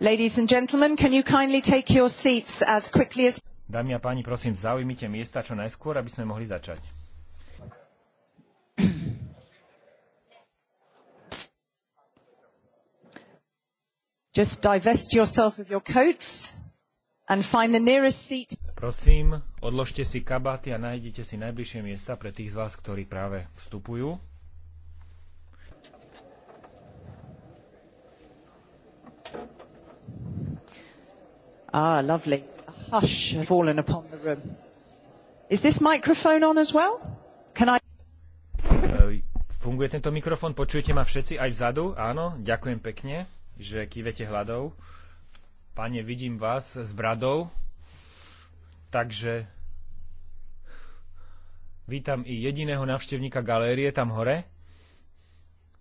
Ladies and gentlemen, can you kindly take your seats as quickly as... Dámy a páni, prosím, zaujmite miesta čo najskôr, aby sme mohli začať. Just divest yourself of your coats and find the nearest seat. Prosím, odložte si kabáty a nájdete si najbližšie miesta pre tých z vás, ktorí práve vstupujú. Ah, lovely. A hush has fallen upon the room. Is this microphone on as well? Can I... Eh, funguje tento mikrofón, počujete ma všetci aj vzadu? Áno, ďakujem pekne, že kývete hladou. Pane, vidím vás s bradou, takže vítam i jediného navštevníka galérie tam hore.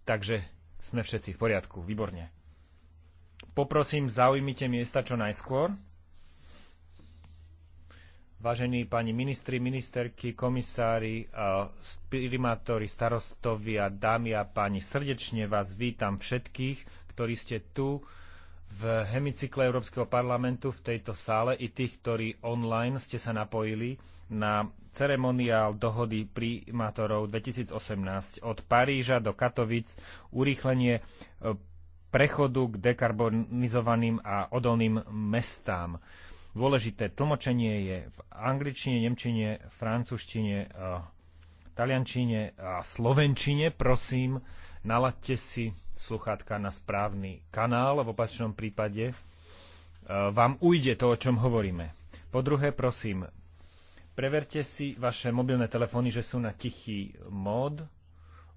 Takže sme všetci v poriadku, výborne. Poprosím, zaujmite miesta čo najskôr. Vážení pani ministri, ministerky, komisári, primátori, starostovia, dámy a páni, srdečne vás vítam všetkých, ktorí ste tu v hemicykle Európskeho parlamentu v tejto sále i tých, ktorí online ste sa napojili na ceremoniál dohody primátorov 2018 od Paríža do Katovic, urýchlenie e, prechodu k dekarbonizovaným a odolným mestám. Dôležité tlmočenie je v angličtine, nemčine, francúzštine, eh, taliančine a slovenčine. Prosím, naladte si sluchátka na správny kanál, v opačnom prípade eh, vám ujde to, o čom hovoríme. Po druhé, prosím, preverte si vaše mobilné telefóny, že sú na tichý mód.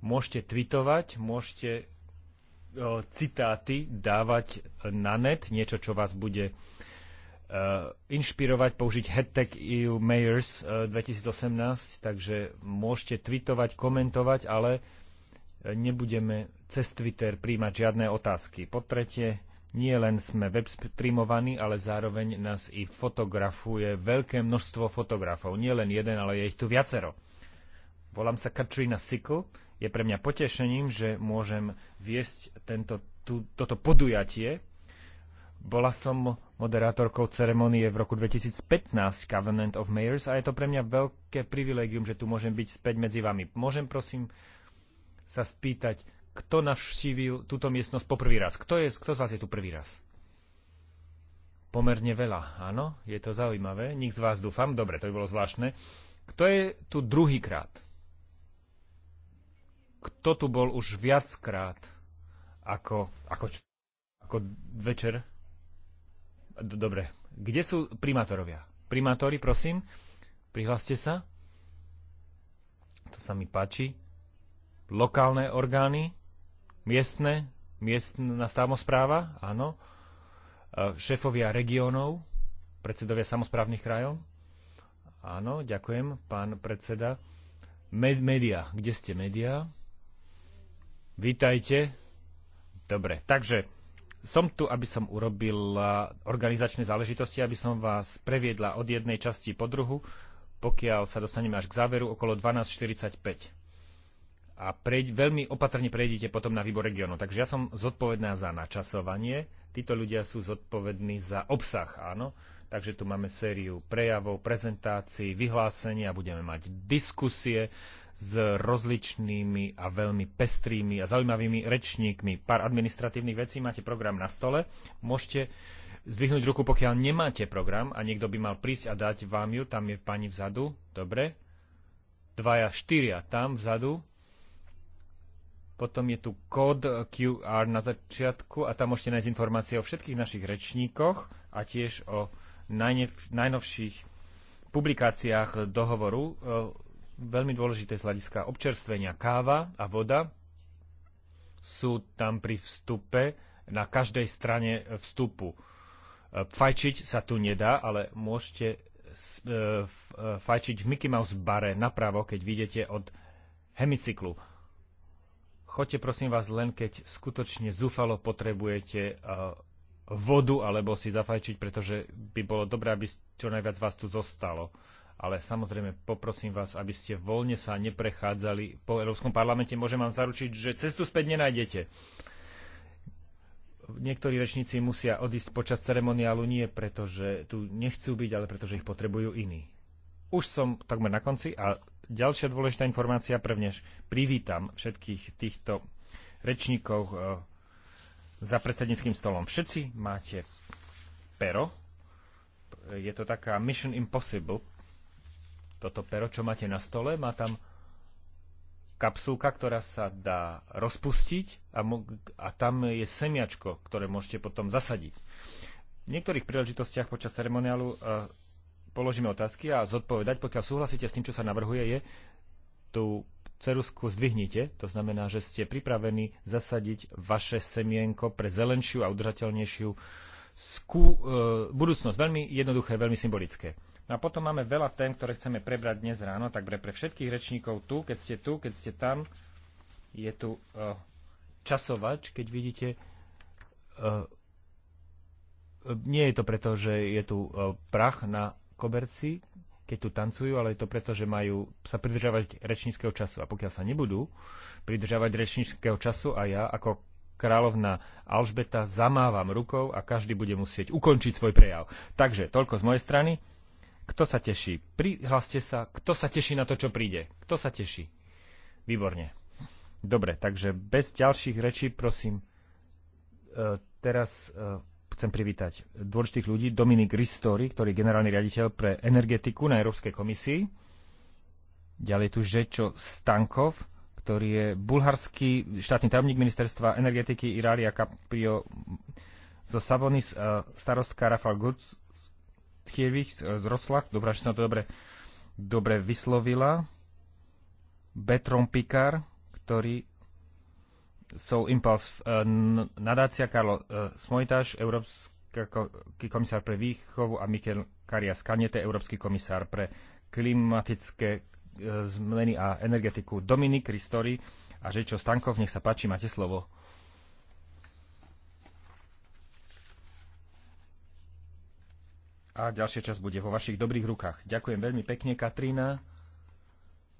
Môžete tweetovať, môžete E, citáty dávať na net, niečo, čo vás bude e, inšpirovať, použiť hashtag EU Mayors 2018, e, takže môžete tweetovať, komentovať, ale nebudeme cez Twitter príjmať žiadne otázky. Po tretie, nie len sme web streamovaní, ale zároveň nás i fotografuje veľké množstvo fotografov. Nie len jeden, ale je ich tu viacero. Volám sa Katrina Sickle, je pre mňa potešením, že môžem viesť tento, tú, toto podujatie. Bola som moderátorkou ceremonie v roku 2015 Covenant of Mayors a je to pre mňa veľké privilégium, že tu môžem byť späť medzi vami. Môžem prosím sa spýtať, kto navštívil túto miestnosť po prvý raz? Kto, je, kto z vás je tu prvý raz? Pomerne veľa, áno, je to zaujímavé. Nik z vás dúfam, dobre, to by bolo zvláštne. Kto je tu druhýkrát? kto tu bol už viackrát ako, ako, ako večer? Dobre. Kde sú primátorovia? Primátori, prosím, prihláste sa. To sa mi páči. Lokálne orgány, miestne, miestna samozpráva, áno. E, šéfovia regiónov, predsedovia samozprávnych krajov. Áno, ďakujem, pán predseda. Med- media, kde ste media? Vítajte. Dobre, takže som tu, aby som urobil organizačné záležitosti, aby som vás previedla od jednej časti po druhu, pokiaľ sa dostaneme až k záveru okolo 12.45. A prejď, veľmi opatrne prejdete potom na výbor regionu. Takže ja som zodpovedná za načasovanie, títo ľudia sú zodpovední za obsah, áno. Takže tu máme sériu prejavov, prezentácií, vyhlásenia, budeme mať diskusie s rozličnými a veľmi pestrými a zaujímavými rečníkmi. Pár administratívnych vecí, máte program na stole, môžete zdvihnúť ruku, pokiaľ nemáte program a niekto by mal prísť a dať vám ju, tam je pani vzadu, dobre, dvaja, štyria tam vzadu, potom je tu kód QR na začiatku a tam môžete nájsť informácie o všetkých našich rečníkoch a tiež o najnev, najnovších publikáciách dohovoru e, veľmi dôležité z hľadiska občerstvenia. Káva a voda sú tam pri vstupe na každej strane vstupu. E, fajčiť sa tu nedá, ale môžete e, e, fajčiť v Mickey Mouse bare napravo, keď vidíte od hemicyklu. Choďte prosím vás len, keď skutočne zúfalo potrebujete vodu alebo si zafajčiť, pretože by bolo dobré, aby čo najviac vás tu zostalo ale samozrejme poprosím vás, aby ste voľne sa neprechádzali po Európskom parlamente. Môžem vám zaručiť, že cestu späť nenájdete. Niektorí rečníci musia odísť počas ceremoniálu nie preto, že tu nechcú byť, ale preto, že ich potrebujú iní. Už som takmer na konci a ďalšia dôležitá informácia prvnež. Privítam všetkých týchto rečníkov eh, za predsedníckým stolom. Všetci máte pero. Je to taká Mission Impossible toto pero, čo máte na stole, má tam kapsulka, ktorá sa dá rozpustiť a, a tam je semiačko, ktoré môžete potom zasadiť. V niektorých príležitostiach počas ceremoniálu uh, položíme otázky a zodpovedať, pokiaľ súhlasíte s tým, čo sa navrhuje, je tú cerusku zdvihnite, to znamená, že ste pripravení zasadiť vaše semienko pre zelenšiu a udržateľnejšiu skú, e, uh, budúcnosť. Veľmi jednoduché, veľmi symbolické. No a potom máme veľa tém, ktoré chceme prebrať dnes ráno, tak pre, pre všetkých rečníkov tu, keď ste tu, keď ste tam, je tu uh, časovač, keď vidíte. Uh, nie je to preto, že je tu uh, prach na koberci, keď tu tancujú, ale je to preto, že majú sa pridržavať rečníckého času. A pokiaľ sa nebudú pridržavať rečníckého času a ja ako kráľovna Alžbeta zamávam rukou a každý bude musieť ukončiť svoj prejav. Takže toľko z mojej strany. Kto sa teší? Prihlaste sa. Kto sa teší na to, čo príde? Kto sa teší? Výborne. Dobre, takže bez ďalších rečí, prosím, e, teraz e, chcem privítať dôležitých ľudí. Dominik Ristori, ktorý je generálny riaditeľ pre energetiku na Európskej komisii. Ďalej tu Žečo Stankov, ktorý je bulharský štátny tajomník ministerstva energetiky Irália Caprio zo Savonis, e, starostka Rafal Gutz Tchievich e, z Roslach, dobrá, že som to dobre, dobre vyslovila, Betron Pikar, ktorý Soul Impulse, e, nadácia Karlo e, Smojtaš, Európsky komisár pre výchovu a Mikel Karias Kanete, Európsky komisár pre klimatické zmeny a energetiku Dominik Ristori a Žečo Stankov, nech sa páči, máte slovo. a ďalšia časť bude vo vašich dobrých rukách. Ďakujem veľmi pekne, Katrína.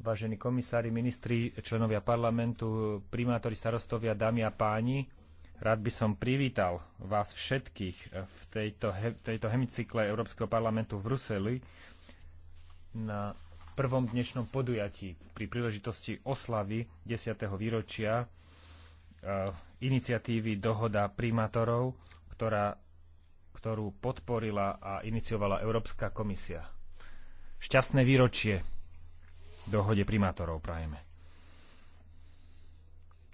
Vážení komisári, ministri, členovia parlamentu, primátori, starostovia, dámy a páni, rád by som privítal vás všetkých v tejto, he, tejto hemicykle Európskeho parlamentu v Bruseli na prvom dnešnom podujatí pri príležitosti oslavy 10. výročia eh, iniciatívy Dohoda primátorov, ktorá ktorú podporila a iniciovala Európska komisia. Šťastné výročie dohode primátorov prajeme.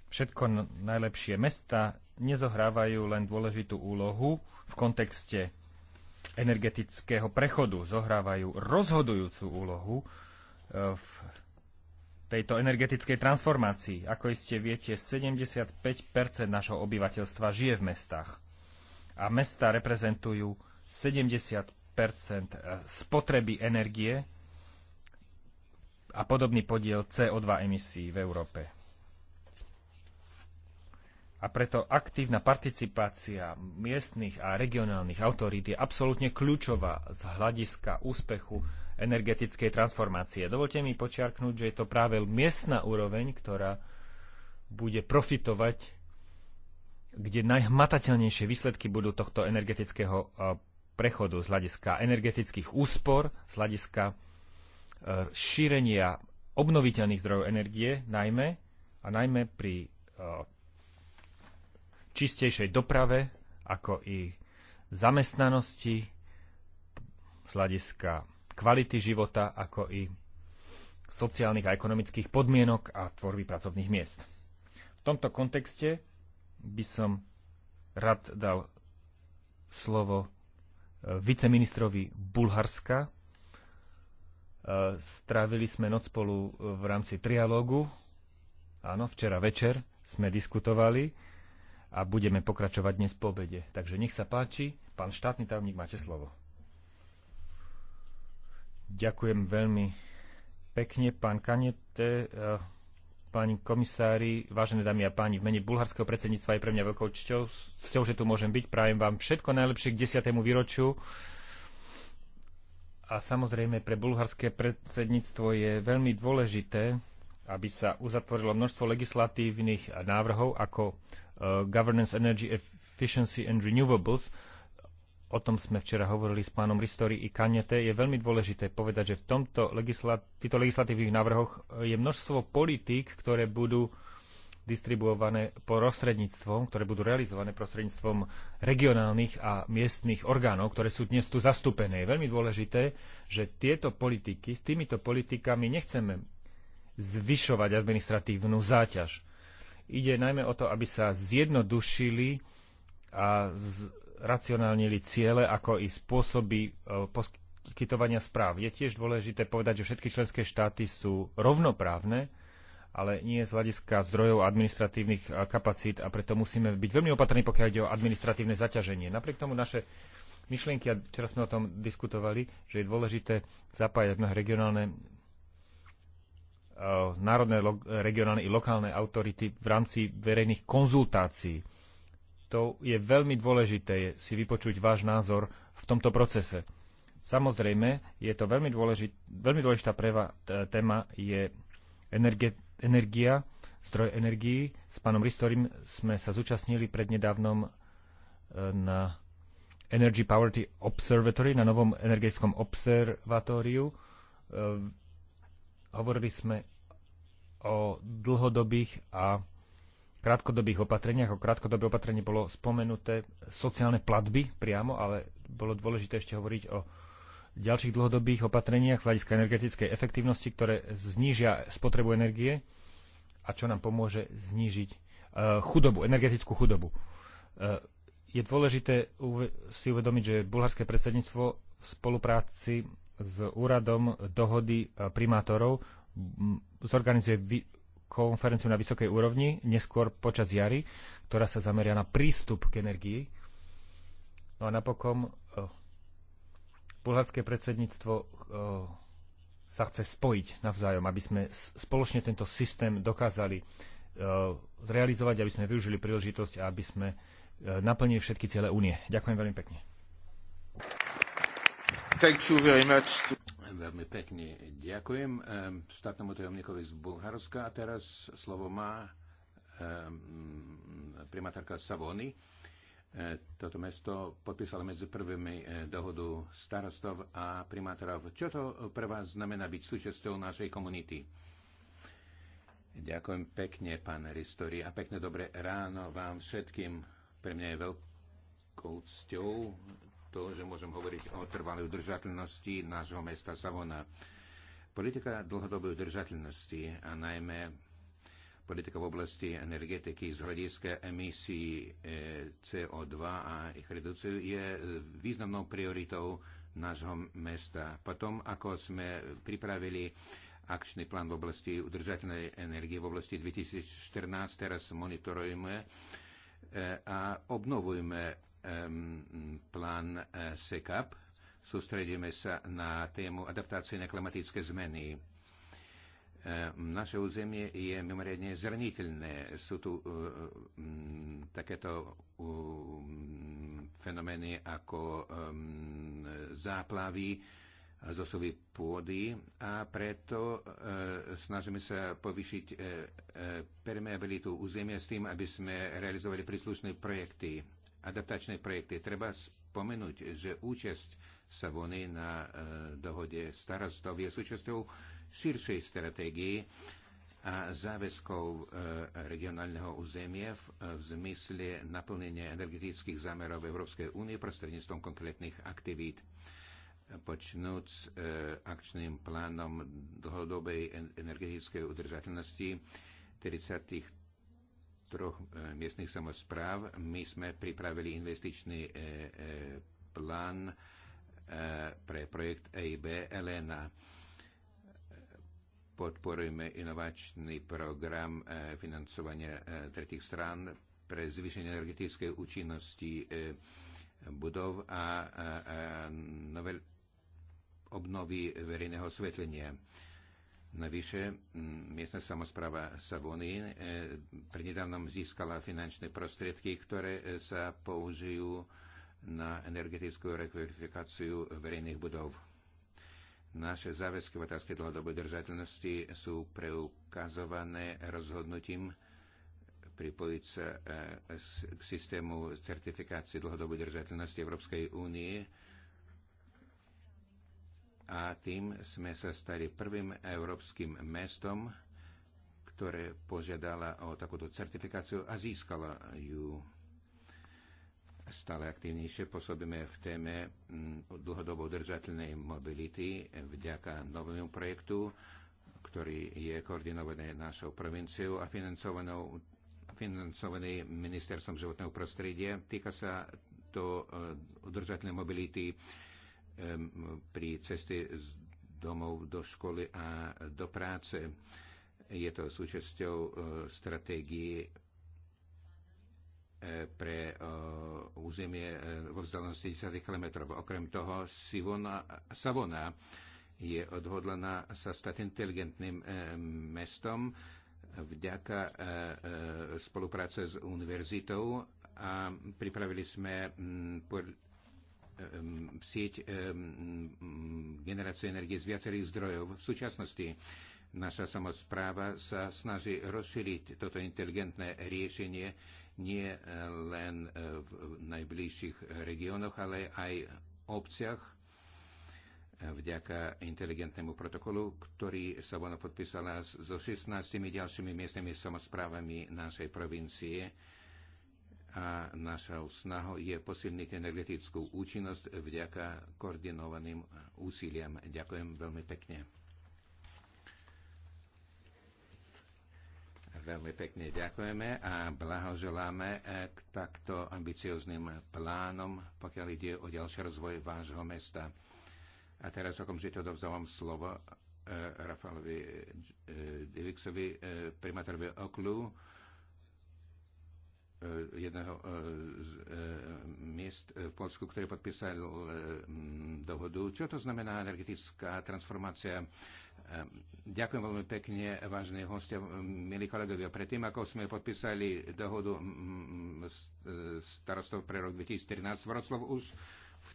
Všetko najlepšie mesta nezohrávajú len dôležitú úlohu v kontexte energetického prechodu, zohrávajú rozhodujúcu úlohu e, v tejto energetickej transformácii. Ako iste viete, 75 našho obyvateľstva žije v mestách a mesta reprezentujú 70 eh, spotreby energie a podobný podiel CO2 emisí v Európe. A preto aktívna participácia miestnych a regionálnych autorít je absolútne kľúčová z hľadiska úspechu energetickej transformácie. Dovolte mi počiarknúť, že je to práve miestna úroveň, ktorá bude profitovať kde najhmatateľnejšie výsledky budú tohto energetického e, prechodu z hľadiska energetických úspor, z hľadiska e, šírenia obnoviteľných zdrojov energie najmä a najmä pri e, čistejšej doprave, ako i zamestnanosti, z hľadiska kvality života, ako i sociálnych a ekonomických podmienok a tvorby pracovných miest. V tomto kontexte by som rád dal slovo e, viceministrovi Bulharska. E, strávili sme noc spolu v rámci trialógu. Áno, včera večer sme diskutovali a budeme pokračovať dnes po obede. Takže nech sa páči, pán štátny tajomník, máte slovo. Ďakujem veľmi pekne, pán Kanete. E, páni komisári, vážené dámy a páni, v mene bulharského predsedníctva je pre mňa veľkou čťou, ťou, že tu môžem byť. Prajem vám všetko najlepšie k desiatému výročiu. A samozrejme pre bulharské predsedníctvo je veľmi dôležité, aby sa uzatvorilo množstvo legislatívnych návrhov ako uh, Governance Energy Efficiency and Renewables, o tom sme včera hovorili s pánom Ristori i Kanete, je veľmi dôležité povedať, že v tomto legislat- týchto legislatívnych návrhoch eh, je množstvo politík, ktoré budú distribuované prostredníctvom, ktoré budú realizované prostredníctvom regionálnych a miestnych orgánov, ktoré sú dnes tu zastúpené. Je veľmi dôležité, že tieto politiky, s týmito politikami nechceme zvyšovať administratívnu záťaž. Ide najmä o to, aby sa zjednodušili a z, racionálnili ciele, ako i spôsoby e, poskytovania správ. Je tiež dôležité povedať, že všetky členské štáty sú rovnoprávne, ale nie z hľadiska zdrojov administratívnych e, kapacít a preto musíme byť veľmi opatrní, pokiaľ ide o administratívne zaťaženie. Napriek tomu naše myšlienky, a včera sme o tom diskutovali, že je dôležité zapájať mnohé regionálne e, národné, regionálne i lokálne autority v rámci verejných konzultácií expertov, je veľmi dôležité si vypočuť váš názor v tomto procese. Samozrejme, je to veľmi, dôležit, veľmi dôležitá preva, téma je energie, energia, zdroj energií. S pánom Ristorim sme sa zúčastnili prednedávnom e, na Energy Poverty Observatory, na novom energetickom observatóriu. E, hovorili sme o dlhodobých a krátkodobých opatreniach. O krátkodobých opatrenie bolo spomenuté sociálne platby priamo, ale bolo dôležité ešte hovoriť o ďalších dlhodobých opatreniach z hľadiska energetickej efektívnosti, ktoré znížia spotrebu energie a čo nám pomôže znížiť e, chudobu, energetickú chudobu. E, je dôležité si uvedomiť, že bulharské predsedníctvo v spolupráci s úradom dohody e, primátorov zorganizuje konferenciu na vysokej úrovni, neskôr počas jary, ktorá sa zameria na prístup k energii. No a napokon oh, bulharské predsedníctvo oh, sa chce spojiť navzájom, aby sme spoločne tento systém dokázali oh, zrealizovať, aby sme využili príležitosť a aby sme naplnili všetky ciele únie. Ďakujem veľmi pekne. Thank you very much. Veľmi pekne ďakujem ehm, štátnemu tajomníkovi z Bulharska a teraz slovo má ehm, primátorka Savony. E, toto mesto podpísalo medzi prvými e, dohodu starostov a primátorov. Čo to pre vás znamená byť súčasťou našej komunity? Ďakujem pekne, pán Ristori, a pekne dobré ráno vám všetkým. Pre mňa je veľkou cťou, to, že môžem hovoriť o trvalej udržateľnosti nášho mesta Savona. Politika dlhodobej udržateľnosti a najmä politika v oblasti energetiky z hľadiska emisí e, CO2 a ich redukciu je významnou prioritou nášho mesta. Potom, ako sme pripravili akčný plán v oblasti udržateľnej energie v oblasti 2014, teraz monitorujeme e, a obnovujeme plán eh, SECAP. Sústredíme sa na tému adaptácie na klimatické zmeny. Eh, naše územie je mimoriadne zraniteľné. Sú tu eh, mm, takéto fenomény ako záplavy, zosovy pôdy a preto snažíme sa povyšiť permeabilitu územia s tým, aby sme realizovali príslušné projekty adaptačné projekty. Treba spomenúť, že účasť Savony na e, dohode starostov je súčasťou širšej stratégie a záväzkov e, regionálneho územia v, e, v zmysle naplnenia energetických zámerov Európskej únie prostredníctvom konkrétnych aktivít počnúc e, akčným plánom dlhodobej energetickej udržateľnosti 30 troch e, miestnych samozpráv. My sme pripravili investičný e, e, plán pre projekt EIB Elena. Podporujeme inovačný program financovania tretich strán pre zvýšenie energetickej účinnosti budov a nové obnovy verejného osvetlenia. Navyše, miestna samozpráva Savony e, prednedávnom získala finančné prostriedky, ktoré e, sa použijú na energetickú rekvalifikáciu verejných budov. Naše záväzky v otázke dlhodobej držateľnosti sú preukazované rozhodnutím pripojiť sa e, k systému certifikácie dlhodobej držateľnosti Európskej únie, a tým sme sa stali prvým európskym mestom, ktoré požiadala o takúto certifikáciu a získala ju. Stále aktívnejšie pôsobíme v téme mm, dlhodobo udržateľnej mobility vďaka novému projektu, ktorý je koordinovaný našou provinciou a financovanou financovaný ministerstvom životného prostredia. Týka sa to e, udržateľnej mobility pri ceste z domov do školy a do práce. Je to súčasťou e, stratégie e, pre e, územie vo vzdialenosti 10 km. Okrem toho Sivona, Savona je odhodlaná sa stať inteligentným mestom vďaka spolupráce s univerzitou a pripravili sme sieť generácie energie z viacerých zdrojov. V súčasnosti naša samozpráva sa snaží rozšíriť toto inteligentné riešenie nie eh, len eh, v najbližších regiónoch, ale aj v obciach eh, vďaka inteligentnému protokolu, ktorý sa ona podpísala so 16 ďalšími miestnymi samozprávami našej provincie a našou snahou je posilniť energetickú účinnosť vďaka koordinovaným úsiliam. Ďakujem veľmi pekne. Veľmi pekne ďakujeme a blahoželáme eh, k takto ambiciozným plánom, pokiaľ ide o ďalší rozvoj vášho mesta. A teraz okamžite odovzdávam slovo eh, Rafalovi eh, Diviksovi, primátorovi Oklu, Eh, jedného eh, z eh, miest v Polsku, ktorý podpísal dohodu. Čo to znamená energetická transformácia? Ďakujem veľmi pekne, vážne hostia, milí kolegovia. Predtým, ako sme podpísali dohodu starostov pre rok 2013, Vroclav už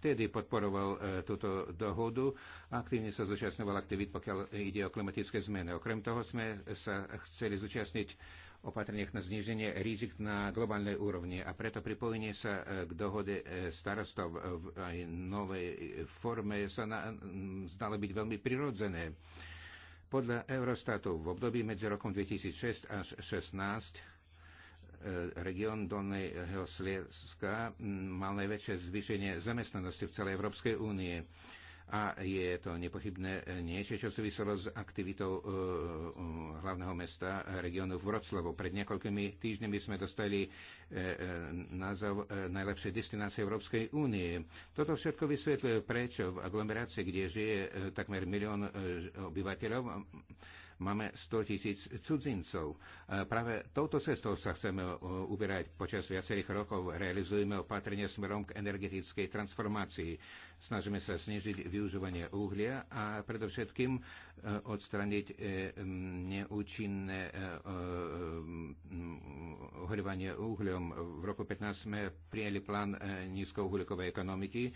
vtedy podporoval túto dohodu a aktívne sa zúčastňoval aktivít, pokiaľ ide o klimatické zmeny. Okrem toho sme sa chceli zúčastniť opatreniach na zníženie rizik na globálnej úrovni a preto pripojenie sa e, k dohode e, starostov v aj novej forme sa na, zdalo byť veľmi prirodzené. Podľa Eurostatu v období medzi rokom 2006 až 2016 e, region Dolného Slieska mal najväčšie zvýšenie zamestnanosti v celej Európskej únie a je to nepochybné niečo, čo súviselo s aktivitou e, e hlavného mesta regionu v Vroclavu. Pred niekoľkými týždňami sme dostali e, e, názov e, najlepšej destinácie Európskej únie. Toto všetko vysvetľuje, prečo v aglomerácii, kde žije e, takmer milión e, obyvateľov, e, Máme 100 tisíc cudzincov. E, práve touto cestou sa chceme e, uberať. Počas viacerých rokov realizujeme opatrenie smerom k energetickej transformácii. Snažíme sa snižiť využívanie uhlia a predovšetkým e, odstraniť neúčinné ohrievanie uhľom. V roku 15 sme prijeli plán nízkouhlíkovej ekonomiky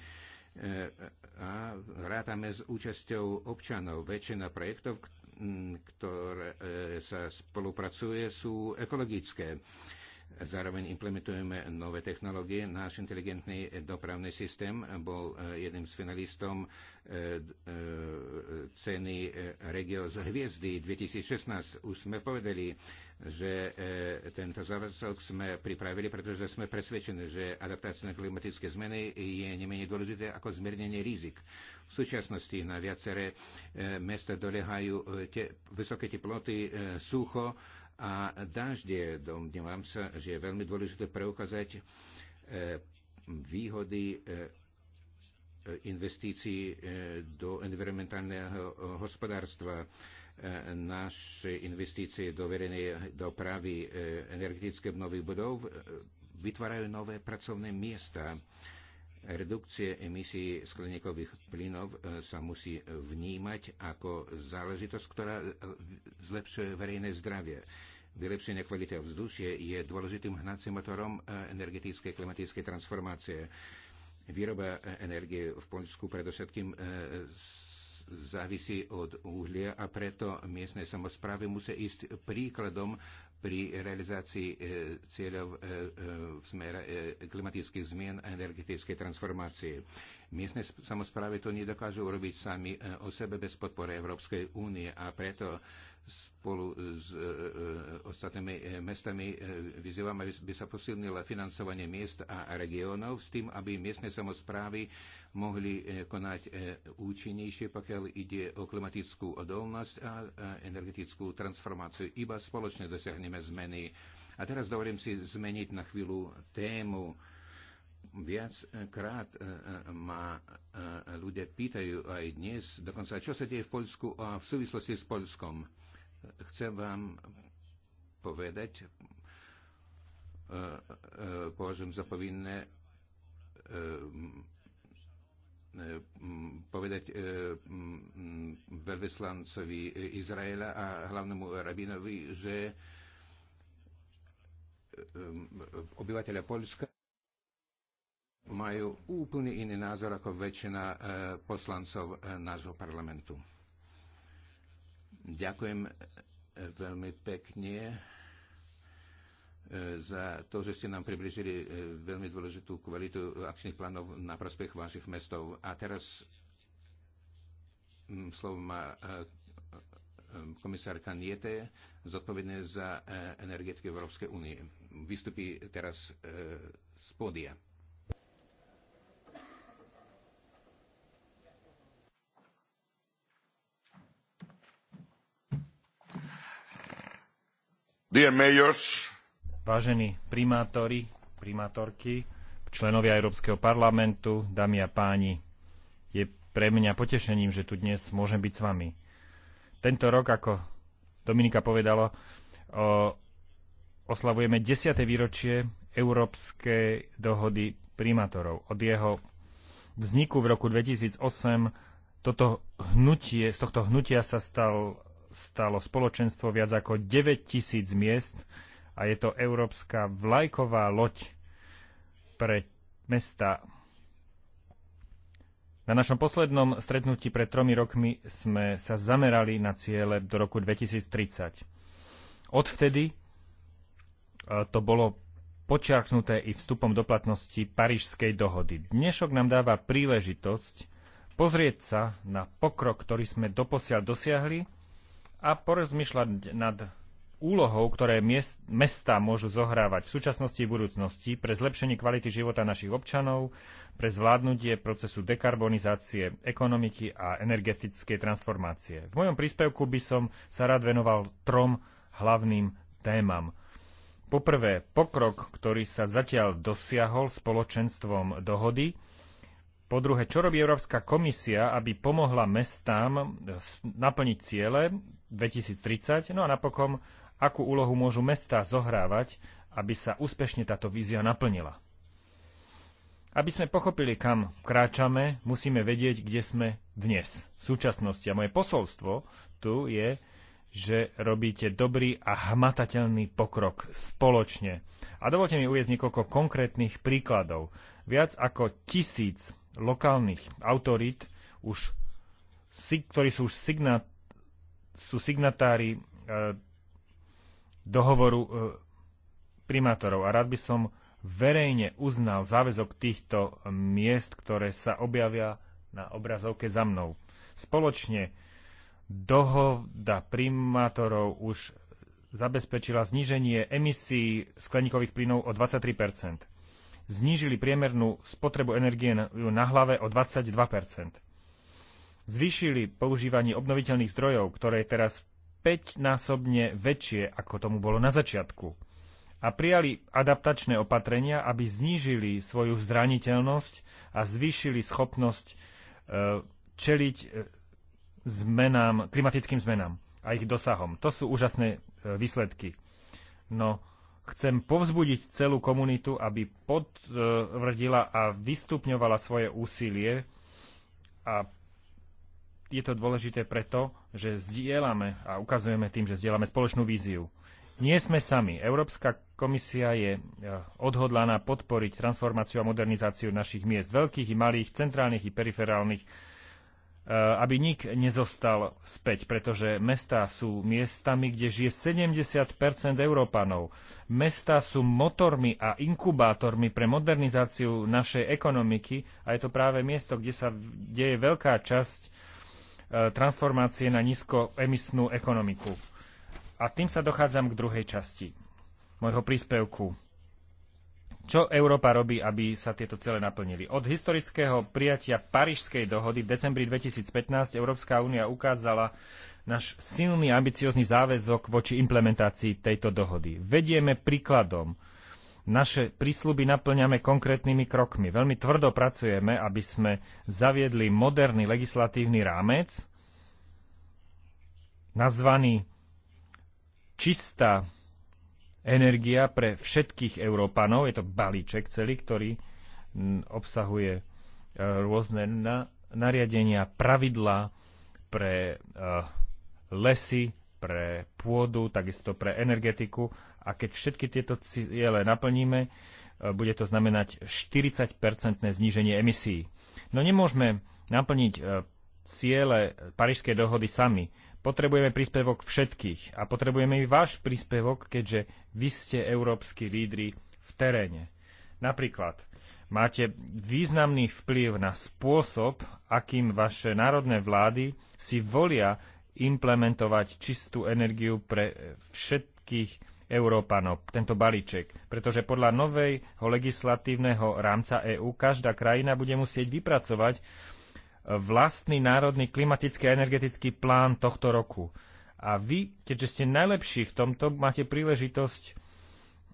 a rátame s účasťou občanov. Väčšina projektov, ktoré e, sa spolupracuje, sú ekologické. Zároveň implementujeme nové technológie. Náš inteligentný dopravný systém bol e, jedným z finalistom e, ceny Regio z hviezdy 2016. Už sme povedali, že e, tento záväzok sme pripravili, pretože sme presvedčení, že adaptácia na klimatické zmeny je nemenej dôležité ako zmiernenie rizik. V súčasnosti na viaceré e, mesta dolehajú e, te, vysoké teploty, e, sucho a dažde. Domnievam sa, že je veľmi dôležité preukázať e, výhody e, e investícií e, do environmentálneho e, hospodárstva E, naše investície do verejnej dopravy, e, energetické obnovy budov e, vytvárajú nové pracovné miesta. Redukcie emisí skleníkových plynov e, sa musí vnímať ako záležitosť, ktorá zlepšuje verejné zdravie. Vylepšenie kvality vzdušie je dôležitým hnacím motorom energetickej klimatickej transformácie. Výroba energie v Poľsku predovšetkým závisí od uhlia a preto miestne samozprávy musia ísť príkladom pri realizácii e, cieľov e, e, v smere e, klimatických zmien a energetickej transformácie. Miestne samozprávy to nedokážu urobiť sami e, o sebe bez podpory Európskej únie a preto e, spolu s e, e, ostatnými e, mestami vyzývam, aby sa posilnilo financovanie miest a regiónov s tým, aby miestne samozprávy mohli konať účinnejšie, pokiaľ ide o klimatickú odolnosť a energetickú transformáciu. Iba spoločne dosiahneme zmeny. A teraz dovolím si zmeniť na chvíľu tému viac krát e, e, ma e, ľudia pýtajú aj dnes, dokonca čo sa deje v Polsku a v súvislosti s Polskom. Chcem vám povedať, považujem za povinné povedať veľveslancovi Izraela a hlavnému rabinovi, že obyvateľa Polska majú úplne iný názor ako väčšina e, poslancov e, nášho parlamentu. Ďakujem e, veľmi pekne za to, že ste nám približili veľmi dôležitú kvalitu akčných plánov na prospech vašich mestov. A teraz slovo má komisárka Niete, zodpovedné za energetiku Európskej únie. Vystupí teraz z pódia. Vážení primátori, primátorky, členovia Európskeho parlamentu, dámy a páni, je pre mňa potešením, že tu dnes môžem byť s vami. Tento rok, ako Dominika povedala, oslavujeme 10. výročie Európskej dohody primátorov. Od jeho vzniku v roku 2008 toto hnutie, z tohto hnutia sa stal stalo spoločenstvo viac ako 9 tisíc miest a je to európska vlajková loď pre mesta. Na našom poslednom stretnutí pred tromi rokmi sme sa zamerali na ciele do roku 2030. Odvtedy e, to bolo počiarknuté i vstupom do platnosti Parížskej dohody. Dnešok nám dáva príležitosť pozrieť sa na pokrok, ktorý sme doposiaľ dosiahli a porozmýšľať nad úlohou, ktoré miest, mesta môžu zohrávať v súčasnosti a budúcnosti pre zlepšenie kvality života našich občanov, pre zvládnutie procesu dekarbonizácie ekonomiky a energetickej transformácie. V mojom príspevku by som sa rád venoval trom hlavným témam. Poprvé, pokrok, ktorý sa zatiaľ dosiahol spoločenstvom dohody. Po druhé, čo robí Európska komisia, aby pomohla mestám naplniť ciele 2030. No a napokon, akú úlohu môžu mesta zohrávať, aby sa úspešne táto vízia naplnila. Aby sme pochopili, kam kráčame, musíme vedieť, kde sme dnes, v súčasnosti. A moje posolstvo tu je, že robíte dobrý a hmatateľný pokrok spoločne. A dovolte mi uvieť niekoľko konkrétnych príkladov. Viac ako tisíc lokálnych autorít, už, ktorí sú už signat, sú signatári e, dohovoru e, primátorov a rád by som verejne uznal záväzok týchto miest, ktoré sa objavia na obrazovke za mnou. Spoločne dohoda primátorov už zabezpečila zníženie emisí skleníkových plynov o 23 Znížili priemernú spotrebu energie na hlave o 22 zvýšili používanie obnoviteľných zdrojov, ktoré je teraz 5-násobne väčšie, ako tomu bolo na začiatku. A prijali adaptačné opatrenia, aby znížili svoju zraniteľnosť a zvýšili schopnosť e, čeliť e, zmenám, klimatickým zmenám a ich dosahom. To sú úžasné e, výsledky. No, chcem povzbudiť celú komunitu, aby potvrdila a vystupňovala svoje úsilie a je to dôležité preto, že zdieľame a ukazujeme tým, že zdieľame spoločnú víziu. Nie sme sami. Európska komisia je e, odhodlaná podporiť transformáciu a modernizáciu našich miest, veľkých i malých, centrálnych i periferálnych, e, aby nik nezostal späť, pretože mestá sú miestami, kde žije 70 Európanov. Mestá sú motormi a inkubátormi pre modernizáciu našej ekonomiky a je to práve miesto, kde sa deje veľká časť Eh, transformácie na nízkoemisnú ekonomiku. A tým sa dochádzam k druhej časti môjho príspevku. Čo Európa robí, aby sa tieto cele naplnili? Od historického prijatia Parížskej dohody v decembri 2015 Európska únia ukázala náš silný ambiciózny záväzok voči implementácii tejto dohody. Vedieme príkladom. Naše prísľuby naplňame konkrétnymi krokmi. Veľmi tvrdo pracujeme, aby sme zaviedli moderný legislatívny rámec, nazvaný Čistá energia pre všetkých Európanov. Je to balíček celý, ktorý obsahuje e, rôzne nariadenia, pravidlá pre e, lesy, pre pôdu, takisto pre energetiku a keď všetky tieto ciele naplníme, e, bude to znamenať 40-percentné zníženie emisí. No nemôžeme naplniť e, ciele Parížskej dohody sami. Potrebujeme príspevok všetkých a potrebujeme i váš príspevok, keďže vy ste európsky lídry v teréne. Napríklad, máte významný vplyv na spôsob, akým vaše národné vlády si volia implementovať čistú energiu pre všetkých Európanov, tento balíček, pretože podľa novejho legislatívneho rámca EÚ každá krajina bude musieť vypracovať eh, vlastný národný klimatický a energetický plán tohto roku. A vy, keďže ste najlepší v tomto, máte príležitosť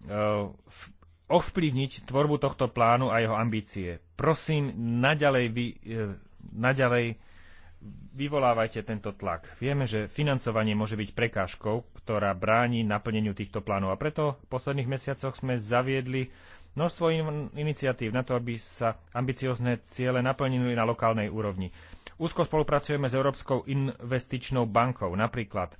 uh, ovplyvniť tvorbu tohto plánu a jeho ambície. Prosím, naďalej vy, uh, naďalej vyvolávajte tento tlak. Vieme, že financovanie môže byť prekážkou, ktorá bráni naplneniu týchto plánov a preto v posledných mesiacoch sme zaviedli množstvo in- iniciatív na to, aby sa ambiciozne ciele naplnili na lokálnej úrovni. Úzko spolupracujeme s Európskou investičnou bankou, napríklad e,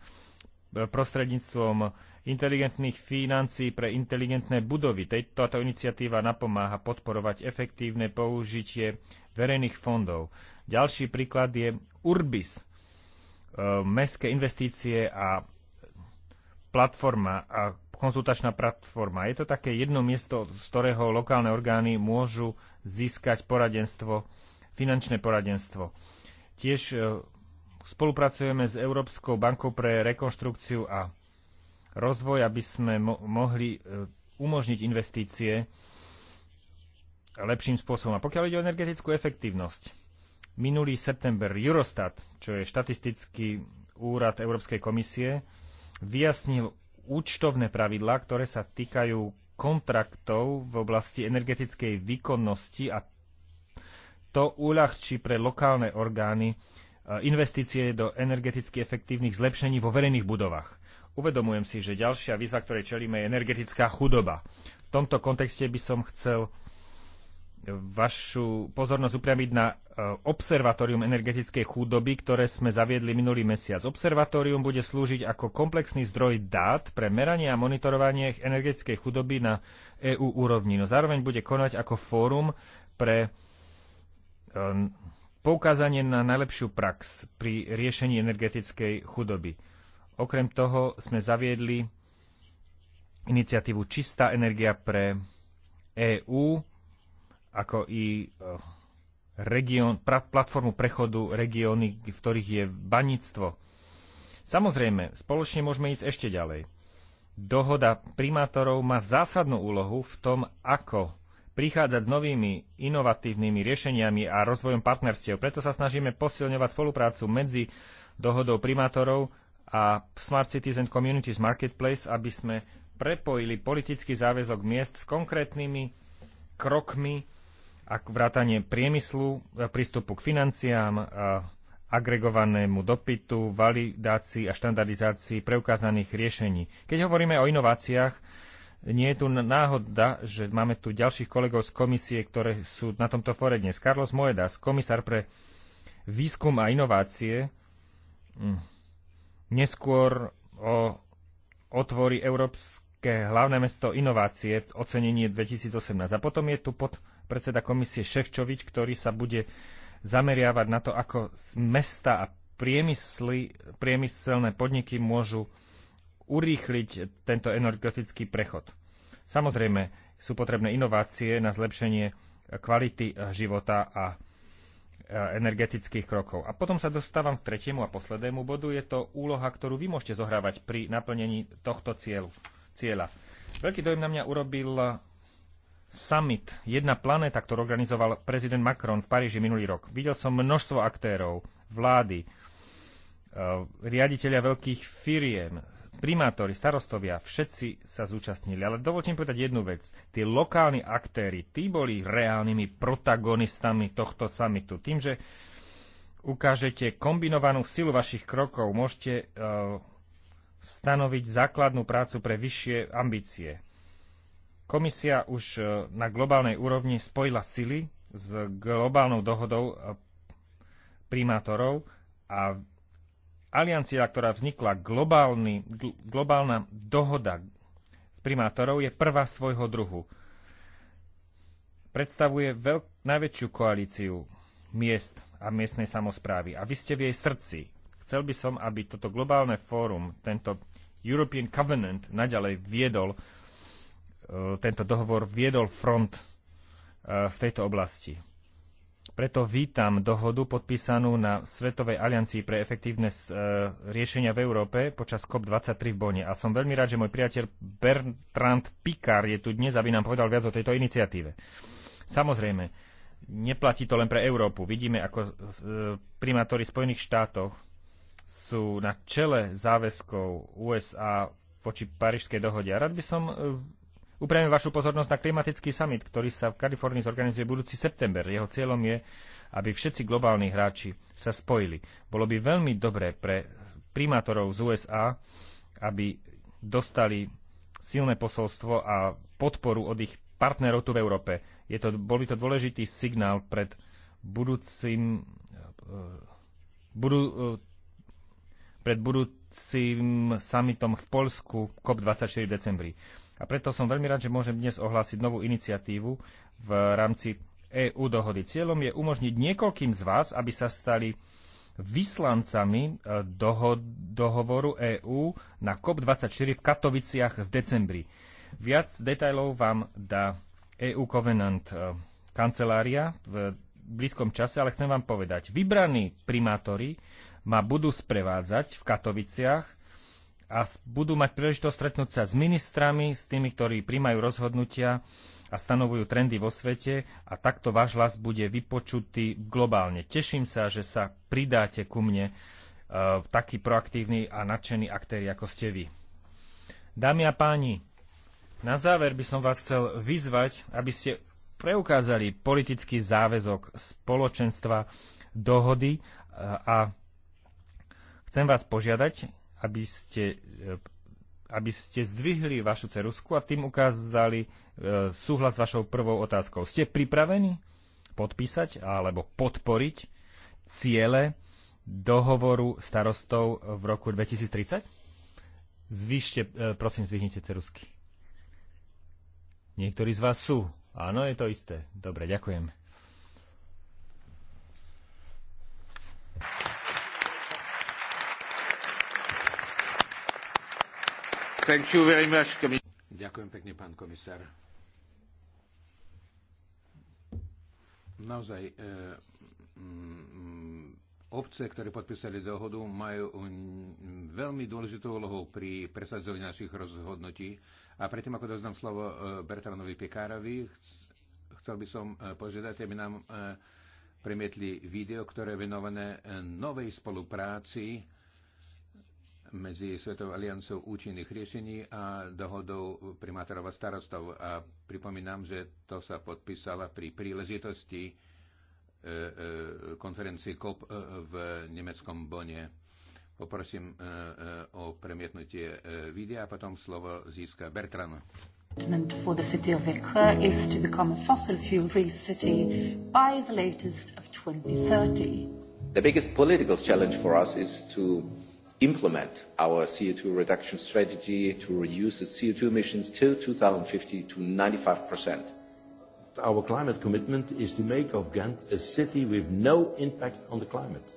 prostredníctvom inteligentných financií pre inteligentné budovy. Táto iniciatíva napomáha podporovať efektívne použitie verejných fondov ďalší príklad je Urbis, e, mestské investície a platforma a konzultačná platforma. Je to také jedno miesto, z ktorého lokálne orgány môžu získať poradenstvo, finančné poradenstvo. Tiež e, spolupracujeme s Európskou bankou pre rekonštrukciu a rozvoj, aby sme mo- mohli e, umožniť investície lepším spôsobom. A pokiaľ ide o energetickú efektívnosť, Minulý september Eurostat, čo je štatistický úrad Európskej komisie, vyjasnil účtovné pravidlá, ktoré sa týkajú kontraktov v oblasti energetickej výkonnosti a to uľahčí pre lokálne orgány e, investície do energeticky efektívnych zlepšení vo verejných budovách. Uvedomujem si, že ďalšia výzva, ktorej čelíme, je energetická chudoba. V tomto kontexte by som chcel vašu pozornosť upriamiť na E, observatórium energetickej chudoby, ktoré sme zaviedli minulý mesiac. Observatórium bude slúžiť ako komplexný zdroj dát pre meranie a monitorovanie energetickej chudoby na EU úrovni. No zároveň bude konať ako fórum pre e, poukázanie na najlepšiu prax pri riešení energetickej chudoby. Okrem toho sme zaviedli iniciatívu Čistá energia pre EÚ, ako i e, region, platformu prechodu regióny, v ktorých je baníctvo. Samozrejme, spoločne môžeme ísť ešte ďalej. Dohoda primátorov má zásadnú úlohu v tom, ako prichádzať s novými inovatívnymi riešeniami a rozvojom partnerstiev. Preto sa snažíme posilňovať spoluprácu medzi dohodou primátorov a Smart Cities and Communities Marketplace, aby sme prepojili politický záväzok miest s konkrétnymi krokmi ak vrátanie priemyslu, e, prístupu k financiám, e, agregovanému dopytu, validácii a štandardizácii preukázaných riešení. Keď hovoríme o inováciách, nie je tu náhoda, že máme tu ďalších kolegov z komisie, ktoré sú na tomto fóre dnes. Carlos Moedas, komisár pre výskum a inovácie, mm, neskôr o otvorí Európske hlavné mesto inovácie, ocenenie 2018. A potom je tu pod predseda komisie Ševčovič, ktorý sa bude zameriavať na to, ako mesta a priemysly, priemyselné podniky môžu urýchliť tento energetický prechod. Samozrejme, sú potrebné inovácie na zlepšenie kvality života a e, energetických krokov. A potom sa dostávam k tretiemu a poslednému bodu. Je to úloha, ktorú vy môžete zohrávať pri naplnení tohto cieľu, cieľa. Veľký dojem na mňa urobil summit, jedna planéta, ktorú organizoval prezident Macron v Paríži minulý rok. Videl som množstvo aktérov, vlády, e, riaditeľia veľkých firiem, primátori, starostovia, všetci sa zúčastnili. Ale dovolte mi povedať jednu vec. Tí lokálni aktéry, tí boli reálnymi protagonistami tohto summitu. Tým, že ukážete kombinovanú silu vašich krokov, môžete uh, stanoviť základnú prácu pre vyššie ambície. Komisia už e, na globálnej úrovni spojila sily s globálnou dohodou e, primátorov a aliancia, ktorá vznikla globálny, globálna dohoda s primátorov, je prvá svojho druhu. Predstavuje veľk- najväčšiu koalíciu miest a miestnej samozprávy. A vy ste v jej srdci. Chcel by som, aby toto globálne fórum, tento European Covenant, naďalej viedol E, tento dohovor viedol front e, v tejto oblasti. Preto vítam dohodu podpísanú na Svetovej aliancii pre efektívne e, riešenia v Európe počas COP23 v Bone. A som veľmi rád, že môj priateľ Bertrand Picard je tu dnes, aby nám povedal viac o tejto iniciatíve. Samozrejme, neplatí to len pre Európu. Vidíme, ako primátori Spojených štátov sú na čele záväzkov USA voči Parížskej dohode. A rád by som Upriamím vašu pozornosť na klimatický summit, ktorý sa v Kalifornii zorganizuje budúci september. Jeho cieľom je, aby všetci globálni hráči sa spojili. Bolo by veľmi dobré pre primátorov z USA, aby dostali silné posolstvo a podporu od ich partnerov tu v Európe. Je to, bol by to dôležitý signál pred budúcim eh, budú, eh, pred budúcim summitom v Polsku COP24 v decembri. A preto som veľmi rád, že môžem dnes ohlásiť novú iniciatívu v rámci EU dohody. Cieľom je umožniť niekoľkým z vás, aby sa stali vyslancami e, doho- dohovoru EÚ na COP24 v Katoviciach v decembri. Viac detajlov vám dá EU Covenant e, kancelária v blízkom čase, ale chcem vám povedať, vybraní primátori ma budú sprevádzať v Katoviciach a budú mať príležitosť stretnúť sa s ministrami, s tými, ktorí príjmajú rozhodnutia a stanovujú trendy vo svete a takto váš hlas bude vypočutý globálne. Teším sa, že sa pridáte ku mne e, taký proaktívny a nadšený aktér, ako ste vy. Dámy a páni, na záver by som vás chcel vyzvať, aby ste preukázali politický záväzok spoločenstva dohody e, a chcem vás požiadať, aby ste, e, aby ste zdvihli vašu cerusku a tým ukázali e, súhlas s vašou prvou otázkou. Ste pripravení podpísať alebo podporiť ciele dohovoru starostov v roku 2030? Zvýšte, e, prosím, zvihnite cerusky. Niektorí z vás sú. Áno, je to isté. Dobre, ďakujem. Ďakujem pekne, pán komisár. Naozaj, eh, mm, obce, ktoré podpísali dohodu, majú mm, veľmi dôležitú úlohu pri presadzovaní našich rozhodnutí. A predtým, ako doznám slovo eh, Bertranovi Pekárovi, chcel by som eh, požiadať, aby nám premietli video, ktoré je venované novej spolupráci medzi Svetovou aliancou účinných riešení a dohodou primátorov a starostov. A pripomínam, že to sa podpísala pri príležitosti e, e, konferencii COP e, v nemeckom Bone. Poprosím o premietnutie videa a potom slovo získa Bertrand for the city of Vicar is to become a fossil fuel free city by the latest of 2030. The biggest political challenge for us is to implement our CO2 reduction strategy to reduce the CO2 emissions till 2050 to 95%. Our climate commitment is to make of Ghent a city with no impact on the climate.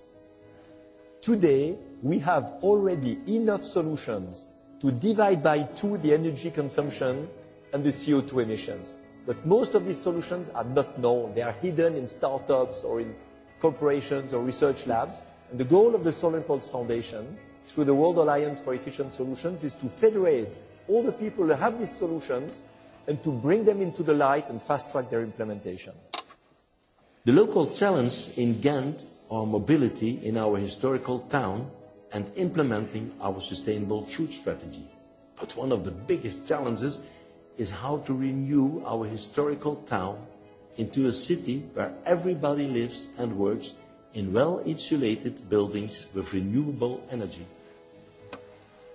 Today, we have already enough solutions to divide by two the energy consumption and the CO2 emissions. But most of these solutions are not known. They are hidden in startups or in corporations or research labs. And the goal of the Solar Impulse Foundation through the World Alliance for Efficient Solutions is to federate all the people who have these solutions and to bring them into the light and fast-track their implementation. The local challenge in Ghent are mobility in our historical town and implementing our sustainable food strategy. But one of the biggest challenges is how to renew our historical town into a city where everybody lives and works in well-insulated buildings with renewable energy.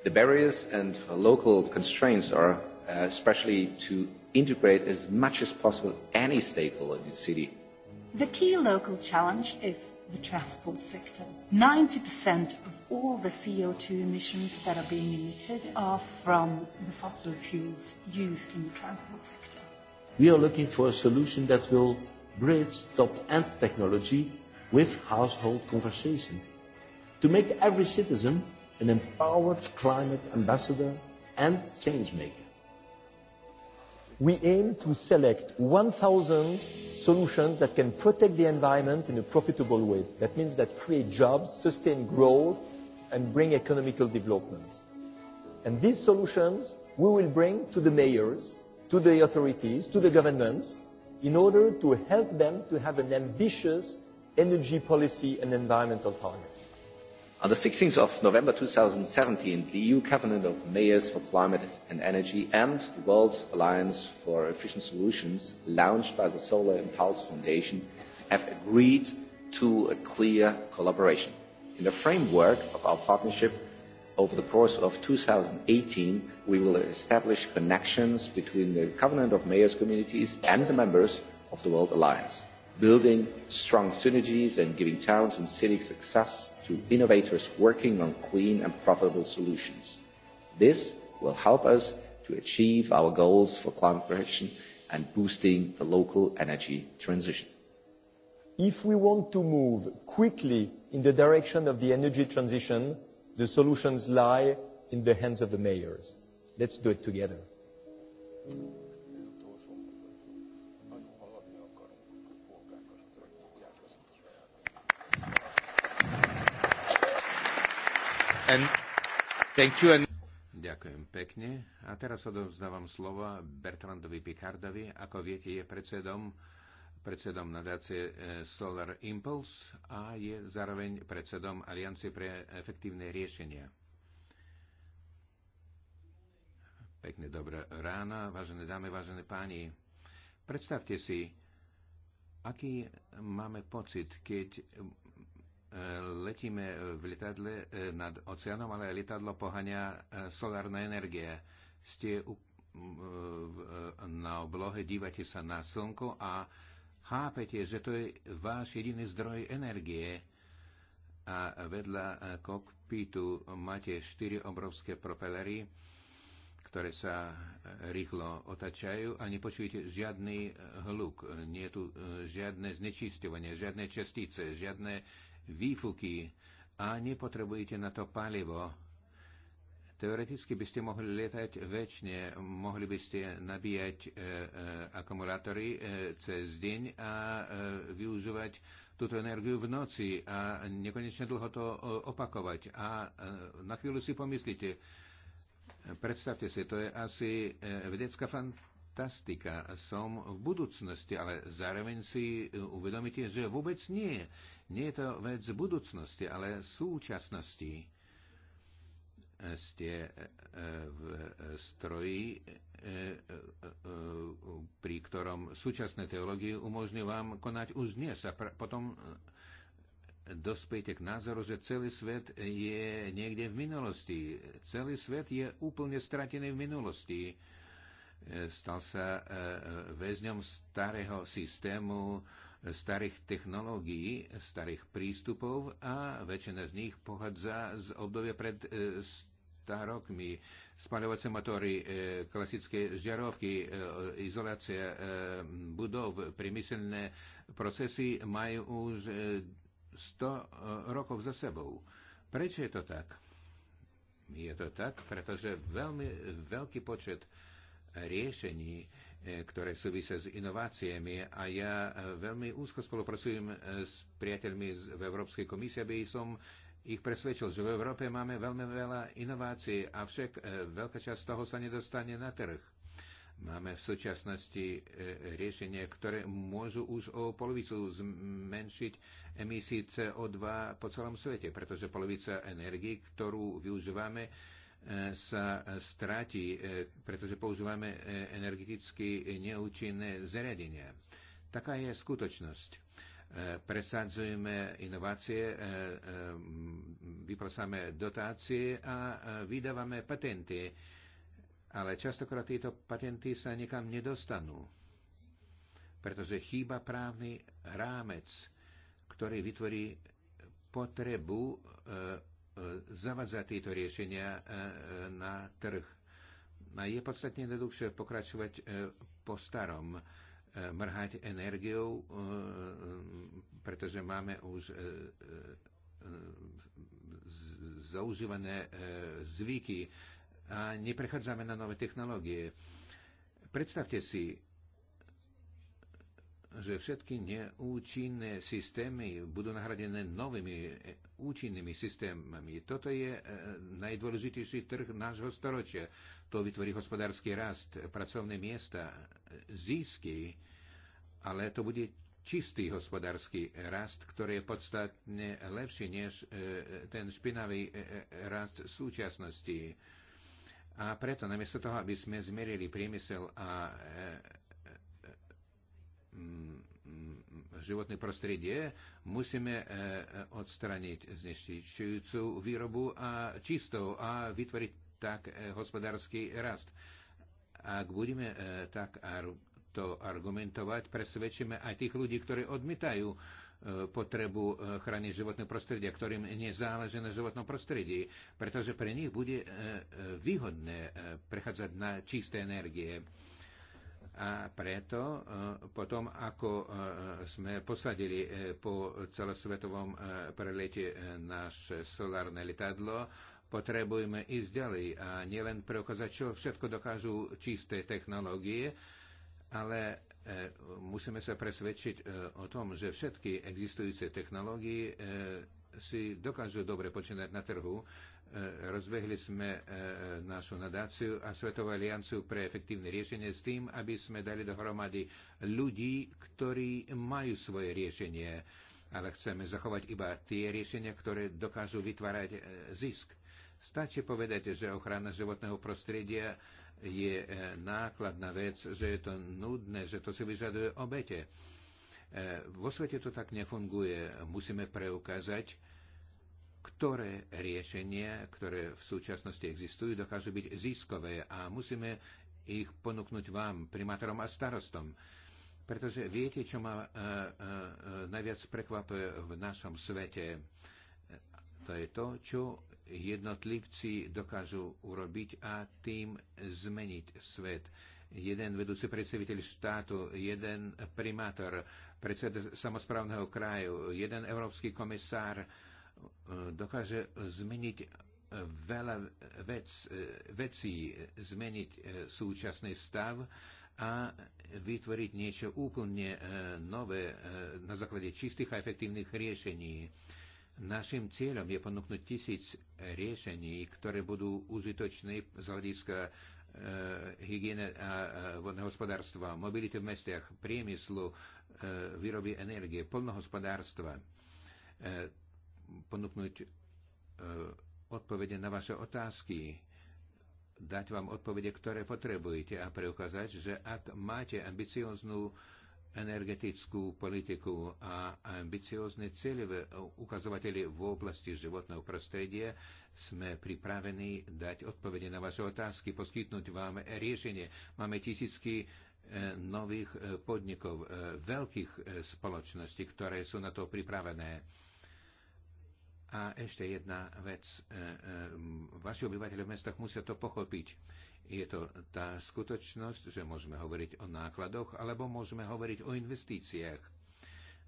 The barriers and local constraints are uh, especially to integrate as much as possible any stakeholder in the city. The key local challenge is the transport sector. 90% of all the CO2 emissions that are being emitted are from the fossil fuels used in the transport sector. We are looking for a solution that will bridge top-end technology with household conversation to make every citizen an empowered climate ambassador and change maker. We aim to select 1,000 solutions that can protect the environment in a profitable way. That means that create jobs, sustain growth, and bring economical development. And these solutions we will bring to the mayors, to the authorities, to the governments, in order to help them to have an ambitious energy policy and environmental targets. On the 16th of November 2017, the EU Covenant of Mayors for Climate and Energy and the World Alliance for Efficient Solutions, launched by the Solar Impulse Foundation, have agreed to a clear collaboration. In the framework of our partnership, over the course of 2018, we will establish connections between the Covenant of Mayors communities and the members of the World Alliance building strong synergies and giving towns and cities access to innovators working on clean and profitable solutions. This will help us to achieve our goals for climate protection and boosting the local energy transition. If we want to move quickly in the direction of the energy transition, the solutions lie in the hands of the mayors. Let's do it together. And thank you and... Ďakujem pekne. A teraz odovzdávam slovo Bertrandovi Picardovi. Ako viete, je predsedom predsedom nadácie eh, Solar Impulse a je zároveň predsedom Aliancie pre efektívne riešenia. Pekne dobré ráno, vážené dámy, vážené páni. Predstavte si, aký máme pocit, keď E, letíme v lietadle e, nad oceánom, ale lietadlo pohania e, solárna energia. Ste na oblohe, dívate sa na slnko a chápete, že to je váš jediný zdroj energie. A vedľa kokpitu máte štyri obrovské propelery, ktoré sa rýchlo otačajú a nepočujete žiadny hluk. Nie je tu žiadne znečistovanie, žiadne častice, žiadne výfuky a nepotrebujete na to palivo. Teoreticky by ste mohli lietať väčšine, mohli by ste nabíjať e, e, akumulátory e, cez deň a e, využívať túto energiu v noci a nekonečne dlho to e, opakovať. A e, na chvíľu si pomyslíte, predstavte si, to je asi e, vedecká fantastika. Som v budúcnosti, ale zároveň si e, uvedomíte, že vôbec nie. Nie je to vec budúcnosti, ale súčasnosti. Ste e, e, v stroji, e, pri ktorom súčasné teológie umožňujú vám konať už dnes a potom dospejte k názoru, že celý svet je niekde v minulosti. Celý svet je úplne stratený v minulosti. Stal sa väzňom starého systému, starých technológií, starých prístupov a väčšina z nich pochádza z obdobia pred 100 e, rokmi. Spaľovacie motory, e, klasické žiarovky, e, izolácia budov, priemyselné procesy majú už 100 rokov za sebou. Prečo je to tak? Je to tak, pretože veľmi veľký počet riešení E, ktoré súvisia s inováciami a ja e, veľmi úzko spolupracujem e, s priateľmi v Európskej komisie, aby som ich presvedčil, že v Európe máme veľmi veľa inovácií, avšak veľká časť toho sa nedostane na trh. Máme v súčasnosti riešenia, ktoré môžu už o polovicu zmenšiť emisí CO2 po celom svete, pretože polovica energii, ktorú využívame, sa stráti, e, pretože používame e, energeticky neúčinné zariadenia. Taká je skutočnosť. E, presadzujeme inovácie, vyprosáme dotácie a vydávame patenty, ale častokrát tieto patenty sa nikam nedostanú, pretože chýba právny rámec, ktorý vytvorí potrebu zavádzať tieto riešenia e, e, na trh. A je podstatne jednoduchšie pokračovať e, po starom, mrhať energiou, pretože máme už zaužívané zvyky a neprechádzame na nové technológie. Predstavte si, že všetky neúčinné systémy budú nahradené novými účinnými systémami. Toto je e, najdôležitejší trh nášho storočia. To vytvorí hospodársky rast, pracovné miesta, zisky, ale to bude čistý hospodársky rast, ktorý je podstatne lepší než e, ten špinavý e, rast súčasnosti. A preto, namiesto toho, aby sme zmerili priemysel a životné prostredie, musíme e, odstraniť znešťujúcu výrobu a čistou a vytvoriť tak e, hospodársky rast. Ak budeme e, tak to argumentovať, presvedčíme aj tých ľudí, ktorí odmytajú potrebu chrániť životné prostredie, ktorým nezáleží na životnom prostredí, pretože pre nich bude výhodné prechádzať na čisté energie. A preto e, potom, ako e, sme posadili e, po celosvetovom prelete naše solárne letadlo, potrebujeme ísť ďalej a nielen preukázať, čo všetko dokážu čisté technológie, ale musíme sa presvedčiť o tom, že všetky existujúce technológie si dokážu dobre počínať na trhu E, rozbehli sme e, našu nadáciu a Svetovú alianciu pre efektívne riešenie s tým, aby sme dali dohromady ľudí, ktorí majú svoje riešenie, ale chceme zachovať iba tie riešenia, ktoré dokážu vytvárať e, zisk. Stačí povedať, že ochrana životného prostredia je nákladná vec, že je to nudné, že to si vyžaduje obete. Vo svete to tak nefunguje. Musíme preukázať, ktoré riešenia, ktoré v súčasnosti existujú, dokážu byť ziskové a musíme ich ponúknuť vám, primátorom a starostom. Pretože viete, čo ma e, e, najviac prekvapuje v našom svete, to je to, čo jednotlivci dokážu urobiť a tým zmeniť svet. Jeden vedúci predstaviteľ štátu, jeden primátor, predseda samozprávneho kraju, jeden európsky komisár, dokáže zmeniť veľa vec, vecí, zmeniť e, súčasný stav a vytvoriť niečo úplne e, nové e, na základe čistých a efektívnych riešení. Našim cieľom je ponúknuť tisíc riešení, ktoré budú užitočné z hľadiska hygiene a vodného hospodárstva, mobility v mestiach, priemyslu, výroby energie, polnohospodárstva ponúknuť e, odpovede na vaše otázky, dať vám odpovede, ktoré potrebujete a preukázať, že ak máte ambicioznú energetickú politiku a ambiciózne cieľové ukazovatele v oblasti životného prostredia, sme pripravení dať odpovede na vaše otázky, poskytnúť vám riešenie. Máme tisícky e, nových e, podnikov, veľkých spoločností, ktoré sú na to pripravené a ešte jedna vec. E, e, vaši obyvateľe v mestách musia to pochopiť. Je to tá skutočnosť, že môžeme hovoriť o nákladoch, alebo môžeme hovoriť o investíciách.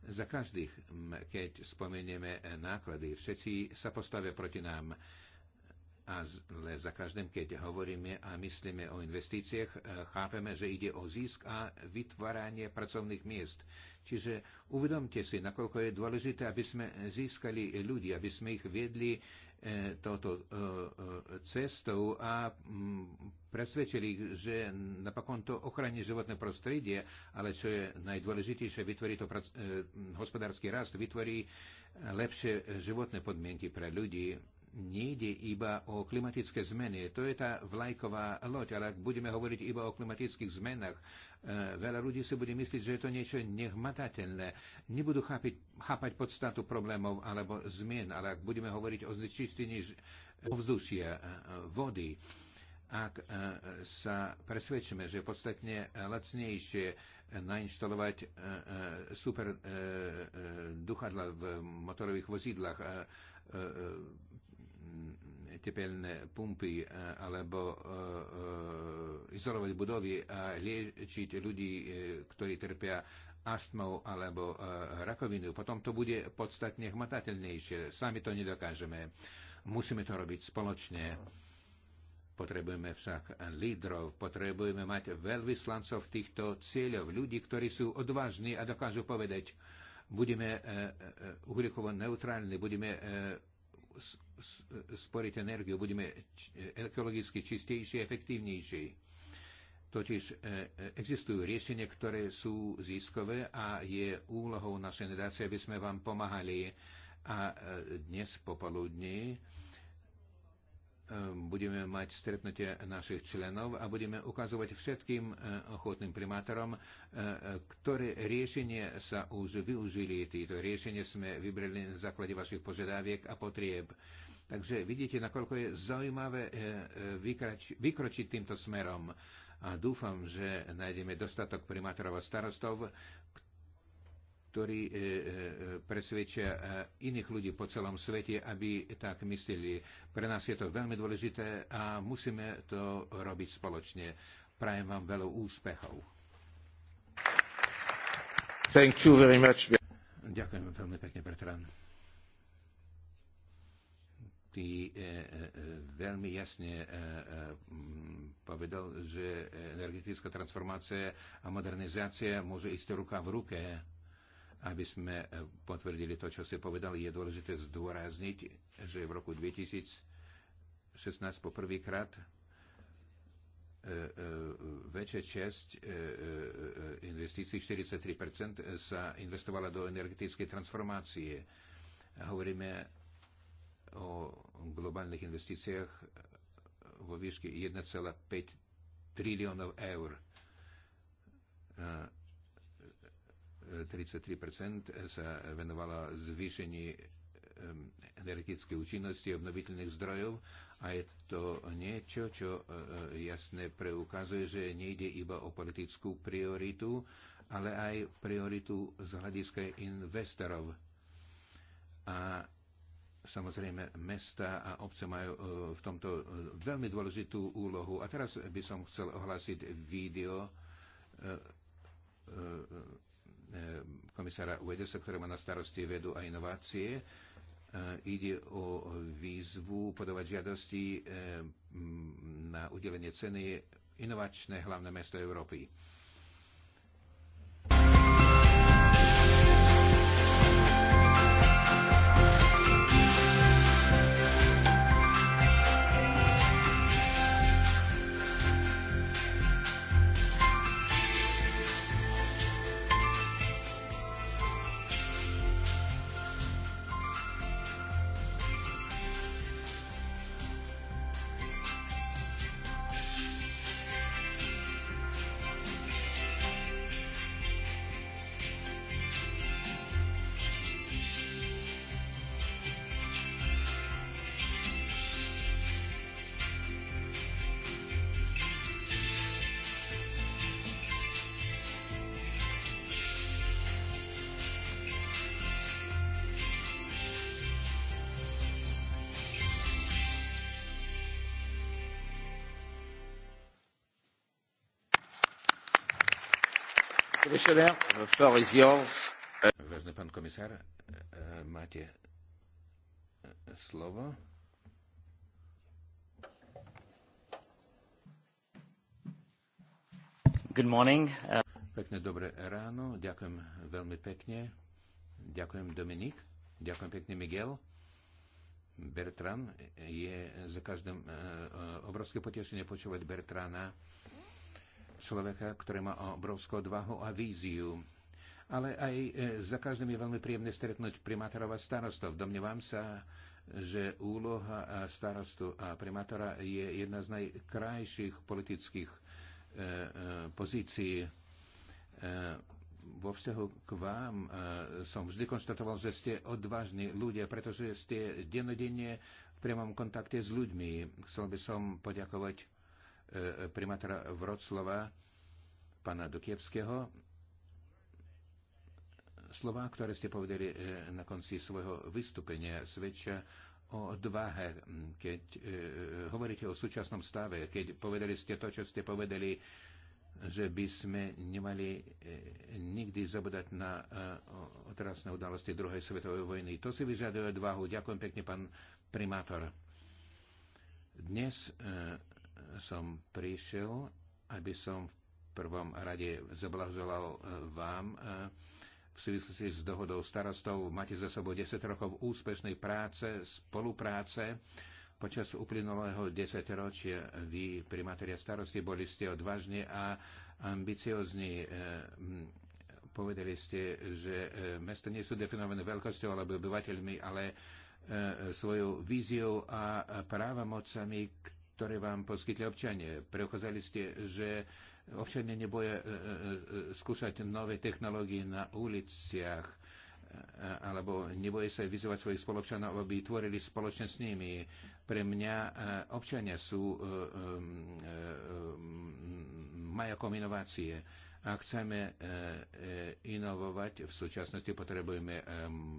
Za každých, keď spomenieme e, náklady, všetci sa postavia proti nám ale za každým, keď hovoríme a myslíme o investíciách, e, chápeme, že ide o zisk a vytváranie pracovných miest. Čiže uvedomte si, nakoľko je dôležité, aby sme získali ľudí, aby sme ich viedli e, touto e, e cestou a m, mm, presvedčili ich, že napokon to ochrani životné prostredie, ale čo je najdôležitejšie, vytvorí to prac, e, hospodársky rast, vytvorí lepšie životné podmienky pre ľudí nejde iba o klimatické zmeny. To je tá vlajková loď, ale ak budeme hovoriť iba o klimatických zmenách, e, veľa ľudí si bude myslieť, že je to niečo nehmatateľné. Nebudú chápiť, chápať podstatu problémov alebo zmien, ale ak budeme hovoriť o znečistení ovzdušia, e, vody, ak e, sa presvedčíme, že je podstatne lacnejšie nainštalovať super duchadla v motorových vozidlách, Mm, tepelné pumpy e, alebo e, e, izolovať budovy a liečiť ľudí, ktorí trpia astmou alebo rakovinou. Potom to bude podstatne hmatateľnejšie. Sami to nedokážeme. Musíme to robiť spoločne. Potrebujeme však lídrov, potrebujeme mať veľvyslancov týchto cieľov, ľudí, ktorí sú odvážni a dokážu povedať, budeme uhlíkovo neutrálni, budeme sporiť energiu, budeme ekologicky čistejší, efektívnejší. Totiž e, e, existujú riešenia, ktoré sú ziskové a je úlohou našej nedácie, aby sme vám pomáhali. A e, dnes popoludní Ehm, budeme mať stretnutie našich členov a budeme ukazovať všetkým eh, ochotným primátorom, eh, ktoré riešenie sa už využili. Tieto riešenie sme vybrali na základe vašich požiadaviek a potrieb. Takže vidíte, nakoľko je zaujímavé eh, vykročiť týmto smerom. A dúfam, že nájdeme dostatok primátorov a starostov, ktorí e, e, presvedčia e, iných ľudí po celom svete, aby tak mysleli. Pre nás je to veľmi dôležité a musíme to robiť spoločne. Prajem vám veľa úspechov. Thank you very much. Ďakujem veľmi pekne, Bertrand. Ty e, e, veľmi jasne e, e, povedal, že energetická transformácia a modernizácia môže ísť ruka v ruke aby sme eh, potvrdili to, čo ste povedali, je dôležité zdôrazniť, že v roku 2016 poprvýkrát eh, eh, väčšia časť investícií, 43%, sa investovala do energetickej transformácie. Hovoríme o globálnych investíciách vo výške 1,5 triliónov eur. 33 sa venovala zvýšení energetickej účinnosti obnoviteľných zdrojov a je to niečo, čo eh, jasne preukazuje, že nejde iba o politickú prioritu, ale aj prioritu z hľadiska investorov. A samozrejme mesta a obce majú eh, v tomto eh, veľmi dôležitú úlohu. A teraz by som chcel ohlásiť video komisára Uedesa, ktorý má na starosti vedu a inovácie. E, ide o výzvu podávať žiadosti e, na udelenie ceny inovačné hlavné mesto Európy. Vážený pán komisár, e, máte e, slovo. Good morning. Pekne dobré ráno, ďakujem veľmi pekne. Ďakujem Dominik, ďakujem pekne Miguel. Bertrand je za každým e, obrovské potešenie počúvať Bertrana človeka, ktorý má obrovskú odvahu a víziu. Ale aj e, za každým je veľmi príjemné stretnúť primátorov a starostov. Domnievam sa, že úloha starostu a primátora je jedna z najkrajších politických e, e, pozícií. Vo vzťahu k vám som vždy konštatoval, že ste odvážni ľudia, pretože ste dennodenne v priamom kontakte s ľuďmi. Chcel by som poďakovať E, primátora Vroclova, pana Dukievského. Slova, ktoré ste povedali e, na konci svojho vystúpenia, svedčia o odvahe, keď e, hovoríte o súčasnom stave, keď povedali ste to, čo ste povedali, že by sme nemali nikdy zabudať na otrasné udalosti druhej svetovej vojny. To si vyžaduje odvahu. Ďakujem pekne, pán primátor. Dnes som prišiel, aby som v prvom rade zablahoželal e, vám e, v súvislosti s dohodou starostov. Máte za sebou 10 rokov úspešnej práce, spolupráce. Počas uplynulého desaťročia vy, primatelia starosti, boli ste odvážni a ambiciozni. E, povedali ste, že mesta nie sú definované veľkosťou alebo obyvateľmi, ale svojou víziou a právomocami, ktoré vám poskytli občania. Preukázali ste, že občania neboja e, e, e, skúšať nové technológie na uliciach alebo neboje sa vyzývať svojich spoločanov, aby tvorili spoločne s nimi. Pre mňa občania sú majakom inovácie. Ak chceme inovovať, v súčasnosti potrebujeme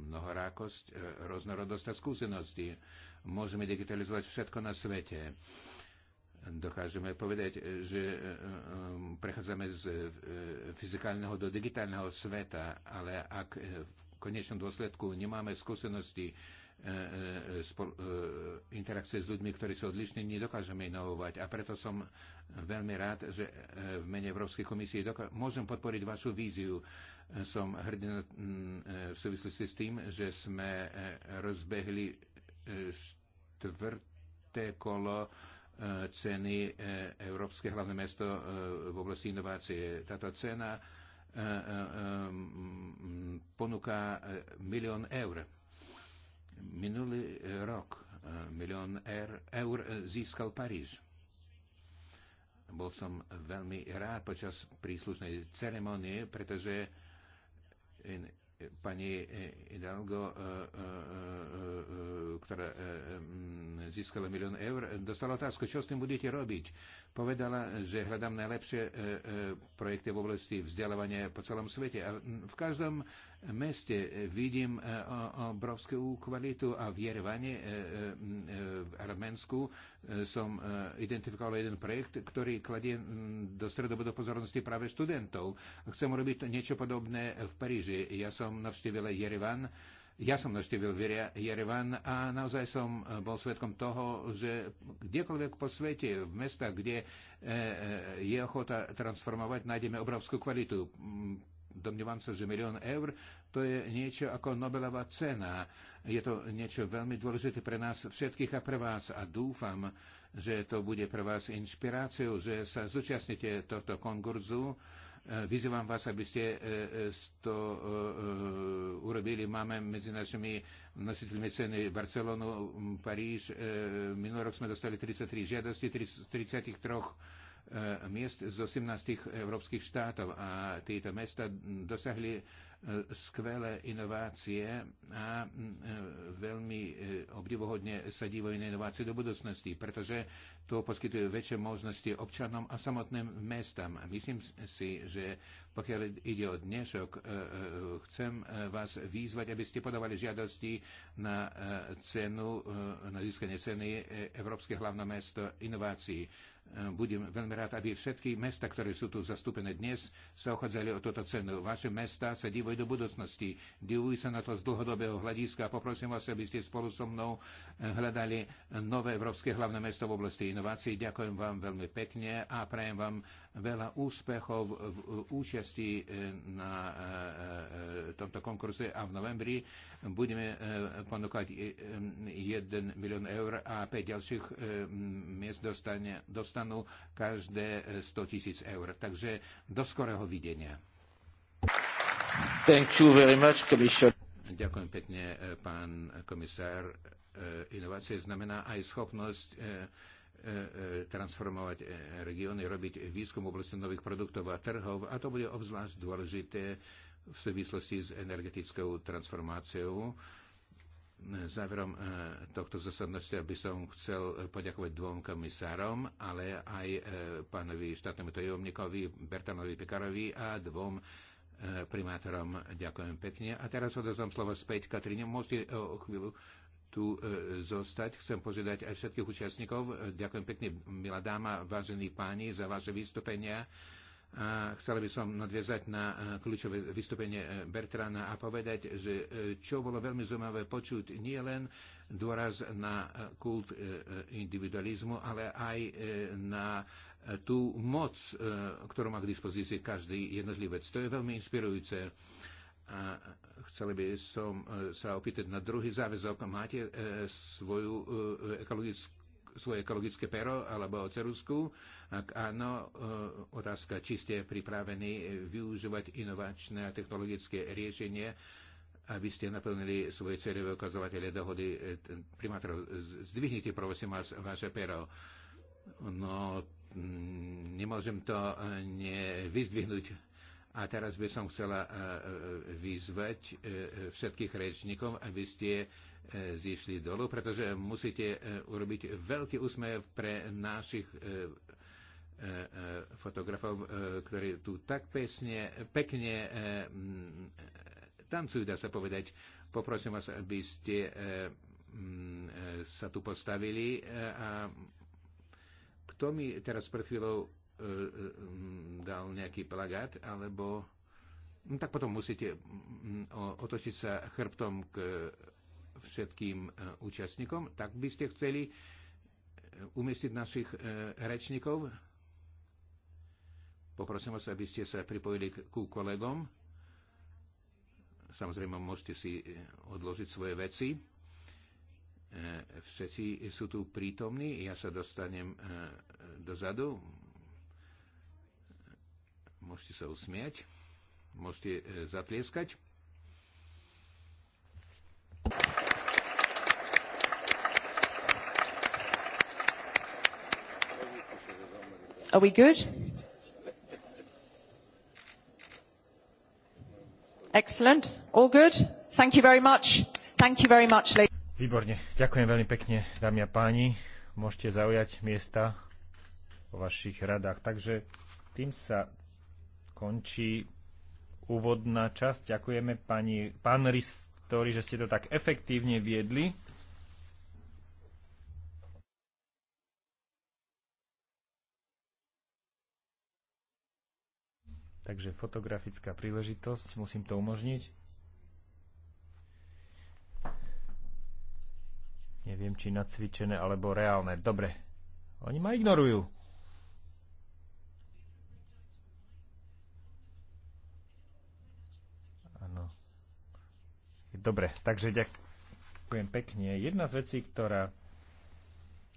mnohorákosť, rôznorodosť a skúsenosti môžeme digitalizovať všetko na svete. Dokážeme povedať, že e, e, prechádzame z e, fyzikálneho do digitálneho sveta, ale ak v konečnom dôsledku nemáme skúsenosti interakcie s ľuďmi, ktorí sú odlišní, nedokážeme inovovať. A preto som veľmi rád, že v mene Európskej komisie môžem podporiť vašu víziu. Som hrdý v súvislosti s tým, že sme rozbehli štvrté kolo e, ceny e, Európske hlavné mesto e, v oblasti inovácie. Táto cena ponúka milión eur. Minulý rok milión er, eur získal Paríž. Bol som veľmi rád počas príslušnej ceremonie, pretože pani Hidalgo, e, e, e, ktorá získala milión eur, dostala otázku, čo s tým budete robiť. Povedala, že hľadám najlepšie projekty v oblasti vzdelávania po celom svete. A v každom meste. E, vidím e, obrovskú kvalitu a vierovanie e, v Arménsku, som identifikoval jeden projekt, ktorý kladie do stredobodu pozornosti práve študentov. Chcem urobiť niečo podobné v Paríži. Ja som navštívil Jerevan, ja som navštívil Jerevan a naozaj som bol svetkom toho, že kdekoľvek po svete, v mestách, kde je ochota transformovať, nájdeme obrovskú kvalitu domnievam sa, že milión eur to je niečo ako Nobelová cena. Je to niečo veľmi dôležité pre nás všetkých a pre vás a dúfam, že to bude pre vás inšpiráciou, že sa zúčastnite tohto konkurzu. E, vyzývam vás, aby ste e, e, to urobili. Máme medzi našimi nositeľmi ceny Barcelonu, Paríž. Minulý rok sme dostali 33 žiadosti, 33 E, miest z 18 európskych štátov a tieto mesta dosahli e, skvelé inovácie a e, veľmi obdivohodne sa dívajú na inovácie do budúcnosti, pretože to poskytuje väčšie možnosti občanom a samotným mestám. Myslím si, že pokiaľ ide o dnešok, chcem vás výzvať, aby ste podávali žiadosti na cenu, na získanie ceny Európske hlavné mesto inovácií E, budem veľmi rád, aby všetky mesta, ktoré sú tu zastúpené dnes, sa ochádzali o toto cenu. Vaše mesta sa divujú do budúcnosti. Divujú sa na to z dlhodobého hľadiska poprosím vás, aby ste spolu so mnou e, hľadali nové európske hlavné mesto v oblasti inovácií. Ďakujem vám veľmi pekne a prajem vám veľa úspechov v účasti e, na e, e, tomto konkurze a v novembri budeme ponúkať 1 milión eur a 5 ďalších miest dostane, dostanú každé 100 tisíc eur. Takže do skorého videnia. Thank you very much, Ďakujem pekne, pán komisár. Inovácie znamená aj schopnosť eh, E, e, transformovať e, regióny, robiť výskum oblasti nových produktov a trhov a to bude obzvlášť dôležité v súvislosti s energetickou transformáciou. Záverom tohto zasadnosti by som chcel poďakovať dvom komisárom, ale aj pánovi štátnemu tajomníkovi Bertanovi Pekarovi a dvom primátorom. Ďakujem pekne. A teraz odozvam slovo späť Katrine. Môžete o chvíľu tu e, zostať. Chcem požiadať aj všetkých účastníkov. E, ďakujem pekne, milá dáma, vážení páni, za vaše vystúpenia. A e, chcela by som nadviazať na kľúčové vystúpenie Bertrana a povedať, že čo bolo veľmi zaujímavé počuť, nie len dôraz na kult individualizmu, ale aj na tú moc, ktorú má k dispozícii každý jednotlivec. To je veľmi inspirujúce. A chceli by som e, sa opýtať na druhý záväzok. Máte e, svoju e, ekologickú svoje ekologické pero alebo ceruzku? Ak áno, otázka, či ste pripravení využívať inovačné technologické riešenie, aby ste naplnili svoje cieľové ukazovatele dohody primátorov. Zdvihnite, prosím vás, vaše pero. No, nemôžem to nevyzdvihnúť a teraz by som chcela e, e, vyzvať e, všetkých rečníkov, aby ste zišli dolu, pretože musíte urobiť veľký úsmev pre našich fotografov, ktorí tu tak pesne, pekne tancujú, dá sa povedať. Poprosím vás, aby ste sa tu postavili a kto mi teraz pred chvíľou E, e, dal nejaký plagát, alebo no tak potom musíte otočiť sa chrbtom k všetkým e, účastníkom. Tak by ste chceli umiestniť našich rečníkov? Poprosím vás, aby ste sa pripojili ku kolegom. Samozrejme, môžete si odložiť svoje veci. Všetci sú tu prítomní. Ja sa dostanem dozadu. Môžete sa usmiať. Môžete e, zatlieskať. Are we good? Excellent. All good? Thank you very much. Thank you very much, ladies. Výborne. Ďakujem veľmi pekne, dámy a páni. Môžete zaujať miesta vo vašich radách. Takže tým sa končí úvodná časť. Ďakujeme pani, pán Ristori, že ste to tak efektívne viedli. Takže fotografická príležitosť, musím to umožniť. Neviem, či nacvičené alebo reálne. Dobre, oni ma ignorujú. Dobre, takže ďakujem pekne. Jedna z vecí, ktorá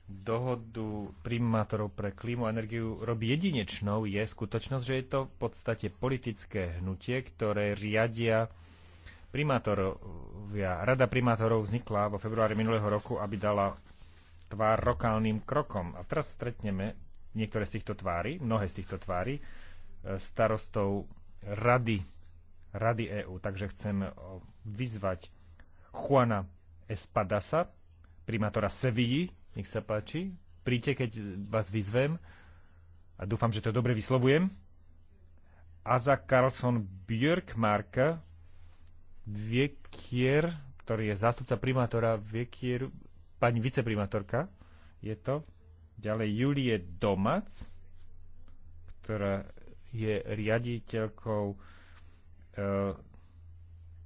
dohodu primátorov pre klímu a energiu robí jedinečnou, je skutočnosť, že je to v podstate politické hnutie, ktoré riadia primátorovia. Rada primátorov vznikla vo februári minulého roku, aby dala tvár lokálnym krokom. A teraz stretneme niektoré z týchto tvári, mnohé z týchto tvári, e, starostov rady Rady EÚ. Takže chcem vyzvať Juana Espadasa, primátora Sevilly, nech sa páči. Príďte, keď vás vyzvem a dúfam, že to dobre vyslovujem. Aza Carlson Björkmark, Viekier, ktorý je zástupca primátora Viekier, pani viceprimátorka je to. Ďalej Julie Domac, ktorá je riaditeľkou Eh,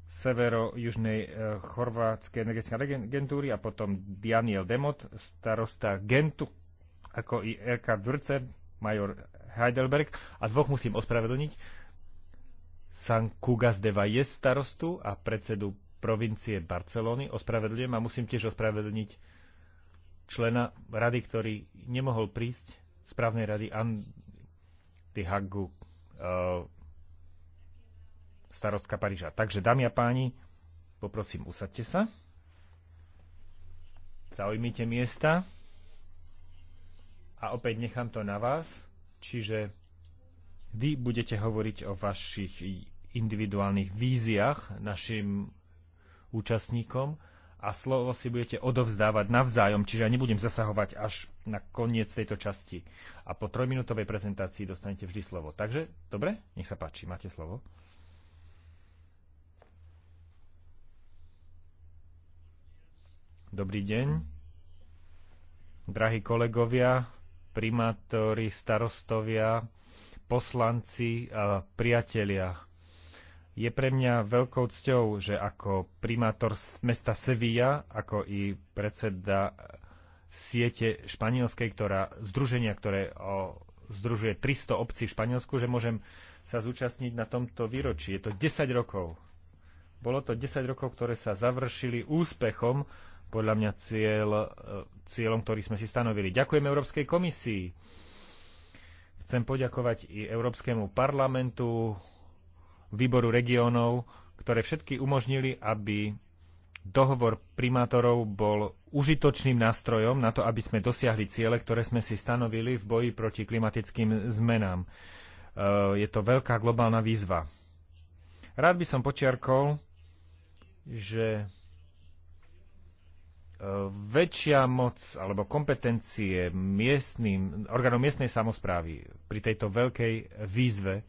severo-južnej eh, chorvátskej energetickej agentúry a potom Daniel Demot, starosta Gentu, ako i Erka Dvrce, major Heidelberg a dvoch musím ospravedlniť. San Cugas de je starostu a predsedu provincie Barcelony ospravedlňujem a musím tiež ospravedlniť člena rady, ktorý nemohol prísť, správnej rady Andy Hagu, uh, starostka Paríža. Takže, dámy a páni, poprosím, usadte sa. Zaujmite miesta. A opäť nechám to na vás. Čiže vy budete hovoriť o vašich individuálnych víziách našim účastníkom a slovo si budete odovzdávať navzájom, čiže ja nebudem zasahovať až na koniec tejto časti. A po trojminútovej prezentácii dostanete vždy slovo. Takže, dobre, nech sa páči, máte slovo. Dobrý deň. Drahí kolegovia, primátori, starostovia, poslanci a priatelia. Je pre mňa veľkou cťou, že ako primátor mesta Sevilla, ako i predseda siete španielskej, ktorá, združenia, ktoré o, združuje 300 obcí v Španielsku, že môžem sa zúčastniť na tomto výročí. Je to 10 rokov. Bolo to 10 rokov, ktoré sa završili úspechom podľa mňa cieľ, e, cieľom, ktorý sme si stanovili. Ďakujem Európskej komisii. Chcem poďakovať i Európskemu parlamentu, výboru regiónov, ktoré všetky umožnili, aby dohovor primátorov bol užitočným nástrojom na to, aby sme dosiahli ciele, ktoré sme si stanovili v boji proti klimatickým zmenám. E, je to veľká globálna výzva. Rád by som počiarkol, že väčšia moc alebo kompetencie miestným, orgánom miestnej samozprávy pri tejto veľkej výzve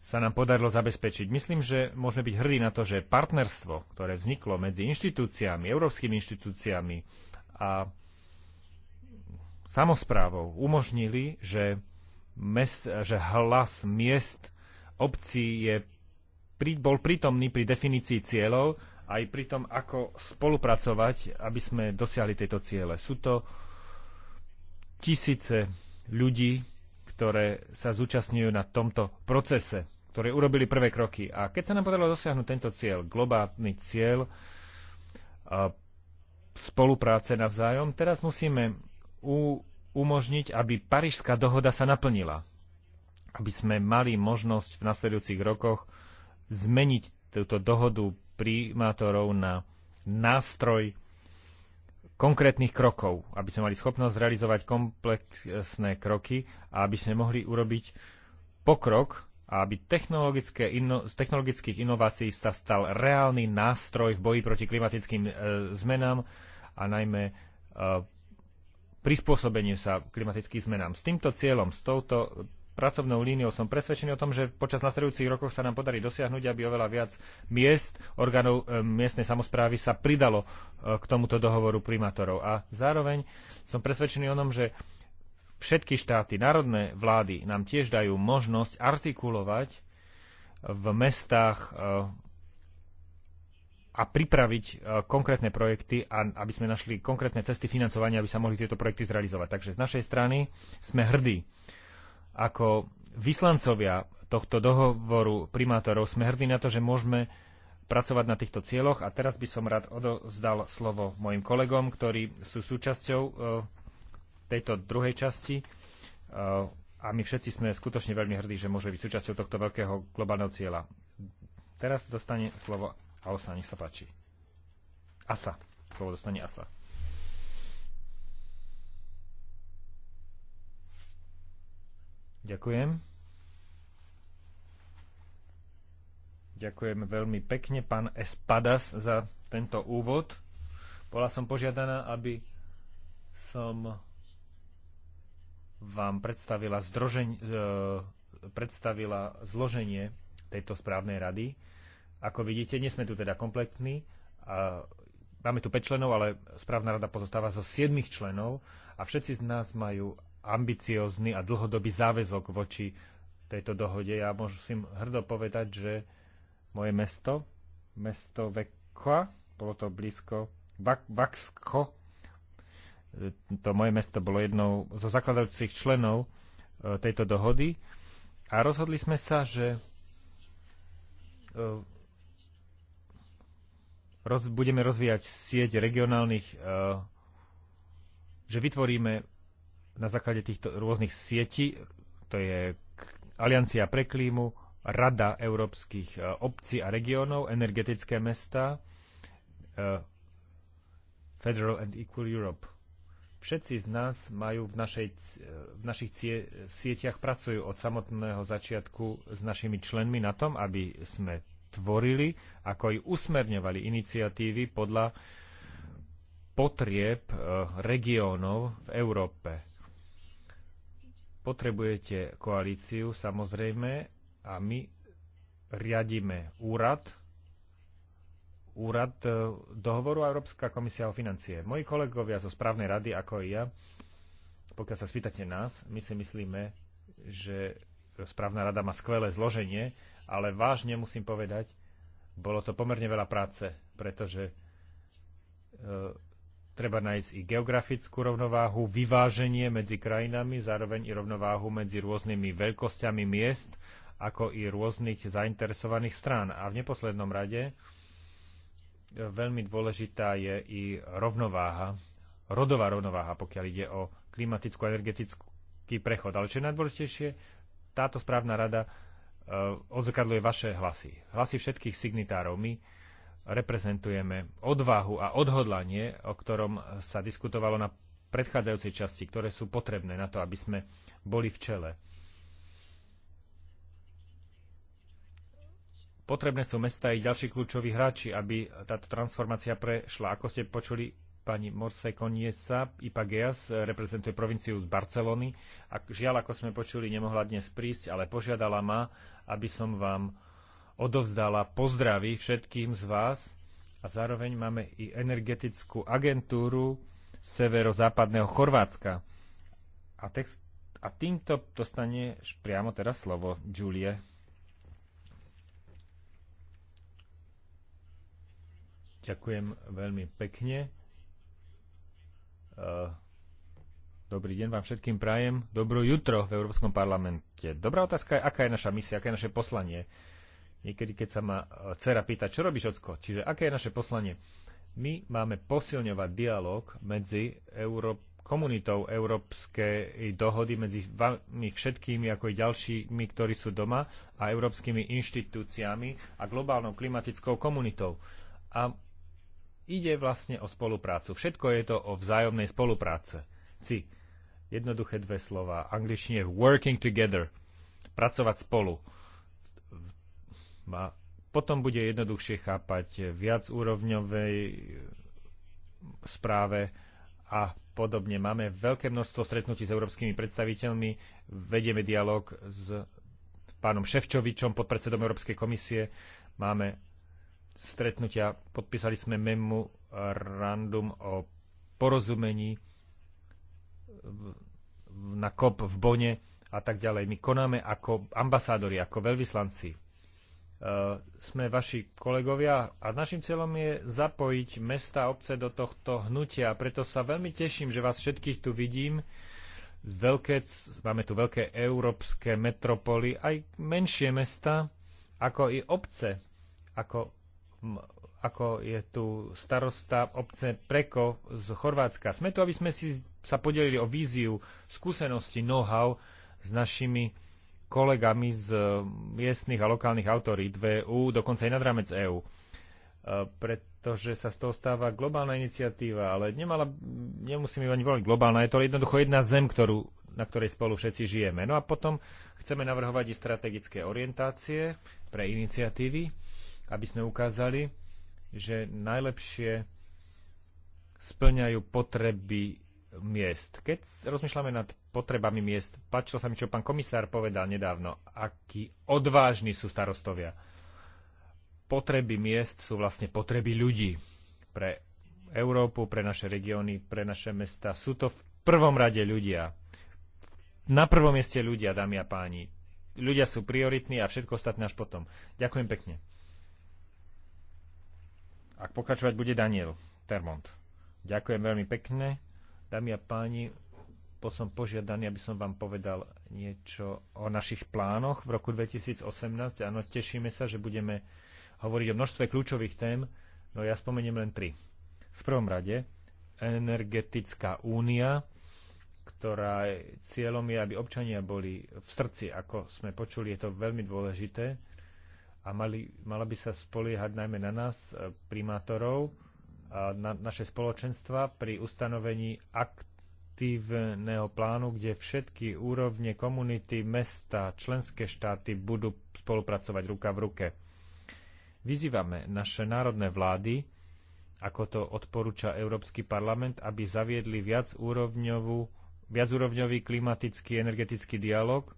sa nám podarilo zabezpečiť. Myslím, že môžeme byť hrdí na to, že partnerstvo, ktoré vzniklo medzi inštitúciami, európskymi inštitúciami a samozprávou umožnili, že, mes, že hlas miest obcí je, bol prítomný pri definícii cieľov aj pri tom, ako spolupracovať, aby sme dosiahli tieto ciele. Sú to tisíce ľudí, ktoré sa zúčastňujú na tomto procese, ktoré urobili prvé kroky. A keď sa nám podarilo dosiahnuť tento cieľ, globálny cieľ spolupráce navzájom, teraz musíme u, umožniť, aby Parížská dohoda sa naplnila. Aby sme mali možnosť v nasledujúcich rokoch zmeniť túto dohodu primátorov na nástroj konkrétnych krokov, aby sme mali schopnosť realizovať komplexné kroky a aby sme mohli urobiť pokrok a aby technologické ino- z technologických inovácií sa stal reálny nástroj v boji proti klimatickým e, zmenám a najmä e, prispôsobenie sa klimatickým zmenám. S týmto cieľom, s touto pracovnou líniou. Som presvedčený o tom, že počas nasledujúcich rokov sa nám podarí dosiahnuť, aby oveľa viac miest, orgánov e, miestnej samozprávy sa pridalo e, k tomuto dohovoru primátorov. A zároveň som presvedčený o tom, že všetky štáty, národné vlády nám tiež dajú možnosť artikulovať v mestách e, a pripraviť e, konkrétne projekty, a aby sme našli konkrétne cesty financovania, aby sa mohli tieto projekty zrealizovať. Takže z našej strany sme hrdí ako vyslancovia tohto dohovoru primátorov sme hrdí na to, že môžeme pracovať na týchto cieľoch a teraz by som rád odozdal slovo mojim kolegom, ktorí sú súčasťou e, tejto druhej časti e, a my všetci sme skutočne veľmi hrdí, že môže byť súčasťou tohto veľkého globálneho cieľa. Teraz dostane slovo Asa, nech sa páči. Asa. Slovo dostane Asa. Ďakujem. Ďakujem veľmi pekne, pán Espadas, za tento úvod. Bola som požiadaná, aby som vám predstavila, zdrožen, e, predstavila zloženie tejto správnej rady. Ako vidíte, nie sme tu teda kompletní. A máme tu 5 členov, ale správna rada pozostáva zo 7 členov a všetci z nás majú ambiciózny a dlhodobý záväzok voči tejto dohode. Ja musím hrdo povedať, že moje mesto, mesto Vekva, bolo to blízko Vaxko, Vaksko, to moje mesto bolo jednou zo zakladajúcich členov e, tejto dohody a rozhodli sme sa, že e, roz, budeme rozvíjať sieť regionálnych, e, že vytvoríme na základe týchto rôznych sietí, to je Aliancia pre klímu, Rada európskych e, obcí a regiónov, energetické mesta, e, Federal and Equal Europe. Všetci z nás majú v, našej, e, v našich cie, sieťach pracujú od samotného začiatku s našimi členmi na tom, aby sme tvorili, ako i usmerňovali iniciatívy podľa potrieb regiónov v Európe potrebujete koalíciu samozrejme a my riadíme úrad, úrad e, dohovoru a Európska komisia o financie. Moji kolegovia zo správnej rady, ako i ja, pokiaľ sa spýtate nás, my si myslíme, že správna rada má skvelé zloženie, ale vážne musím povedať, bolo to pomerne veľa práce, pretože e, Treba nájsť i geografickú rovnováhu, vyváženie medzi krajinami, zároveň i rovnováhu medzi rôznymi veľkosťami miest, ako i rôznych zainteresovaných strán. A v neposlednom rade e, veľmi dôležitá je i rovnováha, rodová rovnováha, pokiaľ ide o klimatickú a energetický prechod. Ale čo je najdôležitejšie, táto správna rada e, odzrkadluje vaše hlasy. Hlasy všetkých signitárov. My reprezentujeme odvahu a odhodlanie, o ktorom sa diskutovalo na predchádzajúcej časti, ktoré sú potrebné na to, aby sme boli v čele. Potrebné sú mesta i ďalší kľúčoví hráči, aby táto transformácia prešla. Ako ste počuli, pani Morse Koniesa Ipageas reprezentuje provinciu z Barcelony. A žiaľ, ako sme počuli, nemohla dnes prísť, ale požiadala ma, aby som vám odovzdala pozdravy všetkým z vás a zároveň máme i energetickú agentúru severozápadného Chorvátska. A, text, a týmto dostaneš priamo teraz slovo, Julie. Ďakujem veľmi pekne. E, dobrý deň vám všetkým prajem. Dobro jutro v Európskom parlamente. Dobrá otázka je, aká je naša misia, aké je naše poslanie. Niekedy, keď sa ma e, dcera pýta, čo robíš, ocko? Čiže aké je naše poslanie? My máme posilňovať dialog medzi Európou komunitou európskej dohody medzi vami všetkými, ako i ďalšími, ktorí sú doma, a európskymi inštitúciami a globálnou klimatickou komunitou. A ide vlastne o spoluprácu. Všetko je to o vzájomnej spolupráce. Ci. Jednoduché dve slova. Angličtine working together. Pracovať spolu. A potom bude jednoduchšie chápať viac úrovňovej správe a podobne. Máme veľké množstvo stretnutí s európskymi predstaviteľmi, vedieme dialog s pánom Ševčovičom, podpredsedom Európskej komisie, máme stretnutia, podpísali sme memorandum o porozumení na COP v Bone a tak ďalej. My konáme ako ambasádori, ako veľvyslanci Eh, sme vaši kolegovia a našim cieľom je zapojiť mesta a obce do tohto hnutia. Preto sa veľmi teším, že vás všetkých tu vidím. Veľké, máme tu veľké európske metropoly, aj menšie mesta, ako i obce, ako, ako je tu starosta obce Preko z Chorvátska. Sme tu, aby sme si sa podelili o víziu, skúsenosti, know-how s našimi kolegami z eh, miestnych a lokálnych autorít VU, e EU, dokonca aj nad rámec EÚ. Eh, pretože sa z toho stáva globálna iniciatíva, ale nemala, nemusíme ju ani voliť globálna, je to jednoducho jedna zem, ktorú, na ktorej spolu všetci žijeme. No a potom chceme navrhovať i strategické orientácie pre iniciatívy, aby sme ukázali, že najlepšie splňajú potreby miest. Keď rozmýšľame nad potrebami miest, páčilo sa mi, čo pán komisár povedal nedávno, akí odvážni sú starostovia. Potreby miest sú vlastne potreby ľudí pre Európu, pre naše regióny, pre naše mesta. Sú to v prvom rade ľudia. Na prvom mieste ľudia, dámy a páni. Ľudia sú prioritní a všetko ostatné až potom. Ďakujem pekne. Ak pokračovať bude Daniel Termont. Ďakujem veľmi pekne Dámy a páni, bol som požiadaný, aby som vám povedal niečo o našich plánoch v roku 2018. Áno, tešíme sa, že budeme hovoriť o množstve kľúčových tém, no ja spomeniem len tri. V prvom rade energetická únia, ktorá cieľom je, aby občania boli v srdci, ako sme počuli, je to veľmi dôležité a mali, mala by sa spoliehať najmä na nás, eh, primátorov, na naše spoločenstva pri ustanovení aktívneho plánu, kde všetky úrovne komunity, mesta, členské štáty budú spolupracovať ruka v ruke. Vyzývame naše národné vlády, ako to odporúča Európsky parlament, aby zaviedli úrovňovú viacúrovňový klimatický energetický dialog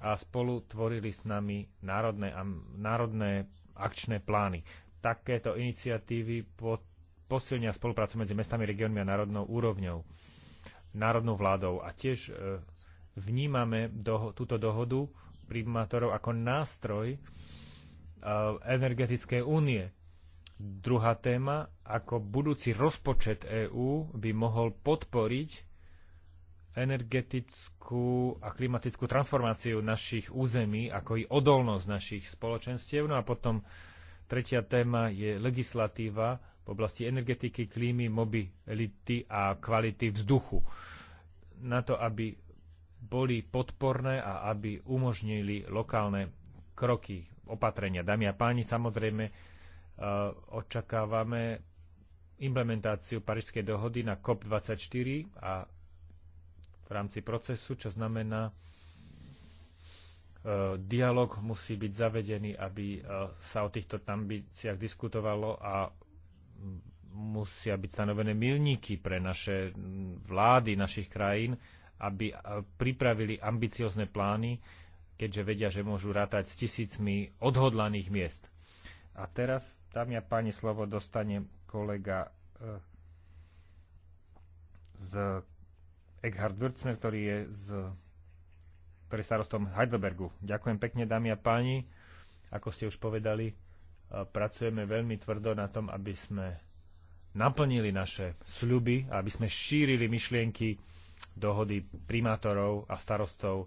a spolu tvorili s nami národné, národné akčné plány. Takéto iniciatívy pod posilnia spoluprácu medzi mestami, regiónmi a národnou úrovňou, národnou vládou. A tiež e, vnímame doho- túto dohodu primátorov ako nástroj e, energetickej únie. Druhá téma, ako budúci rozpočet EÚ by mohol podporiť energetickú a klimatickú transformáciu našich území, ako i odolnosť našich spoločenstiev. No a potom tretia téma je legislatíva v oblasti energetiky, klímy, mobility a kvality vzduchu. Na to, aby boli podporné a aby umožnili lokálne kroky, opatrenia. Dámy a páni, samozrejme e, očakávame implementáciu Parížskej dohody na COP24 a v rámci procesu, čo znamená, e, dialog musí byť zavedený, aby e, sa o týchto ambíciách diskutovalo a musia byť stanovené milníky pre naše vlády našich krajín, aby pripravili ambiciozne plány, keďže vedia, že môžu rátať s tisícmi odhodlaných miest. A teraz, tam ja, páni, slovo dostane kolega eh, z Eckhard Würzner, ktorý je z, ktorý starostom Heidelbergu. Ďakujem pekne, dámy a páni. Ako ste už povedali, pracujeme veľmi tvrdo na tom, aby sme naplnili naše sľuby a aby sme šírili myšlienky dohody primátorov a starostov e,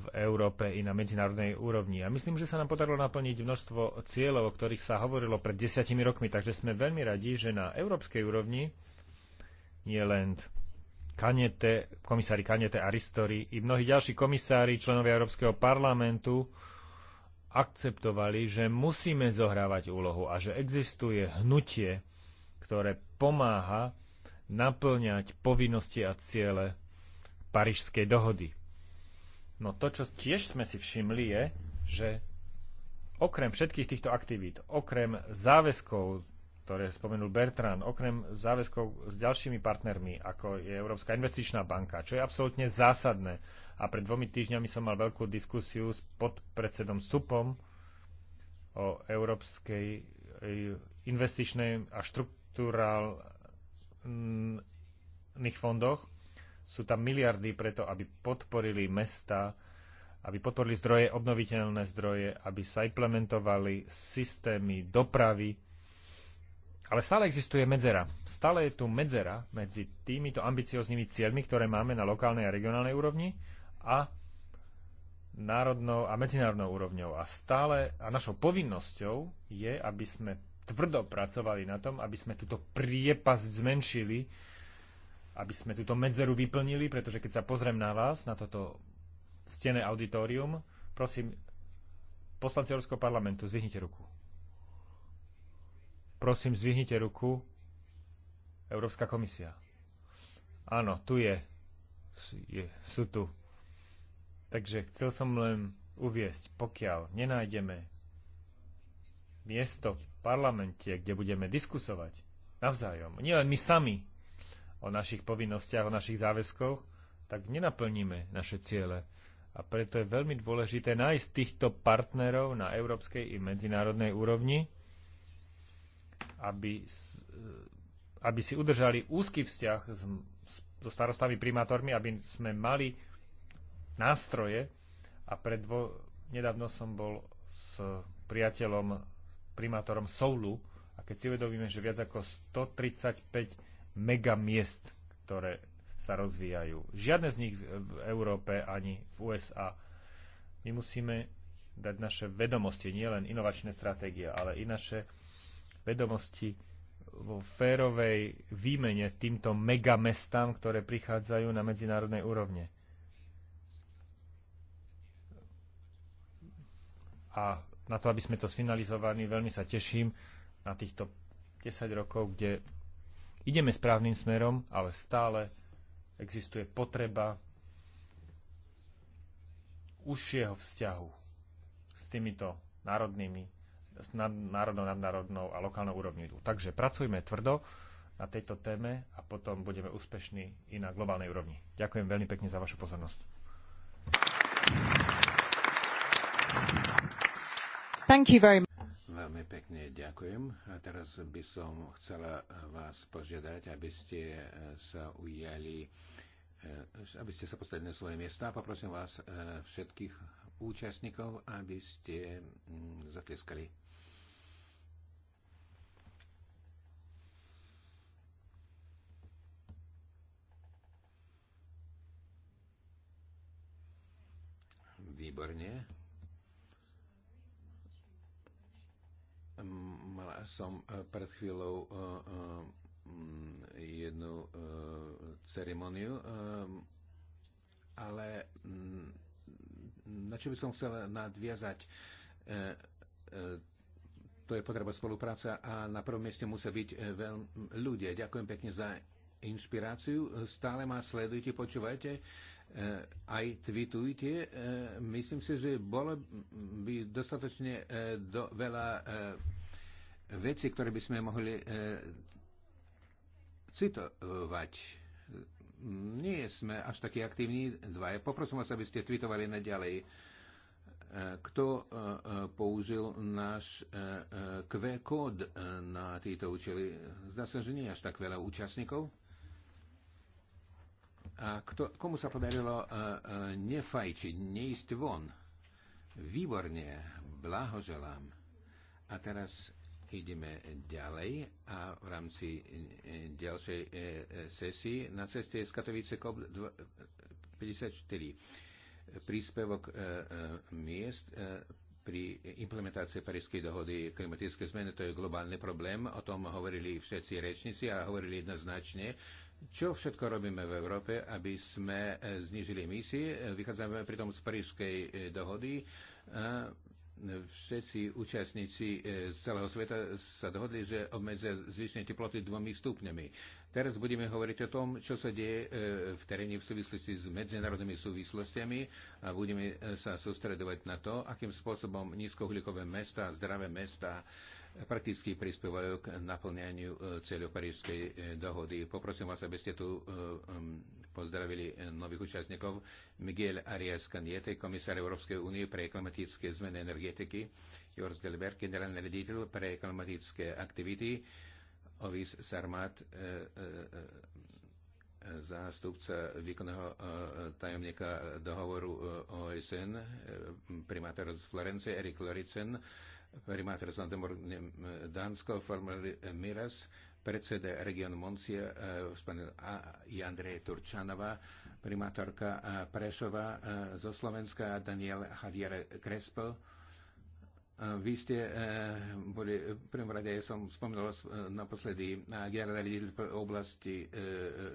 v Európe i na medzinárodnej úrovni. A myslím, že sa nám podarilo naplniť množstvo cieľov, o ktorých sa hovorilo pred desiatimi rokmi, takže sme veľmi radi, že na európskej úrovni nie len Kanete, komisári Kanete, Aristori i mnohí ďalší komisári, členovia Európskeho parlamentu akceptovali, že musíme zohrávať úlohu a že existuje hnutie, ktoré pomáha naplňať povinnosti a ciele Parížskej dohody. No to, čo tiež sme si všimli, je, že okrem všetkých týchto aktivít, okrem záväzkov ktoré spomenul Bertrand, okrem záväzkov s ďalšími partnermi, ako je Európska investičná banka, čo je absolútne zásadné. A pred dvomi týždňami som mal veľkú diskusiu s podpredsedom Supom o Európskej eh, investičnej a štruktúrálnych fondoch. Sú tam miliardy preto, aby podporili mesta, aby podporili zdroje, obnoviteľné zdroje, aby sa implementovali systémy dopravy, ale stále existuje medzera. Stále je tu medzera medzi týmito ambicioznými cieľmi, ktoré máme na lokálnej a regionálnej úrovni a národnou a medzinárodnou úrovňou. A stále a našou povinnosťou je, aby sme tvrdo pracovali na tom, aby sme túto priepasť zmenšili, aby sme túto medzeru vyplnili, pretože keď sa pozriem na vás, na toto stené auditorium, prosím, poslanci Európskeho parlamentu, zvihnite ruku. Prosím, zdvihnite ruku. Európska komisia. Áno, tu je. je. Sú tu. Takže chcel som len uviesť, pokiaľ nenájdeme miesto v parlamente, kde budeme diskusovať navzájom, nielen my sami o našich povinnostiach, o našich záväzkoch, tak nenaplníme naše ciele. A preto je veľmi dôležité nájsť týchto partnerov na európskej i medzinárodnej úrovni, aby, e, aby si udržali úzky vzťah s, so starostami primátormi, aby sme mali nástroje a dvo, nedávno som bol s priateľom primátorom Soulu a keď si uvedomíme, že viac ako 135 megamiest, ktoré sa rozvíjajú. Žiadne z nich v Európe ani v USA. My musíme dať naše vedomosti, nielen inovačné stratégie, ale i naše vedomosti vo férovej výmene týmto megamestám, ktoré prichádzajú na medzinárodnej úrovne. A na to, aby sme to sfinalizovali, veľmi sa teším na týchto 10 rokov, kde ideme správnym smerom, ale stále existuje potreba užšieho vzťahu s týmito národnými nad, národnou, nadnárodnou a lokálnou úrovni. Takže pracujme tvrdo na tejto téme a potom budeme úspešní i na globálnej úrovni. Ďakujem veľmi pekne za vašu pozornosť. Thank you very much. Veľmi pekne ďakujem. A teraz by som chcela vás požiadať, aby ste eh, sa ujali, eh, aby ste sa postavili na svoje miesta. Poprosím vás eh, všetkých účastníkov, aby ste mm, zatlieskali. Výborne. Hm, mala som e, pred chvíľou e, e, mm, jednu ceremoniu, ale mm, na čo by som chcel nadviazať, to je potreba spolupráca a na prvom mieste musia byť ľudia. Ďakujem pekne za inšpiráciu. Stále ma sledujte, počúvajte E, aj tweetujte. E, myslím si, že bolo by dostatočne e, do, veľa vecí, ktoré by sme mohli citovať. Nie sme až takí aktívni dvaja. Poprosím vás, aby ste tweetovali naďalej kto použil náš QR kód na tieto účely. Zdá sa, že nie až tak veľa účastníkov kto, komu sa podarilo uh, uh, nefajčiť, neísť von? Výborne, blahoželám. A teraz ideme ďalej a v rámci e, ďalšej e, sesii na ceste z Katovice Kobl 54 príspevok e, e, miest e, pri implementácii Parískej dohody klimatické zmeny, to je globálny problém, o tom hovorili všetci rečníci a hovorili jednoznačne, čo všetko robíme v Európe, aby sme eh, znižili emisie? Eh, vychádzame pritom z Parížskej eh, dohody. Všetci účastníci z celého sveta sa dohodli, že obmedzia zvýšenie teploty dvomi stupňami. Teraz budeme hovoriť o tom, čo sa deje v teréne v súvislosti s medzinárodnými súvislostiami a budeme sa sústredovať na to, akým spôsobom nízkouhlíkové mesta, zdravé mesta, prakticky prispievajú k naplňaniu e, cieľov Parížskej e, dohody. Poprosím vás, aby ste tu e, pozdravili nových účastníkov. Miguel Arias Caniete, komisár Európskej únie pre klimatické zmeny energetiky, Jors Delbert, generálny riaditeľ pre klimatické aktivity, Ovis Sarmat, zástupca výkonného tajomníka dohovoru OSN, primátor z Florence, Erik Loricen, primátor Zandemor Dánsko, formal Miras, predseda regionu Moncia, e, i Andreje Turčanova, primátorka e, Prešova e, zo Slovenska, Daniel Javier Crespo. Vy ste boli, v prvom rade ja som spomínal vás naposledy generálny riaditeľ oblasti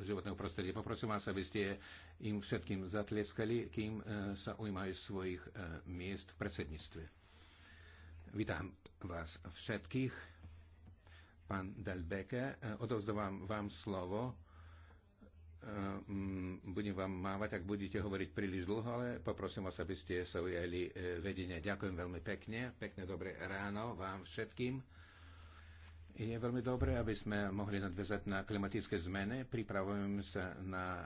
životného prostredia. Poprosím vás, aby ste im všetkým zatleskali, kým sa ujmajú svojich miest v predsedníctve. Vítam vás všetkých. Pán Delbeke, odovzdávam vám slovo. Ehm, budem vám mávať, ak budete hovoriť príliš dlho, ale poprosím vás, aby ste sa ujali e, vedenia. Ďakujem veľmi pekne. Pekné dobré ráno vám všetkým. Je veľmi dobré, aby sme mohli nadviazať na klimatické zmeny. Pripravujem sa na e, e,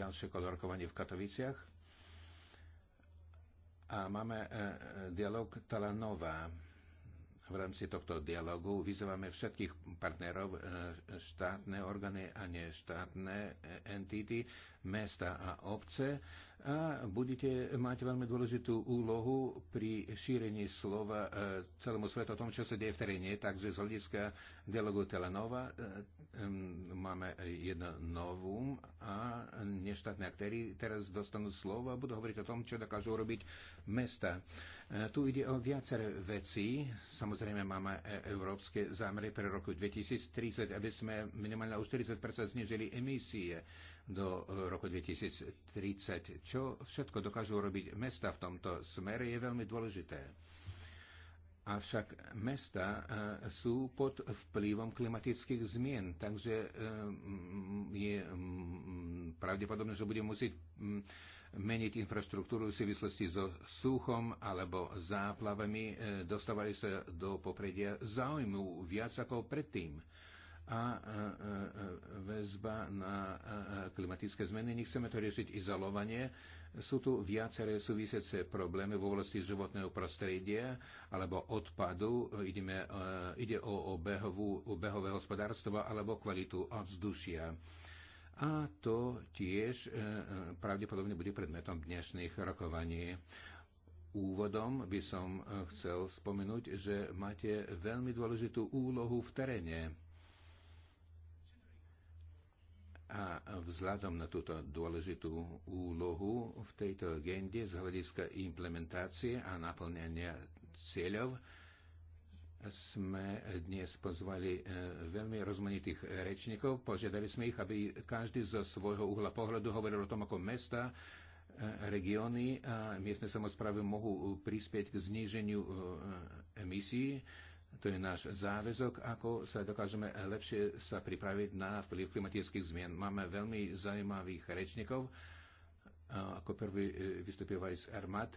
ďalšie kolorkovanie v Katoviciach a máme e, e, dialog Talanova. V rámci tohto dialogu vyzývame všetkých partnerov, e, štátne orgány a neštátne entity, mesta a obce a budete mať veľmi dôležitú úlohu pri šírení slova e, celému svetu o tom, čo sa deje v teréne. Takže z hľadiska dialogu Telenova e, máme jedno novum a neštátne aktéry teraz dostanú slovo a budú hovoriť o tom, čo dokážu urobiť mesta. E, tu ide o viaceré veci. Samozrejme máme európske zámery pre roku 2030, aby sme minimálne o 40 znižili emisie do e, roku 2030. Čo všetko dokážu robiť mesta v tomto smere je veľmi dôležité. Avšak mesta e, sú pod vplyvom klimatických zmien, takže e, je pravdepodobné, že budeme musieť meniť infraštruktúru v súvislosti so suchom alebo záplavami. Dostávajú sa do popredia záujmu viac ako predtým a väzba na klimatické zmeny. Nechceme to riešiť izolovanie. Sú tu viaceré súvisiace problémy v oblasti životného prostredia alebo odpadu. Ideme, e, ide o obehové hospodárstvo alebo kvalitu ovzdušia. A to tiež e, e, pravdepodobne bude predmetom dnešných rokovaní. Úvodom by som chcel spomenúť, že máte veľmi dôležitú úlohu v teréne a vzhľadom na túto dôležitú úlohu v tejto agende z hľadiska implementácie a naplňania cieľov sme dnes pozvali e, veľmi rozmanitých rečníkov. Požiadali sme ich, aby každý zo svojho uhla pohľadu hovoril o tom, ako mesta, e, regióny a miestne samozprávy mohú prispieť k zníženiu e, emisí to je náš záväzok, ako sa dokážeme lepšie sa pripraviť na vplyv klimatických zmien. Máme veľmi zaujímavých rečníkov. Ako prvý e, vystúpil Vajs Armat,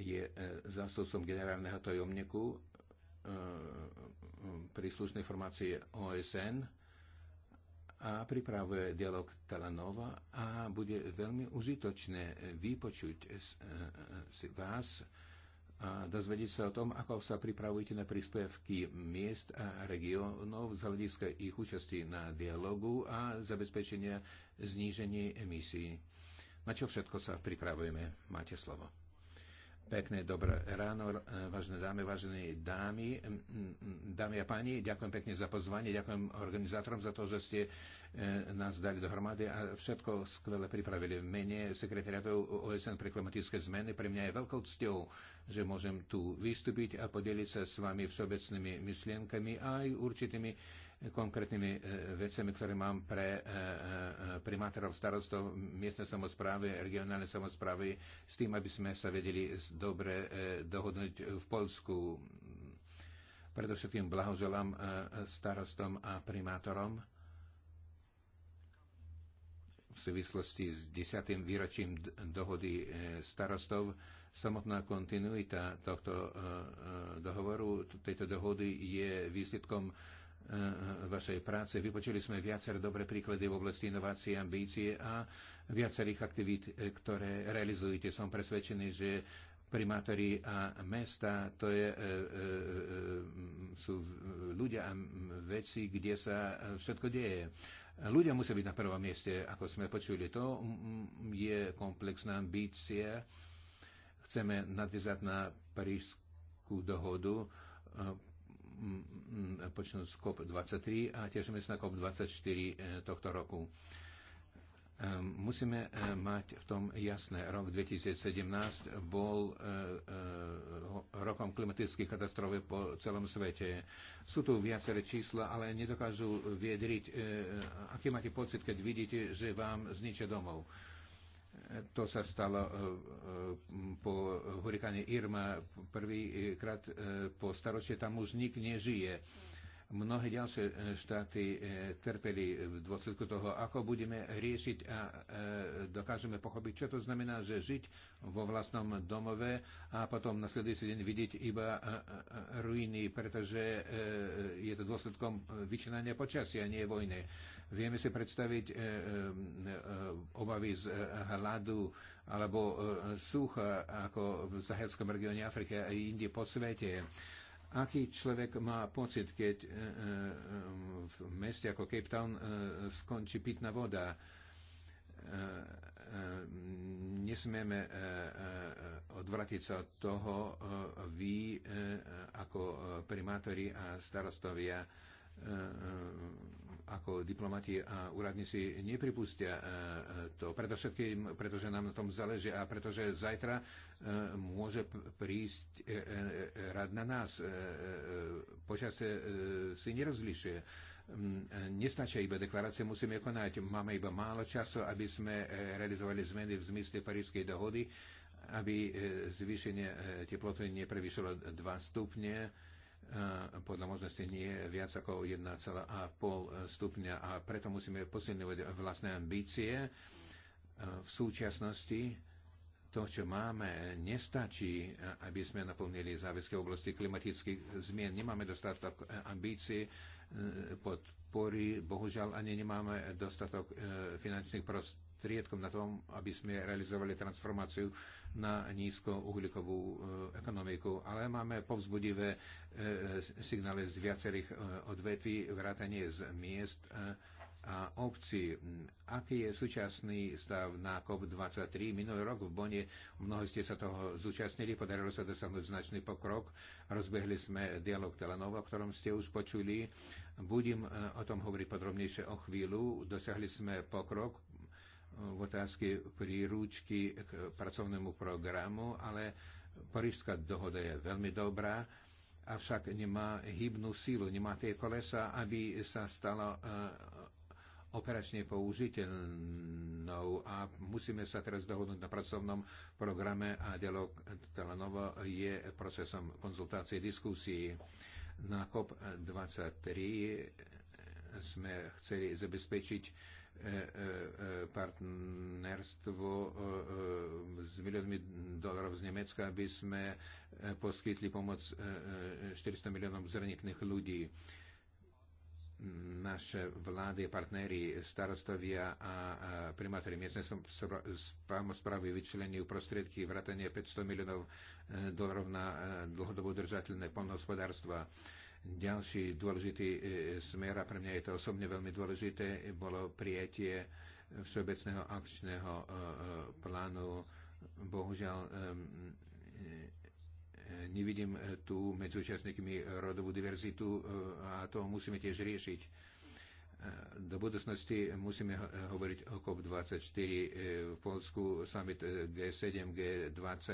je e, zástupcom generálneho tajomníku e, príslušnej formácie OSN a pripravuje dialog Talanova a bude veľmi užitočné vypočuť vás a dozvedieť sa o tom, ako sa pripravujete na príspevky miest a regiónov z hľadiska ich účasti na dialogu a zabezpečenia zníženie emisí. Na čo všetko sa pripravujeme? Máte slovo. Pekné dobré ráno, vážené dámy, vážené dámy, dámy a páni, ďakujem pekne za pozvanie, ďakujem organizátorom za to, že ste e, nás dali dohromady a všetko skvele pripravili. V mene sekretariatov OSN pre klimatické zmeny pre mňa je veľkou cťou, že môžem tu vystúpiť a podeliť sa s vami všeobecnými myšlienkami aj určitými konkrétnymi e, vecami, ktoré mám pre e, e, primátorov, starostov miestne samozprávy, regionálne samozprávy, s tým, aby sme sa vedeli dobre dohodnúť v Polsku. Predovšetkým blahoželám starostom a primátorom v súvislosti s desiatým výročím dohody starostov. Samotná kontinuita tohto dohovoru, tejto dohody je výsledkom Eh, vašej práce. Vypočuli sme viacer dobré príklady v oblasti inovácie, ambície a viacerých aktivít, eh, ktoré realizujete. Som presvedčený, že primátori a mesta, to je, e, e, sú ľudia a veci, kde sa všetko deje. Ľudia musia byť na prvom mieste, ako sme počuli. To je komplexná ambícia. Chceme nadviezať na Parížskú dohodu počnúť COP23 a tešíme sa na COP24 eh, tohto roku. Ehm, musíme eh, mať v tom jasné, rok 2017 bol eh, rokom klimatických katastrof po celom svete. Sú tu viaceré čísla, ale nedokážu viedriť, aký máte pocit, keď vidíte, že vám zničia domov to sa stalo e, e, po hurikáne Irma prvýkrát e, po staročie, tam už nik nežije. Mnohé ďalšie e, štáty e, trpeli v dôsledku toho, ako budeme riešiť a e, dokážeme pochopiť, čo to znamená, že žiť vo vlastnom domove a potom nasledujúci deň vidieť iba ruiny, pretože je to dôsledkom vyčinania počasia, nie vojny. Vieme si predstaviť obavy z hladu alebo sucha, ako v sahelskom regióne Afriky a inde po svete Aký človek má pocit, keď e, e, v meste ako Cape Town e, skončí pitná voda? Nesmieme odvratiť sa od toho, vy ako primátori a starostovia ako diplomati a úradníci nepripustia e, e, to. Predovšetkým, pretože nám na tom záleží a pretože zajtra e, môže prísť rad na nás. Počasie si nerozlišuje. Mm, nestačia iba deklarácie, musíme konať. Máme iba málo času, aby sme realizovali zmeny v zmysle Parížskej dohody, aby zvýšenie teploty neprevyšilo 2 stupne podľa možnosti nie viac ako 1,5 stupňa a preto musíme posilňovať vlastné ambície. V súčasnosti to, čo máme, nestačí, aby sme naplnili záväzky oblasti klimatických zmien. Nemáme dostatok ambícií, e, podpory, bohužiaľ ani nemáme dostatok e, finančných prostriedkov prostriedkom na tom, aby sme realizovali transformáciu na nízko nízkouhlíkovú e, ekonomiku. Ale máme povzbudivé e, signály z viacerých e, odvetví, vrátanie z miest a obci. Aký je súčasný stav na COP23? Minulý rok v Bone mnoho ste sa toho zúčastnili, podarilo sa dosiahnuť značný pokrok. Rozbehli sme dialog Telenova, o ktorom ste už počuli. Budem o tom hovoriť podrobnejšie o chvíľu. Dosiahli sme pokrok v otázke príručky k pracovnému programu, ale Parížská dohoda je veľmi dobrá, avšak nemá hybnú sílu, nemá tie kolesa, aby sa stala e, operačne použiteľnou a musíme sa teraz dohodnúť na pracovnom programe a dialog Telenova je procesom konzultácie, diskusii. Na COP23 sme chceli zabezpečiť E, e, e, partnerstvo s miliónmi dolarov z Nemecka, aby sme poskytli pomoc 400 miliónom zranitných ľudí. Naše vlády, partnery, starostovia a primátory miestne správy vyčlenujú prostriedky vrátania 500 miliónov dolarov na dlhodobo držateľné polnohospodárstva. Ďalší dôležitý e, smer, a pre mňa je to osobne veľmi dôležité, bolo prijatie Všeobecného akčného e, e, plánu. Bohužiaľ, nevidím tu medzi účastníkmi rodovú diverzitu a to musíme tiež riešiť. Do budúcnosti musíme hovoriť o COP24 v Polsku, summit G7, G20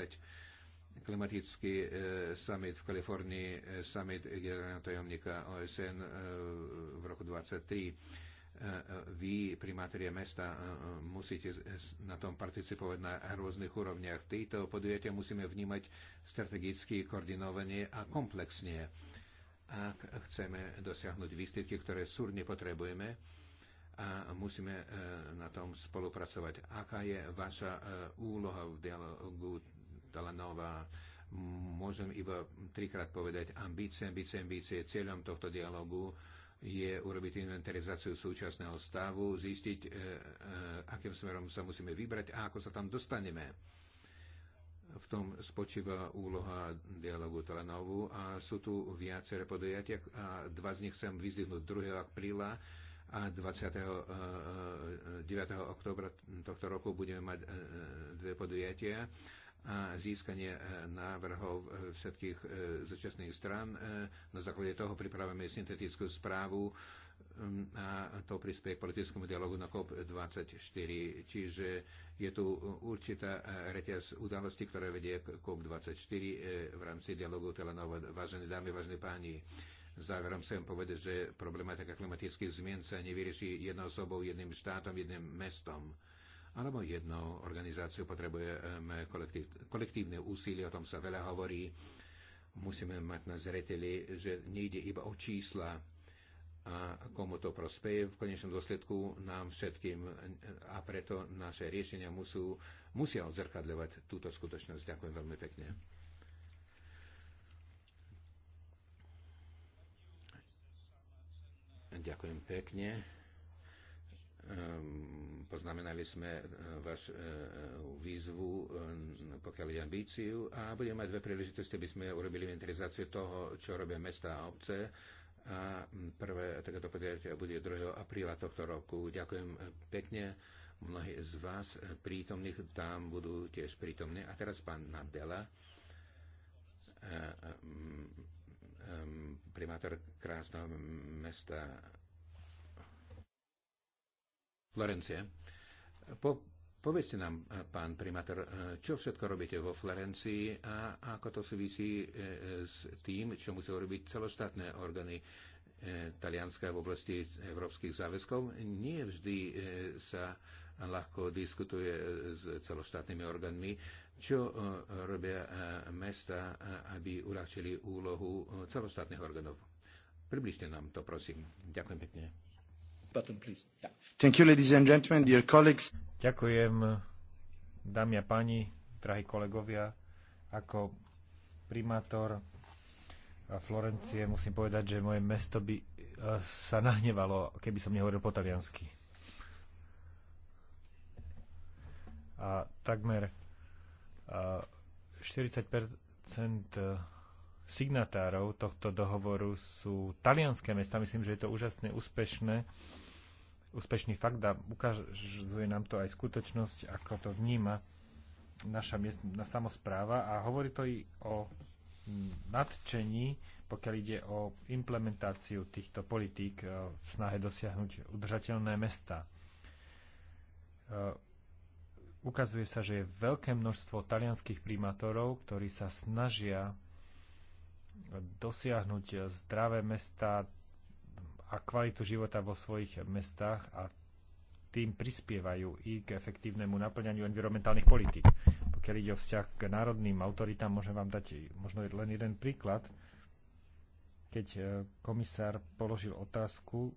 klimatický e, summit v Kalifornii, e, summit generálneho tajomníka OSN e, v roku 2023 vy, primátorie mesta, musíte na tom participovať na rôznych úrovniach. Tieto podujatia musíme vnímať strategicky, koordinovanie a komplexne. Ak chceme dosiahnuť výsledky, ktoré súrne potrebujeme, a musíme na tom spolupracovať. Aká je vaša úloha v dialogu Dalanová. Môžem iba trikrát povedať ambície, ambície, ambície. Cieľom tohto dialogu je urobiť inventarizáciu súčasného stavu, zistiť, e, e, akým smerom sa musíme vybrať a ako sa tam dostaneme. V tom spočíva úloha dialogu Telenovu a sú tu viaceré podujatia a dva z nich chcem vyzdvihnúť 2. apríla a 29. E, e, e, októbra tohto roku budeme mať dve podujatia a získanie e, návrhov e, všetkých e, zúčastnených stran. Na základe toho pripravíme syntetickú správu a to prispieje k politickému dialogu na COP24. Čiže je tu určitá reťaz udalostí, ktoré vedie k COP24 v rámci dialogu Telenova. Vážené dámy, vážení páni, Záverom chcem povedať, že problematika klimatických zmien sa nevyrieši jednou osobou, jedným štátom, jedným mestom alebo jednu organizáciu potrebujeme e, kolektív, kolektívne úsilie, o tom sa veľa hovorí. Musíme mať na zreteli, že nejde iba o čísla a komu to prospeje v konečnom dôsledku nám všetkým e, a preto naše riešenia musú, musia odzrkadľovať túto skutočnosť. Ďakujem veľmi pekne. Ďakujem pekne. Ehm, poznamenali sme e, vaš e, e, výzvu, pokiaľ je ambíciu a budeme mať dve príležitosti, aby sme urobili inventarizáciu toho, čo robia mesta a obce a prvé takéto podiatie bude 2. apríla tohto roku. Ďakujem pekne. Mnohí z vás prítomných tam budú tiež prítomní. A teraz pán Nadela, primátor krásneho mesta Florencie. Po, povedzte nám, eh, pán primátor, eh, čo všetko robíte vo Florencii a ako to súvisí eh, s tým, čo musí robiť celoštátne orgány Talianska v oblasti európskych záväzkov. Nie vždy sa ľahko diskutuje s celoštátnymi orgánmi, čo robia mesta, aby uľahčili úlohu celoštátnych orgánov. Približte nám to, prosím. Ďakujem pekne button, please. Yeah. Thank you, ladies and gentlemen, dear colleagues. Ďakujem, dámy a páni, drahí kolegovia. Ako primátor eh, Florencie musím povedať, že moje mesto by eh, sa nahnevalo, keby som nehovoril po taliansky. A takmer 40 eh, signatárov tohto dohovoru sú talianské mesta. Myslím, že je to úžasne úspešné úspešný fakt a ukazuje nám to aj skutočnosť, ako to vníma naša miestna samozpráva a hovorí to i o nadčení, pokiaľ ide o implementáciu týchto politík e, v snahe dosiahnuť udržateľné mesta. E, ukazuje sa, že je veľké množstvo talianských primátorov, ktorí sa snažia dosiahnuť e, zdravé mesta, a kvalitu života vo svojich mestách a tým prispievajú i k efektívnemu naplňaniu environmentálnych politík. Pokiaľ ide o vzťah k národným autoritám, môžem vám dať možno len jeden príklad. Keď e, komisár položil otázku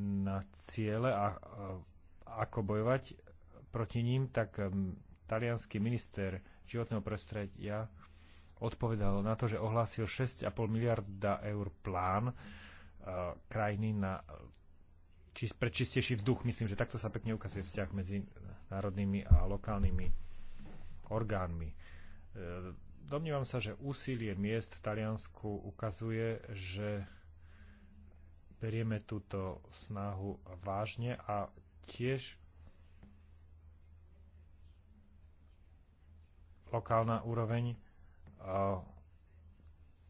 na ciele a, e, ako bojovať proti ním, tak e, talianský minister životného prostredia odpovedal na to, že ohlásil 6,5 miliarda eur plán, Eh, krajiny na eh, či, pre čistejší vzduch. Myslím, že takto sa pekne ukazuje vzťah medzi národnými a lokálnymi orgánmi. Eh, domnívam sa, že úsilie miest v Taliansku ukazuje, že berieme túto snahu vážne a tiež lokálna úroveň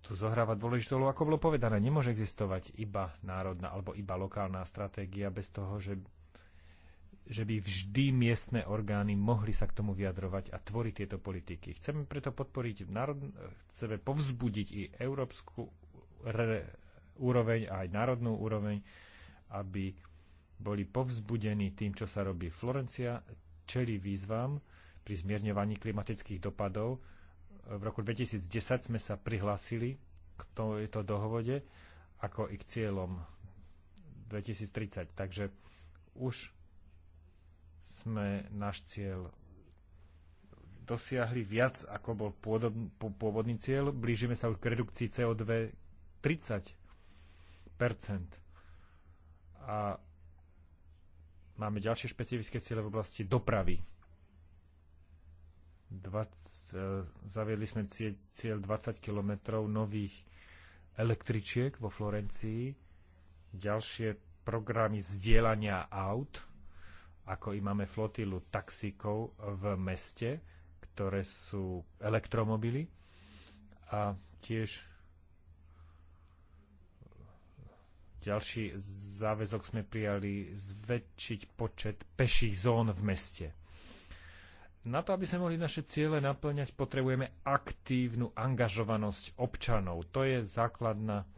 tu zohráva dôležitú úlohu. Ako bolo povedané, nemôže existovať iba národná alebo iba lokálna stratégia bez toho, že, že by vždy miestne orgány mohli sa k tomu vyjadrovať a tvoriť tieto politiky. Chceme preto podporiť národ, chceme povzbudiť i európsku re, úroveň a aj národnú úroveň, aby boli povzbudení tým, čo sa robí. Florencia čeli výzvam pri zmierňovaní klimatických dopadov, v roku 2010 sme sa prihlásili k tejto dohovode ako i k cieľom 2030. Takže už sme náš cieľ dosiahli viac, ako bol pôvodný cieľ. Blížime sa už k redukcii CO2 30 A máme ďalšie špecifické ciele v oblasti dopravy. 20, e, zaviedli sme cieľ 20 kilometrov nových električiek vo Florencii, ďalšie programy zdieľania aut, ako i máme flotilu taxíkov v meste, ktoré sú elektromobily a tiež ďalší záväzok sme prijali zväčšiť počet peších zón v meste. Na to, aby sme mohli naše ciele naplňať, potrebujeme aktívnu angažovanosť občanov. To je základná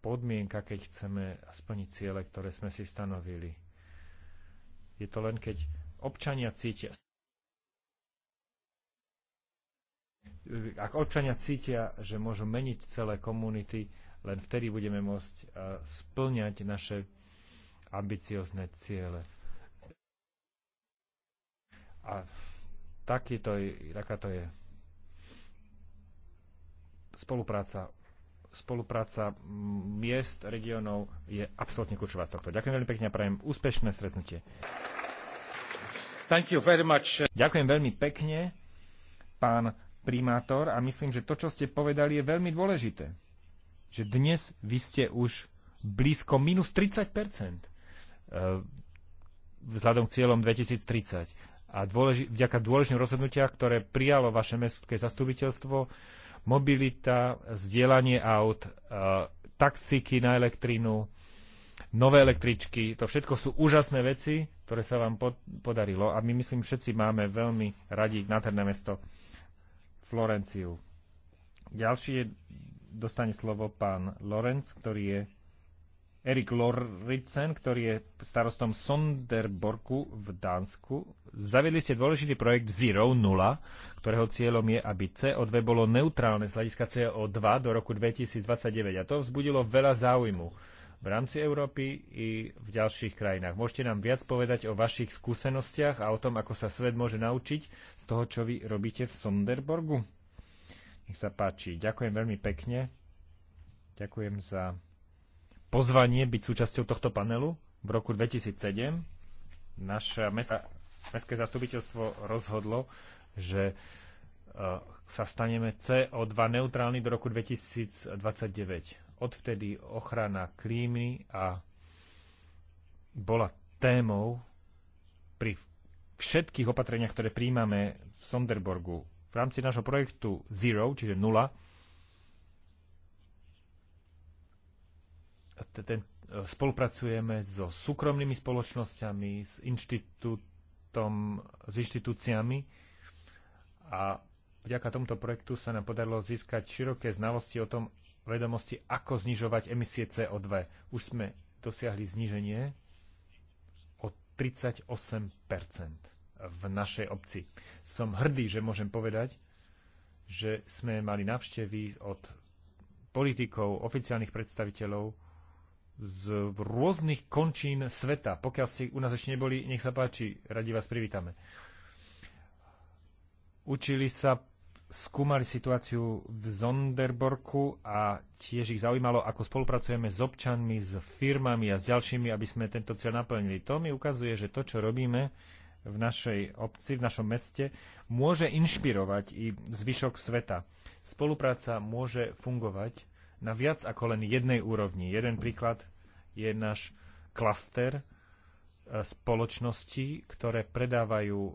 podmienka, keď chceme splniť ciele, ktoré sme si stanovili. Je to len, keď občania cítia ak občania cítia, že môžu meniť celé komunity, len vtedy budeme môcť eh, splňať naše ambiciozne ciele. A takýto, to je spolupráca spolupráca miest, regiónov je absolútne kľúčová z tohto. Ďakujem veľmi pekne a prajem úspešné stretnutie. Thank you very much. Ďakujem veľmi pekne, pán primátor, a myslím, že to, čo ste povedali, je veľmi dôležité. Že dnes vy ste už blízko minus 30 e, vzhľadom k cieľom 2030 a dôleži- vďaka dôležitým rozhodnutiam, ktoré prijalo vaše mestské zastupiteľstvo, mobilita, zdieľanie aut, e, taxíky na elektrínu, nové električky, to všetko sú úžasné veci, ktoré sa vám pod- podarilo a my myslím všetci máme veľmi radi nádherné mesto Florenciu. Ďalšie dostane slovo pán Lorenz, ktorý je Erik Loricen, ktorý je starostom Sonderborku v Dánsku. Zaviedli ste dôležitý projekt Zero, nula, ktorého cieľom je, aby CO2 bolo neutrálne z hľadiska CO2 do roku 2029. A to vzbudilo veľa záujmu v rámci Európy i v ďalších krajinách. Môžete nám viac povedať o vašich skúsenostiach a o tom, ako sa svet môže naučiť z toho, čo vy robíte v Sonderborgu? Nech sa páči. Ďakujem veľmi pekne. Ďakujem za pozvanie byť súčasťou tohto panelu v roku 2007. Naše mestské zastupiteľstvo rozhodlo, že e, sa staneme CO2 neutrálny do roku 2029. Odvtedy ochrana klímy a bola témou pri všetkých opatreniach, ktoré príjmame v Sonderborgu. V rámci nášho projektu Zero, čiže nula, ten, e, spolupracujeme so súkromnými spoločnosťami, s inštitútom, s inštitúciami a vďaka tomuto projektu sa nám podarilo získať široké znalosti o tom, vedomosti, ako znižovať emisie CO2. Už sme dosiahli zníženie o 38 v našej obci. Som hrdý, že môžem povedať, že sme mali návštevy od politikov, oficiálnych predstaviteľov z rôznych končín sveta. Pokiaľ ste u nás ešte neboli, nech sa páči, radi vás privítame. Učili sa, skúmali situáciu v Zonderborku a tiež ich zaujímalo, ako spolupracujeme s občanmi, s firmami a s ďalšími, aby sme tento cieľ naplnili. To mi ukazuje, že to, čo robíme v našej obci, v našom meste, môže inšpirovať i zvyšok sveta. Spolupráca môže fungovať na viac ako len jednej úrovni. Jeden príklad je náš klaster e, spoločnosti, ktoré predávajú e,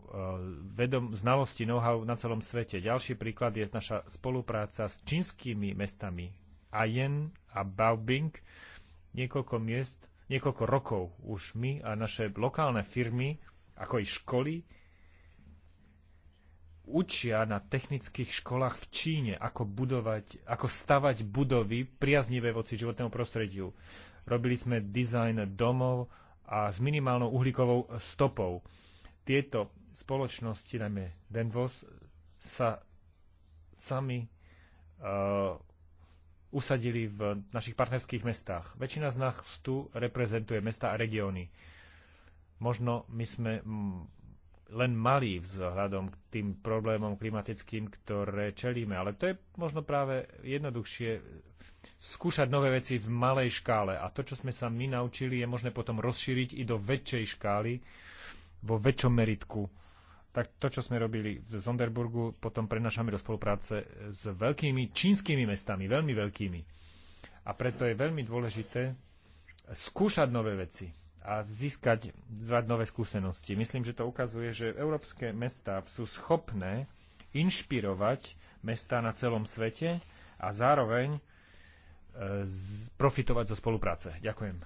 vedom, znalosti, know-how na celom svete. Ďalší príklad je naša spolupráca s čínskymi mestami Ayen a Baobing. Niekoľko miest, niekoľko rokov už my a naše lokálne firmy, ako i školy, učia na technických školách v Číne, ako, budovať, ako stavať budovy priaznivé voci životnému prostrediu. Robili sme dizajn domov a s minimálnou uhlíkovou stopou. Tieto spoločnosti, najmä Denvos, sa sami uh, usadili v našich partnerských mestách. Väčšina z nás tu reprezentuje mesta a regióny. Možno my sme len malý vzhľadom k tým problémom klimatickým, ktoré čelíme. Ale to je možno práve jednoduchšie skúšať nové veci v malej škále. A to, čo sme sa my naučili, je možné potom rozšíriť i do väčšej škály, vo väčšom meritku. Tak to, čo sme robili v Zonderburgu, potom prenašame do spolupráce s veľkými čínskymi mestami, veľmi veľkými. A preto je veľmi dôležité skúšať nové veci a získať nové skúsenosti. Myslím, že to ukazuje, že európske mesta sú schopné inšpirovať mestá na celom svete a zároveň e, profitovať zo spolupráce. Ďakujem.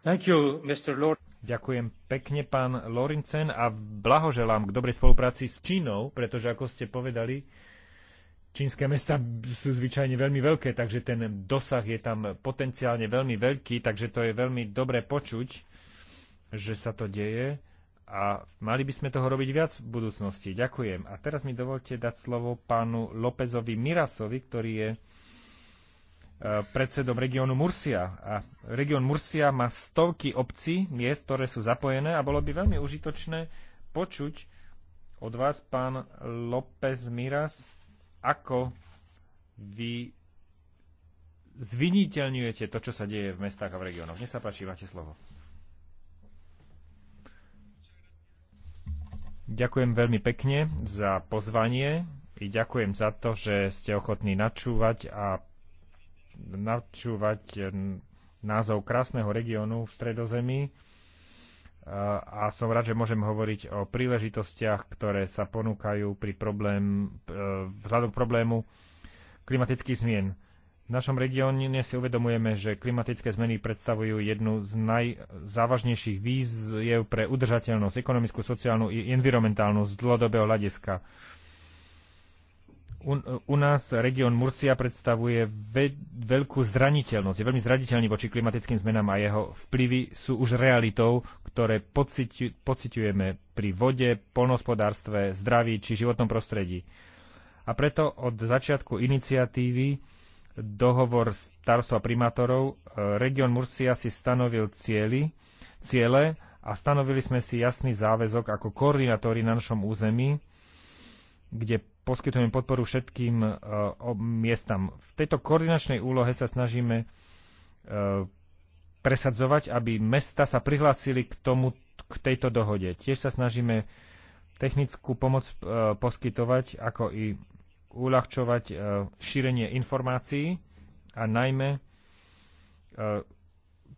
Thank you, Mr. Lord. Ďakujem pekne, pán Lorincen, a blahoželám k dobrej spolupráci s Čínou, pretože, ako ste povedali, čínske mesta sú zvyčajne veľmi veľké, takže ten dosah je tam potenciálne veľmi veľký, takže to je veľmi dobré počuť, že sa to deje a mali by sme toho robiť viac v budúcnosti. Ďakujem. A teraz mi dovolte dať slovo pánu Lópezovi Mirasovi, ktorý je e, predsedom regiónu Mursia. A región Mursia má stovky obcí, miest, ktoré sú zapojené a bolo by veľmi užitočné počuť od vás, pán López Miras, ako vy zviniteľňujete to, čo sa deje v mestách a v regiónoch. Nech sa páči, máte slovo. Ďakujem veľmi pekne za pozvanie i ďakujem za to, že ste ochotní načúvať a načúvať názov krásneho regiónu v Stredozemí a som rád, že môžem hovoriť o príležitostiach, ktoré sa ponúkajú pri problém, e, vzhľadom problému klimatických zmien. V našom regióne si uvedomujeme, že klimatické zmeny predstavujú jednu z najzávažnejších výziev pre udržateľnosť ekonomickú, sociálnu i environmentálnu z dlhodobého hľadiska. U, e, u nás región Murcia predstavuje ve, veľkú zraniteľnosť. Je veľmi zraniteľný voči klimatickým zmenám a jeho vplyvy sú už realitou, ktoré pociťu, pociťujeme pri vode, polnospodárstve, zdraví či životnom prostredí. A preto od začiatku iniciatívy dohovor starostva primátorov e, región Murcia si stanovil cieľi, ciele a stanovili sme si jasný záväzok ako koordinátori na našom území, kde poskytujeme podporu všetkým e, miestam. V tejto koordinačnej úlohe sa snažíme e, presadzovať, aby mesta sa prihlásili k, tomu, k tejto dohode. Tiež sa snažíme technickú pomoc e, poskytovať, ako i uľahčovať šírenie informácií a najmä,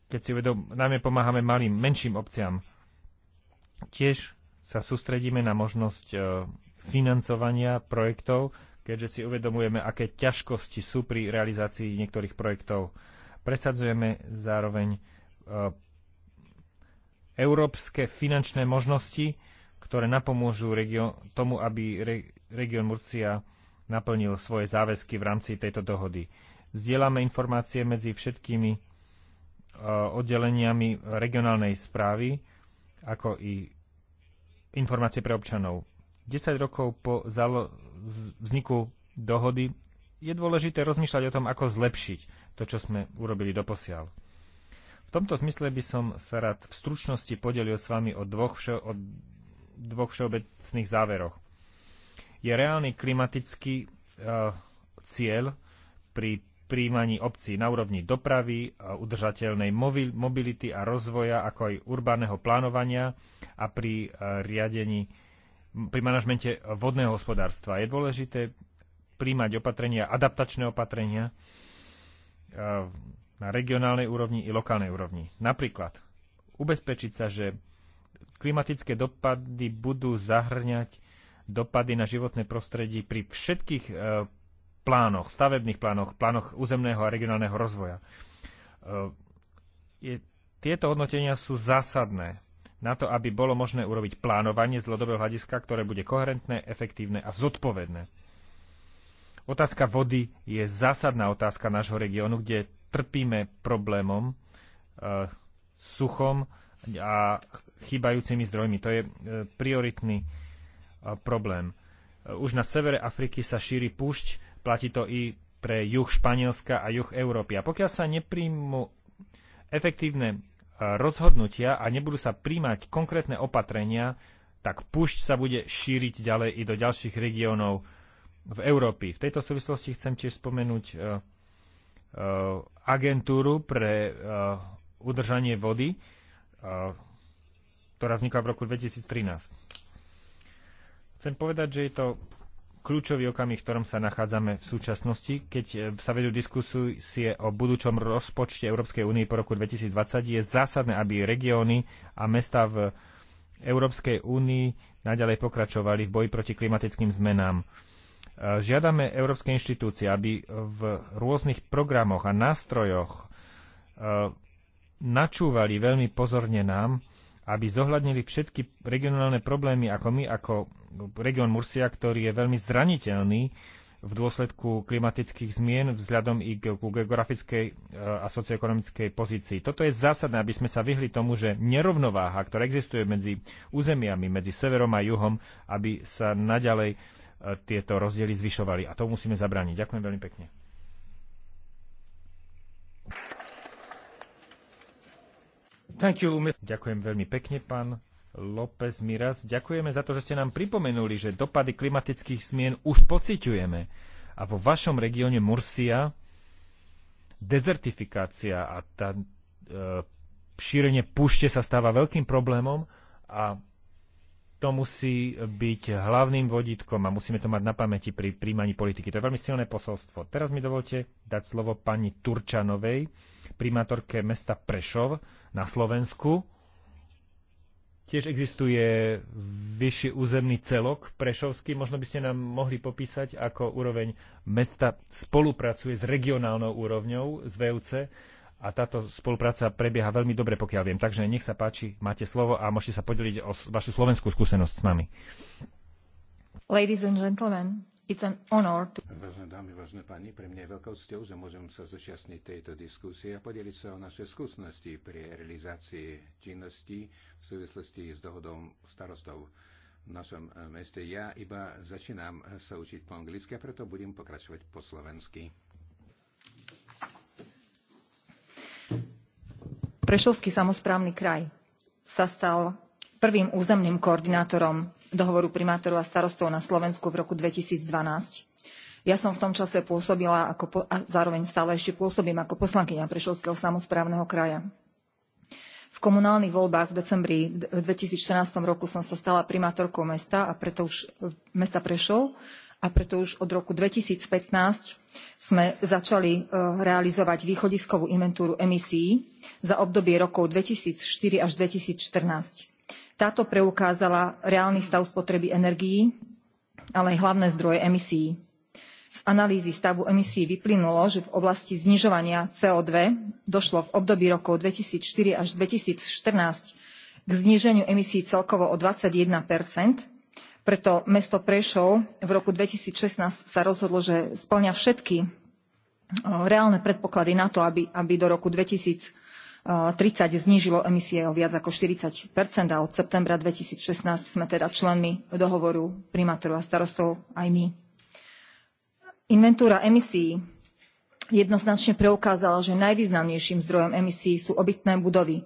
keď si uvedom, najmä pomáhame malým, menším obciam. Tiež sa sústredíme na možnosť financovania projektov, keďže si uvedomujeme, aké ťažkosti sú pri realizácii niektorých projektov. Presadzujeme zároveň e, európske finančné možnosti, ktoré napomôžu region, tomu, aby re, región Murcia naplnil svoje záväzky v rámci tejto dohody. Zdieľame informácie medzi všetkými e, oddeleniami regionálnej správy, ako i informácie pre občanov. 10 rokov po vzniku dohody je dôležité rozmýšľať o tom, ako zlepšiť to, čo sme urobili doposiaľ. V tomto zmysle by som sa rád v stručnosti podelil s vami o dvoch, vše, o dvoch všeobecných záveroch. Je reálny klimatický uh, cieľ pri príjmaní obcí na úrovni dopravy, udržateľnej mobility a rozvoja, ako aj urbánneho plánovania a pri e, riadení pri manažmente vodného hospodárstva. Je dôležité príjmať opatrenia, adaptačné opatrenia e, na regionálnej úrovni i lokálnej úrovni. Napríklad ubezpečiť sa, že klimatické dopady budú zahrňať dopady na životné prostredie pri všetkých e, plánoch, stavebných plánoch, plánoch územného a regionálneho rozvoja. E, je, tieto hodnotenia sú zásadné na to, aby bolo možné urobiť plánovanie z dlhodobého hľadiska, ktoré bude koherentné, efektívne a zodpovedné. Otázka vody je zásadná otázka nášho regiónu, kde trpíme problémom, e, suchom a chýbajúcimi zdrojmi. To je e, prioritný e, problém. E, už na severe Afriky sa šíri púšť, platí to i pre juh Španielska a juh Európy. A pokiaľ sa nepríjmu efektívne rozhodnutia a nebudú sa príjmať konkrétne opatrenia, tak pušť sa bude šíriť ďalej i do ďalších regiónov v Európy. V tejto súvislosti chcem tiež spomenúť e, e, agentúru pre e, udržanie vody, ktorá vznikla v roku 2013. Chcem povedať, že je to kľúčový okamih, v ktorom sa nachádzame v súčasnosti, keď e, sa vedú diskusie o budúčom rozpočte Európskej únie po roku 2020, je zásadné, aby regióny a mesta v Európskej únii naďalej pokračovali v boji proti klimatickým zmenám. E, žiadame európske inštitúcie, aby v rôznych programoch a nástrojoch e, načúvali veľmi pozorne nám, aby zohľadnili všetky regionálne problémy ako my, ako región Mursia, ktorý je veľmi zraniteľný v dôsledku klimatických zmien vzhľadom i k, geografickej e, a socioekonomickej pozícii. Toto je zásadné, aby sme sa vyhli tomu, že nerovnováha, ktorá existuje medzi územiami, medzi severom a juhom, aby sa naďalej e, tieto rozdiely zvyšovali. A to musíme zabrániť. Ďakujem veľmi pekne. You, Ďakujem veľmi pekne, pán López Miras. Ďakujeme za to, že ste nám pripomenuli, že dopady klimatických zmien už pociťujeme. A vo vašom regióne Mursia dezertifikácia a tá, e, šírenie púšte sa stáva veľkým problémom a to musí byť hlavným vodítkom a musíme to mať na pamäti pri príjmaní politiky. To je veľmi silné posolstvo. Teraz mi dovolte dať slovo pani Turčanovej, primátorke mesta Prešov na Slovensku. Tiež existuje vyšší územný celok Prešovský. Možno by ste nám mohli popísať, ako úroveň mesta spolupracuje s regionálnou úrovňou, z VUC a táto spolupráca prebieha veľmi dobre, pokiaľ viem. Takže nech sa páči, máte slovo a môžete sa podeliť o vašu slovenskú skúsenosť s nami. Ladies and gentlemen, it's an honor to... Vážené dámy, vážené páni, pre mňa je veľkou cťou, že môžem sa zúčastniť tejto diskusie a podeliť sa o naše skúsenosti pri realizácii činností v súvislosti s dohodom starostov v našom eh, meste. Ja iba začínam sa učiť po anglicky a preto budem pokračovať po slovensky. Prešovský samozprávny kraj sa stal prvým územným koordinátorom dohovoru primátorov a starostov na Slovensku v roku 2012. Ja som v tom čase pôsobila ako, a zároveň stále ešte pôsobím ako poslankyňa Prešovského samozprávneho kraja. V komunálnych voľbách v decembri 2014 roku som sa stala primátorkou mesta a preto už mesta Prešov a preto už od roku 2015 sme začali e, realizovať východiskovú inventúru emisií za obdobie rokov 2004 až 2014. Táto preukázala reálny stav spotreby energií, ale aj hlavné zdroje emisií. Z analýzy stavu emisí vyplynulo, že v oblasti znižovania CO2 došlo v období rokov 2004 až 2014 k zníženiu emisí celkovo o 21 preto mesto Prešov v roku 2016 sa rozhodlo, že splňa všetky e, reálne predpoklady na to, aby, aby do roku and e, thirty znížilo emisie o viac ako forty a od septembra 2016 sme teda členmi dohovoru primátorov a starostov aj my. Inventúra emisí jednoznačne preukázala, že najvýznamnejším zdrojom emisií sú obytné budovy,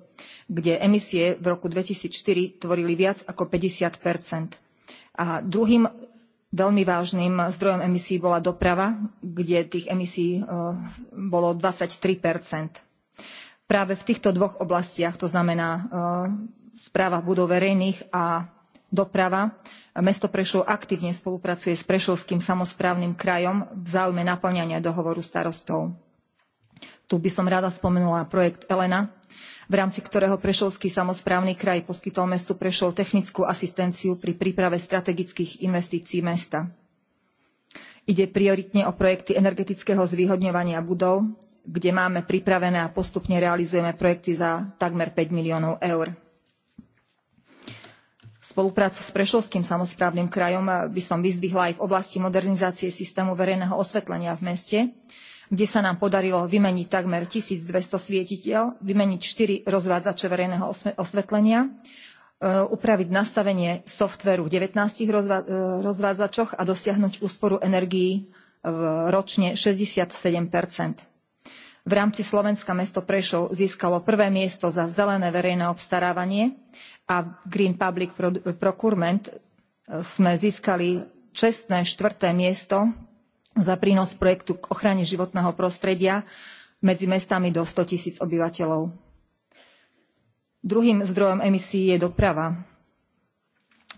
kde emisie v roku 2004 tvorili viac ako 50 a druhým veľmi vážnym zdrojom emisí bola doprava, kde tých emisí e, bolo 23 Práve v týchto dvoch oblastiach, to znamená e, správa budov verejných a doprava. Mesto Prešov aktívne spolupracuje s Prešovským samozprávnym krajom v záujme naplňania dohovoru starostov. Tu by som rada spomenula projekt Elena, v rámci ktorého Prešovský samozprávny kraj poskytol mestu Prešov technickú asistenciu pri príprave strategických investícií mesta. Ide prioritne o projekty energetického zvýhodňovania budov, kde máme pripravené a postupne realizujeme projekty za takmer 5 miliónov eur. Spoluprácu s Prešovským samozprávnym krajom by som vyzdvihla aj v oblasti modernizácie systému verejného osvetlenia v meste, kde sa nám podarilo vymeniť takmer 1200 svietiteľ, vymeniť 4 rozvádzače verejného osvetlenia, e, upraviť nastavenie softveru v 19 e, rozvádzačoch a dosiahnuť úsporu energií ročne 67 v rámci Slovenska mesto Prešov získalo prvé miesto za zelené verejné obstarávanie a Green Public Procurement e, sme získali čestné štvrté miesto za prínos projektu k ochrane životného prostredia medzi mestami do 100 tisíc obyvateľov. Druhým zdrojom emisí je doprava.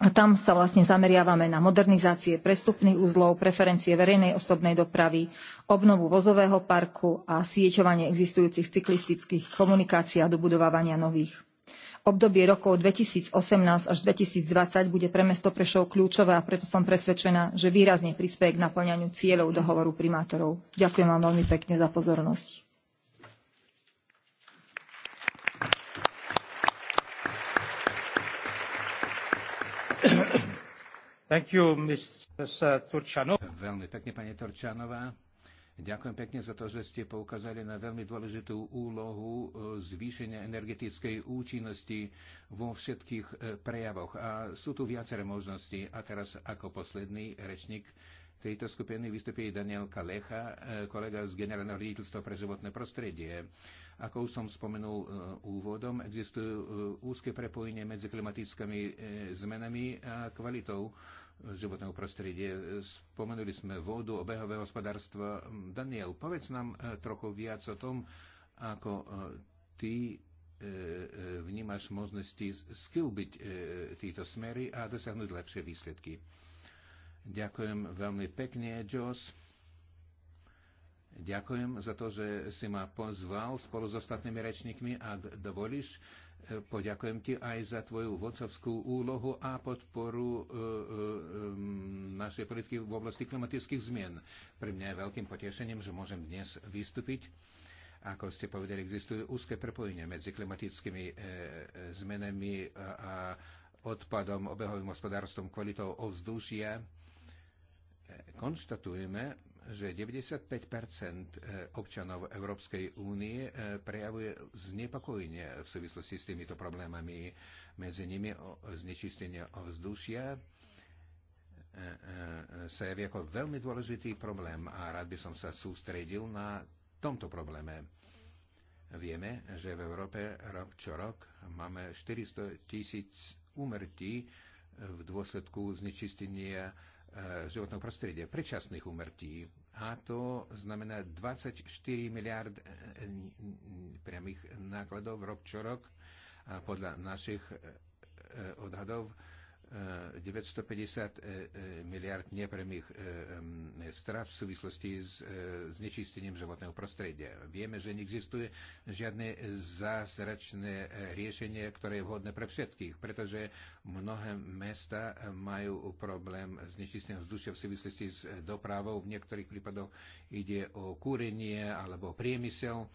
A tam sa vlastne zameriavame na modernizácie prestupných úzlov, preferencie verejnej osobnej dopravy, obnovu vozového parku a sieťovanie existujúcich cyklistických komunikácií a dobudovávania nových. Obdobie rokov 2018 až 2020 bude pre mesto Prešov kľúčové a preto som presvedčená, že výrazne prispieje k naplňaniu cieľov dohovoru primátorov. Ďakujem vám veľmi pekne za pozornosť. You, uh, Veľmi pekne, pani turčanová. Ďakujem pekne za to, že ste poukázali na veľmi dôležitú úlohu e, zvýšenia energetickej účinnosti vo všetkých e, prejavoch. A sú tu viaceré možnosti. A teraz ako posledný rečník tejto skupiny vystupí Daniel Kalecha, e, kolega z Generálneho riaditeľstva pre životné prostredie. Ako už som spomenul úvodom, existujú úzke prepojenie medzi klimatickými zmenami a kvalitou životného prostredie. Spomenuli sme vodu, obehové hospodárstvo. Daniel, povedz nám eh, trochu viac o tom, ako eh, ty eh, vnímaš možnosti skilbiť tieto smery a dosiahnuť lepšie výsledky. Ďakujem veľmi pekne, Jos. Ďakujem za to, že si ma pozval spolu s so ostatnými rečníkmi. Ak dovolíš, Poďakujem ti aj za tvoju vodcovskú úlohu a podporu e, e, e, našej politiky v oblasti klimatických zmien. Pre mňa je veľkým potešením, že môžem dnes vystúpiť. Ako ste povedali, existujú úzke prepojenia medzi klimatickými zmenami a odpadom, obehovým hospodárstvom, kvalitou ovzdušia. Konštatujeme, že 95 e, občanov Európskej únie e, prejavuje znepokojenie v súvislosti s týmito problémami, medzi nimi znečistenie ovzdušia e, sa javí ako veľmi dôležitý problém a rád by som sa sústredil na tomto probléme. Vieme, že v Európe rok čo rok máme 400 tisíc úmrtí v dôsledku znečistenia Eh, životného prostredia, predčasných úmrtí. A to znamená 24 miliard eh, priamých nákladov rok čo rok. podľa našich eh, odhadov 950 e, e, miliard nepremých e, strav v súvislosti s znečistením životného prostredia. Vieme, že neexistuje žiadne zázračné riešenie, ktoré je vhodné pre všetkých, pretože mnohé mesta majú problém nečistým vzdušia v súvislosti s dopravou. V niektorých prípadoch ide o kúrenie alebo priemysel.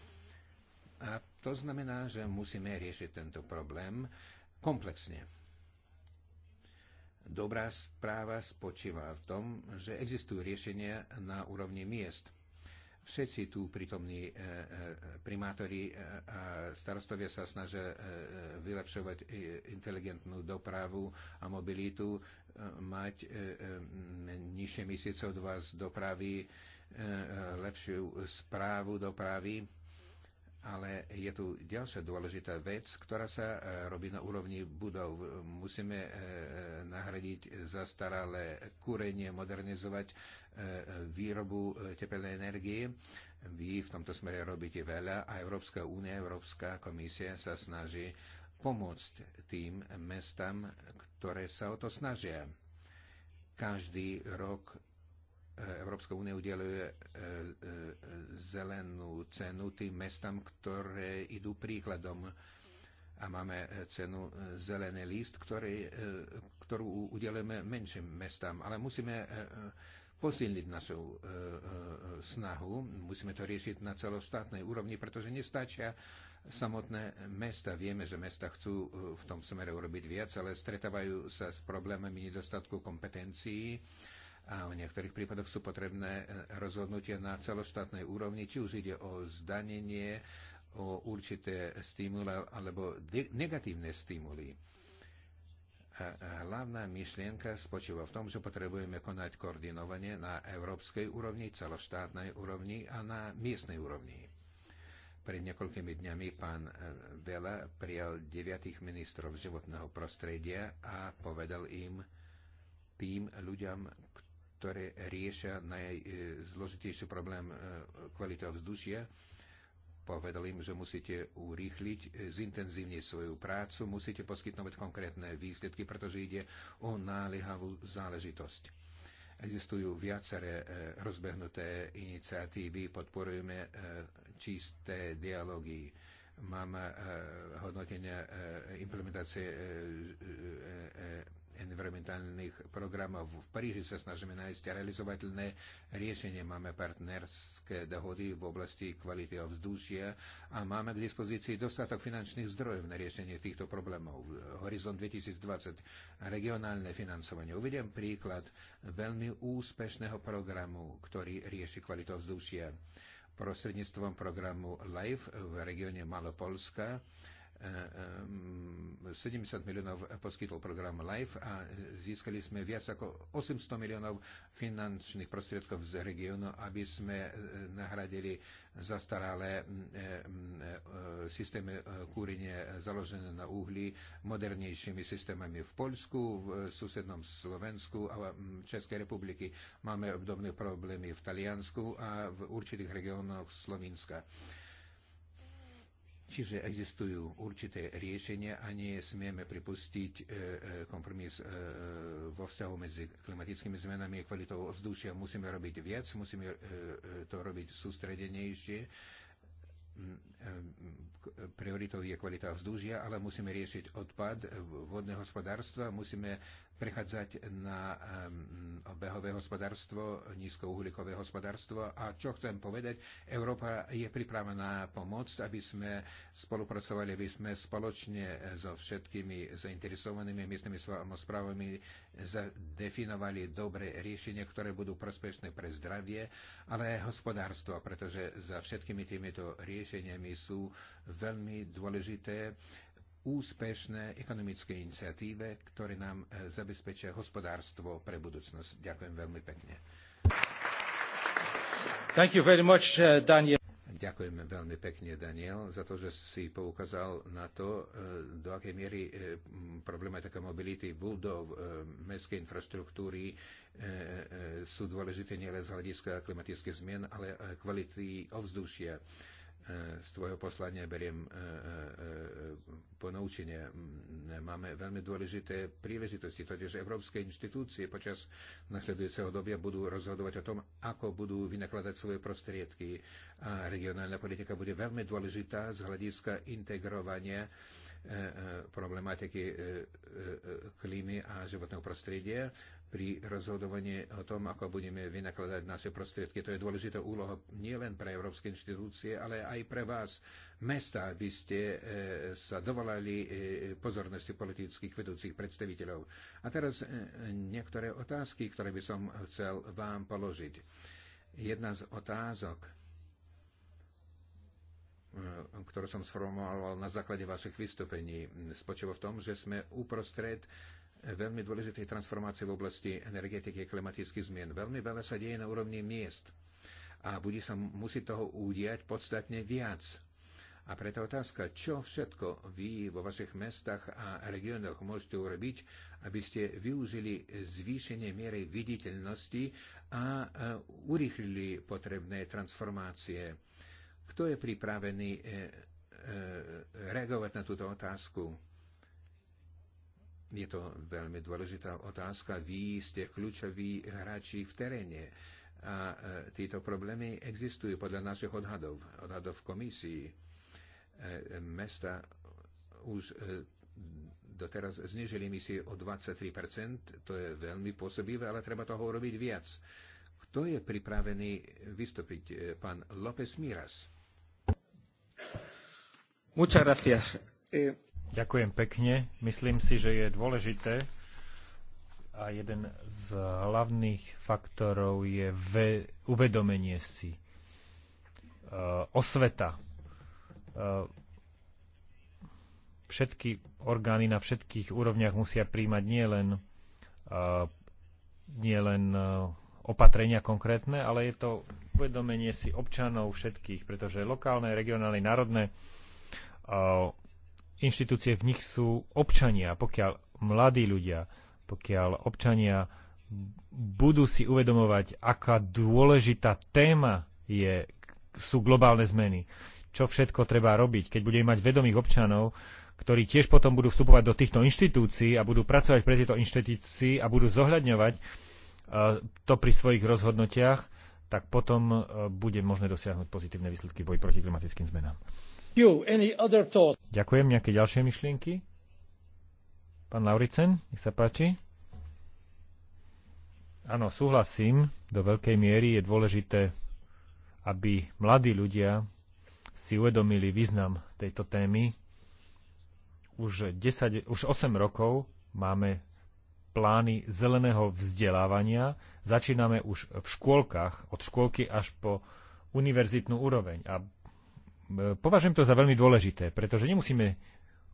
A to znamená, že musíme riešiť tento problém komplexne Dobrá správa spočíva v tom, že existujú riešenia na úrovni miest. Všetci tu prítomní e, e, primátori e, a starostovia sa snažia vylepšovať inteligentnú dopravu a mobilitu, mať nižšie misie CO2 z dopravy, lepšiu správu dopravy ale je tu ďalšia dôležitá vec, ktorá sa e, robí na úrovni budov. Musíme e, e, nahradiť zastaralé kúrenie, modernizovať výrobu tepelnej energie. Vy v tomto smere robíte veľa a Európska únia, Európska komisia sa snaží pomôcť tým mestám, ktoré sa o to snažia. Každý rok Európska únia udeluje e, e, zelenú cenu tým mestám, ktoré idú príkladom. A máme e, cenu zelený list, ktorý, ktorú udelujeme menším mestám. Ale musíme posilniť našu snahu, musíme to riešiť na celostátnej úrovni, pretože nestačia samotné mesta. Vieme, že mesta chcú v tom smere urobiť viac, ale stretávajú sa s problémami nedostatku kompetencií a v niektorých prípadoch sú potrebné e, rozhodnutia na celoštátnej úrovni, či už ide o zdanenie, o určité stimuly alebo negatívne stimuly. hlavná myšlienka spočíva v tom, že potrebujeme konať koordinovanie na európskej úrovni, celoštátnej úrovni a na miestnej úrovni. Pred niekoľkými dňami pán e, Vela prijal deviatých ministrov životného prostredia a povedal im, tým ľuďom, ktoré riešia najzložitejší problém e, kvalita vzdušia. Povedal im, že musíte urýchliť, e, zintenzívniť svoju prácu, musíte poskytnúť konkrétne výsledky, pretože ide o náliehavú záležitosť. Existujú viaceré e, rozbehnuté iniciatívy, podporujeme čisté dialógy máme hodnotenia implementácie environmentálnych programov. V Paríži sa snažíme nájsť realizovateľné riešenie. Máme partnerské dohody v oblasti kvality ovzdušia a máme k dispozícii dostatok finančných zdrojov na riešenie týchto problémov. Horizont 2020, regionálne financovanie. Uvediem príklad veľmi úspešného programu, ktorý rieši kvalitu ovzdušia prostredníctvom programu LIFE v regióne Malopolska 70 ehm, miliónov poskytol program LIFE a získali sme viac ako 800 miliónov finančných prostriedkov z regiónu, aby sme e, nahradili zastaralé e, e, systémy kúrenia založené na uhli modernejšími systémami v Polsku, v susednom Slovensku a v Českej republiky. Máme obdobné problémy v Taliansku a v určitých regiónoch Slovenska. Čiže existujú určité riešenia a nie smieme pripustiť e, e, kompromis e, vo vzťahu medzi klimatickými zmenami a kvalitou vzdušia. Musíme robiť viac, musíme to robiť sústredenejšie. Mm, prioritou je kvalita vzdušia, ale musíme riešiť odpad vodného hospodárstva, musíme prechádzať na obehové hospodárstvo, nízkouhlíkové hospodárstvo. A čo chcem povedať, Európa je pripravená pomôcť, aby sme spolupracovali, aby sme spoločne so všetkými zainteresovanými miestnymi samozprávami zadefinovali dobré riešenia, ktoré budú prospešné pre zdravie, ale aj hospodárstvo, pretože za všetkými týmito riešeniami sú veľmi dôležité úspešné ekonomické iniciatíve, ktoré nám e, zabezpečia hospodárstvo pre budúcnosť. Ďakujem veľmi pekne. Thank you very much, uh, Daniel. Ďakujem veľmi pekne, Daniel, za to, že si poukázal na to, e, do akej miery e, problematika mobility budov, mestskej infraštruktúry sú dôležité nielen z hľadiska klimatických zmien, ale kvality ovzdušia z tvojho poslania beriem e, e, e, ponaučenie. Máme veľmi dôležité príležitosti, totiž európske inštitúcie počas nasledujúceho dobia budú rozhodovať o tom, ako budú vynakladať svoje prostriedky. A regionálna politika bude veľmi dôležitá z hľadiska integrovania problematiky klímy a životného prostredia pri rozhodovaní o tom, ako budeme vynakladať naše prostriedky. To je dôležitá úloha nielen pre európske inštitúcie, ale aj pre vás, mesta, aby ste e, sa dovolali e, pozornosti politických vedúcich predstaviteľov. A teraz e, niektoré otázky, ktoré by som chcel vám položiť. Jedna z otázok, ktorú som sformuloval na základe vašich vystúpení, spočíva v tom, že sme uprostred veľmi dôležitej transformácie v oblasti energetiky a klimatických zmien. Veľmi veľa sa deje na úrovni miest a bude sa musieť toho udiať podstatne viac. A preto otázka, čo všetko vy vo vašich mestách a regiónoch môžete urobiť, aby ste využili zvýšenie miery viditeľnosti a e, urýchlili potrebné transformácie. Kto je pripravený e, e, reagovať na túto otázku? Je to veľmi dôležitá otázka. Vy ste kľúčoví hráči v teréne a e, tieto problémy existujú podľa našich odhadov, odhadov komisii. E, mesta už e, doteraz znižili emisie o 23%, to je veľmi pôsobivé, ale treba toho urobiť viac. Kto je pripravený vystúpiť? Pán López Miras. Muchas gracias. Eh... Ďakujem pekne. Myslím si, že je dôležité a jeden z hlavných faktorov je ve, uvedomenie si e, osveta. E, všetky orgány na všetkých úrovniach musia príjmať nielen e, nie len, e, opatrenia konkrétne, ale je to uvedomenie si občanov všetkých, pretože lokálne, regionálne, národné e, inštitúcie, v nich sú občania, pokiaľ mladí ľudia, pokiaľ občania budú si uvedomovať, aká dôležitá téma je, sú globálne zmeny. Čo všetko treba robiť, keď budeme mať vedomých občanov, ktorí tiež potom budú vstupovať do týchto inštitúcií a budú pracovať pre tieto inštitúcii a budú zohľadňovať e, to pri svojich rozhodnutiach, tak potom e, bude možné dosiahnuť pozitívne výsledky boji proti klimatickým zmenám. You, Ďakujem. Nejaké ďalšie myšlienky? Pán Lauricen, nech sa páči. Áno, súhlasím. Do veľkej miery je dôležité, aby mladí ľudia si uvedomili význam tejto témy. Už, 10, už 8 rokov máme plány zeleného vzdelávania. Začíname už v škôlkach, od škôlky až po univerzitnú úroveň. A E, považujem to za veľmi dôležité, pretože nemusíme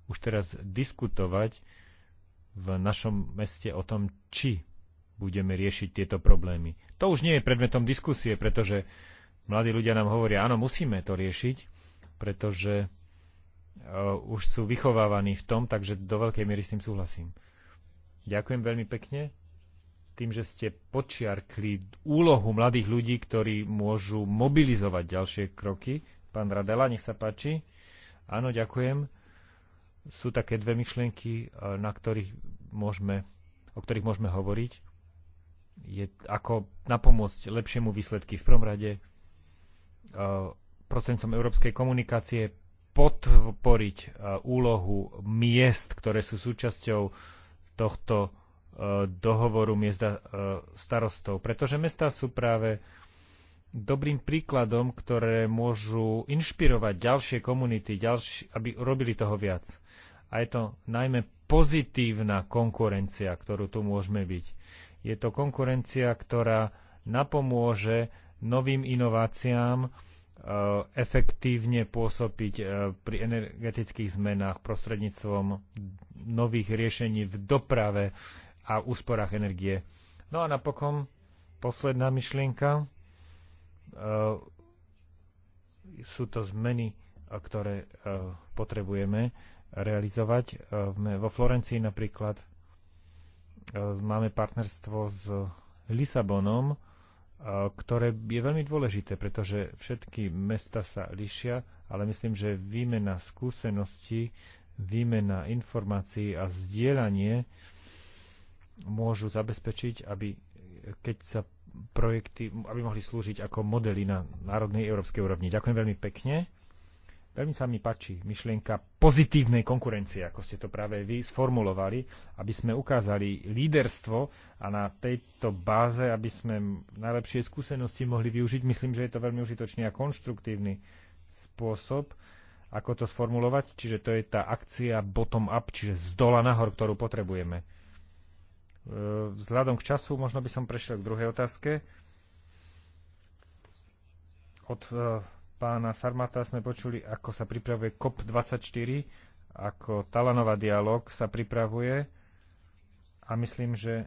už teraz diskutovať v našom meste o tom, či budeme riešiť tieto problémy. To už nie je predmetom diskusie, pretože mladí ľudia nám hovoria, áno, musíme to riešiť, pretože e, už sú vychovávaní v tom, takže do veľkej miery s tým súhlasím. Ďakujem veľmi pekne tým, že ste počiarkli úlohu mladých ľudí, ktorí môžu mobilizovať ďalšie kroky Pán Radela, nech sa páči. Áno, ďakujem. Sú také dve myšlienky, e, na ktorých môžeme, o ktorých môžeme hovoriť. Je ako napomôcť lepšiemu výsledky. V prvom rade e, prostredníctvom európskej komunikácie podporiť e, úlohu miest, ktoré sú súčasťou tohto dohovoru miesta starostov, pretože mesta sú práve dobrým príkladom, ktoré môžu inšpirovať ďalšie komunity, ďalši, aby robili toho viac. A je to najmä pozitívna konkurencia, ktorú tu môžeme byť. Je to konkurencia, ktorá napomôže novým inováciám, e, efektívne pôsobiť e, pri energetických zmenách prostredníctvom nových riešení v doprave a úsporách energie. No a napokon posledná myšlienka. Eh, sú to zmeny, eh, ktoré eh, potrebujeme realizovať. Vo Florencii napríklad máme partnerstvo s Lisabonom, ktoré je veľmi dôležité, pretože všetky mesta sa lišia, ale myslím, že výmena skúseností, výmena informácií a zdieľanie môžu zabezpečiť, aby keď sa projekty, aby mohli slúžiť ako modely na národnej európskej úrovni. Ďakujem veľmi pekne. Veľmi sa mi páči myšlienka pozitívnej konkurencie, ako ste to práve vy sformulovali, aby sme ukázali líderstvo a na tejto báze, aby sme najlepšie skúsenosti mohli využiť. Myslím, že je to veľmi užitočný a konštruktívny spôsob, ako to sformulovať. Čiže to je tá akcia bottom-up, čiže z dola nahor, ktorú potrebujeme. E, vzhľadom k času možno by som prešiel k druhej otázke. Od e, pána Sarmata sme počuli, ako sa pripravuje COP24, ako Talanova dialog sa pripravuje a myslím, že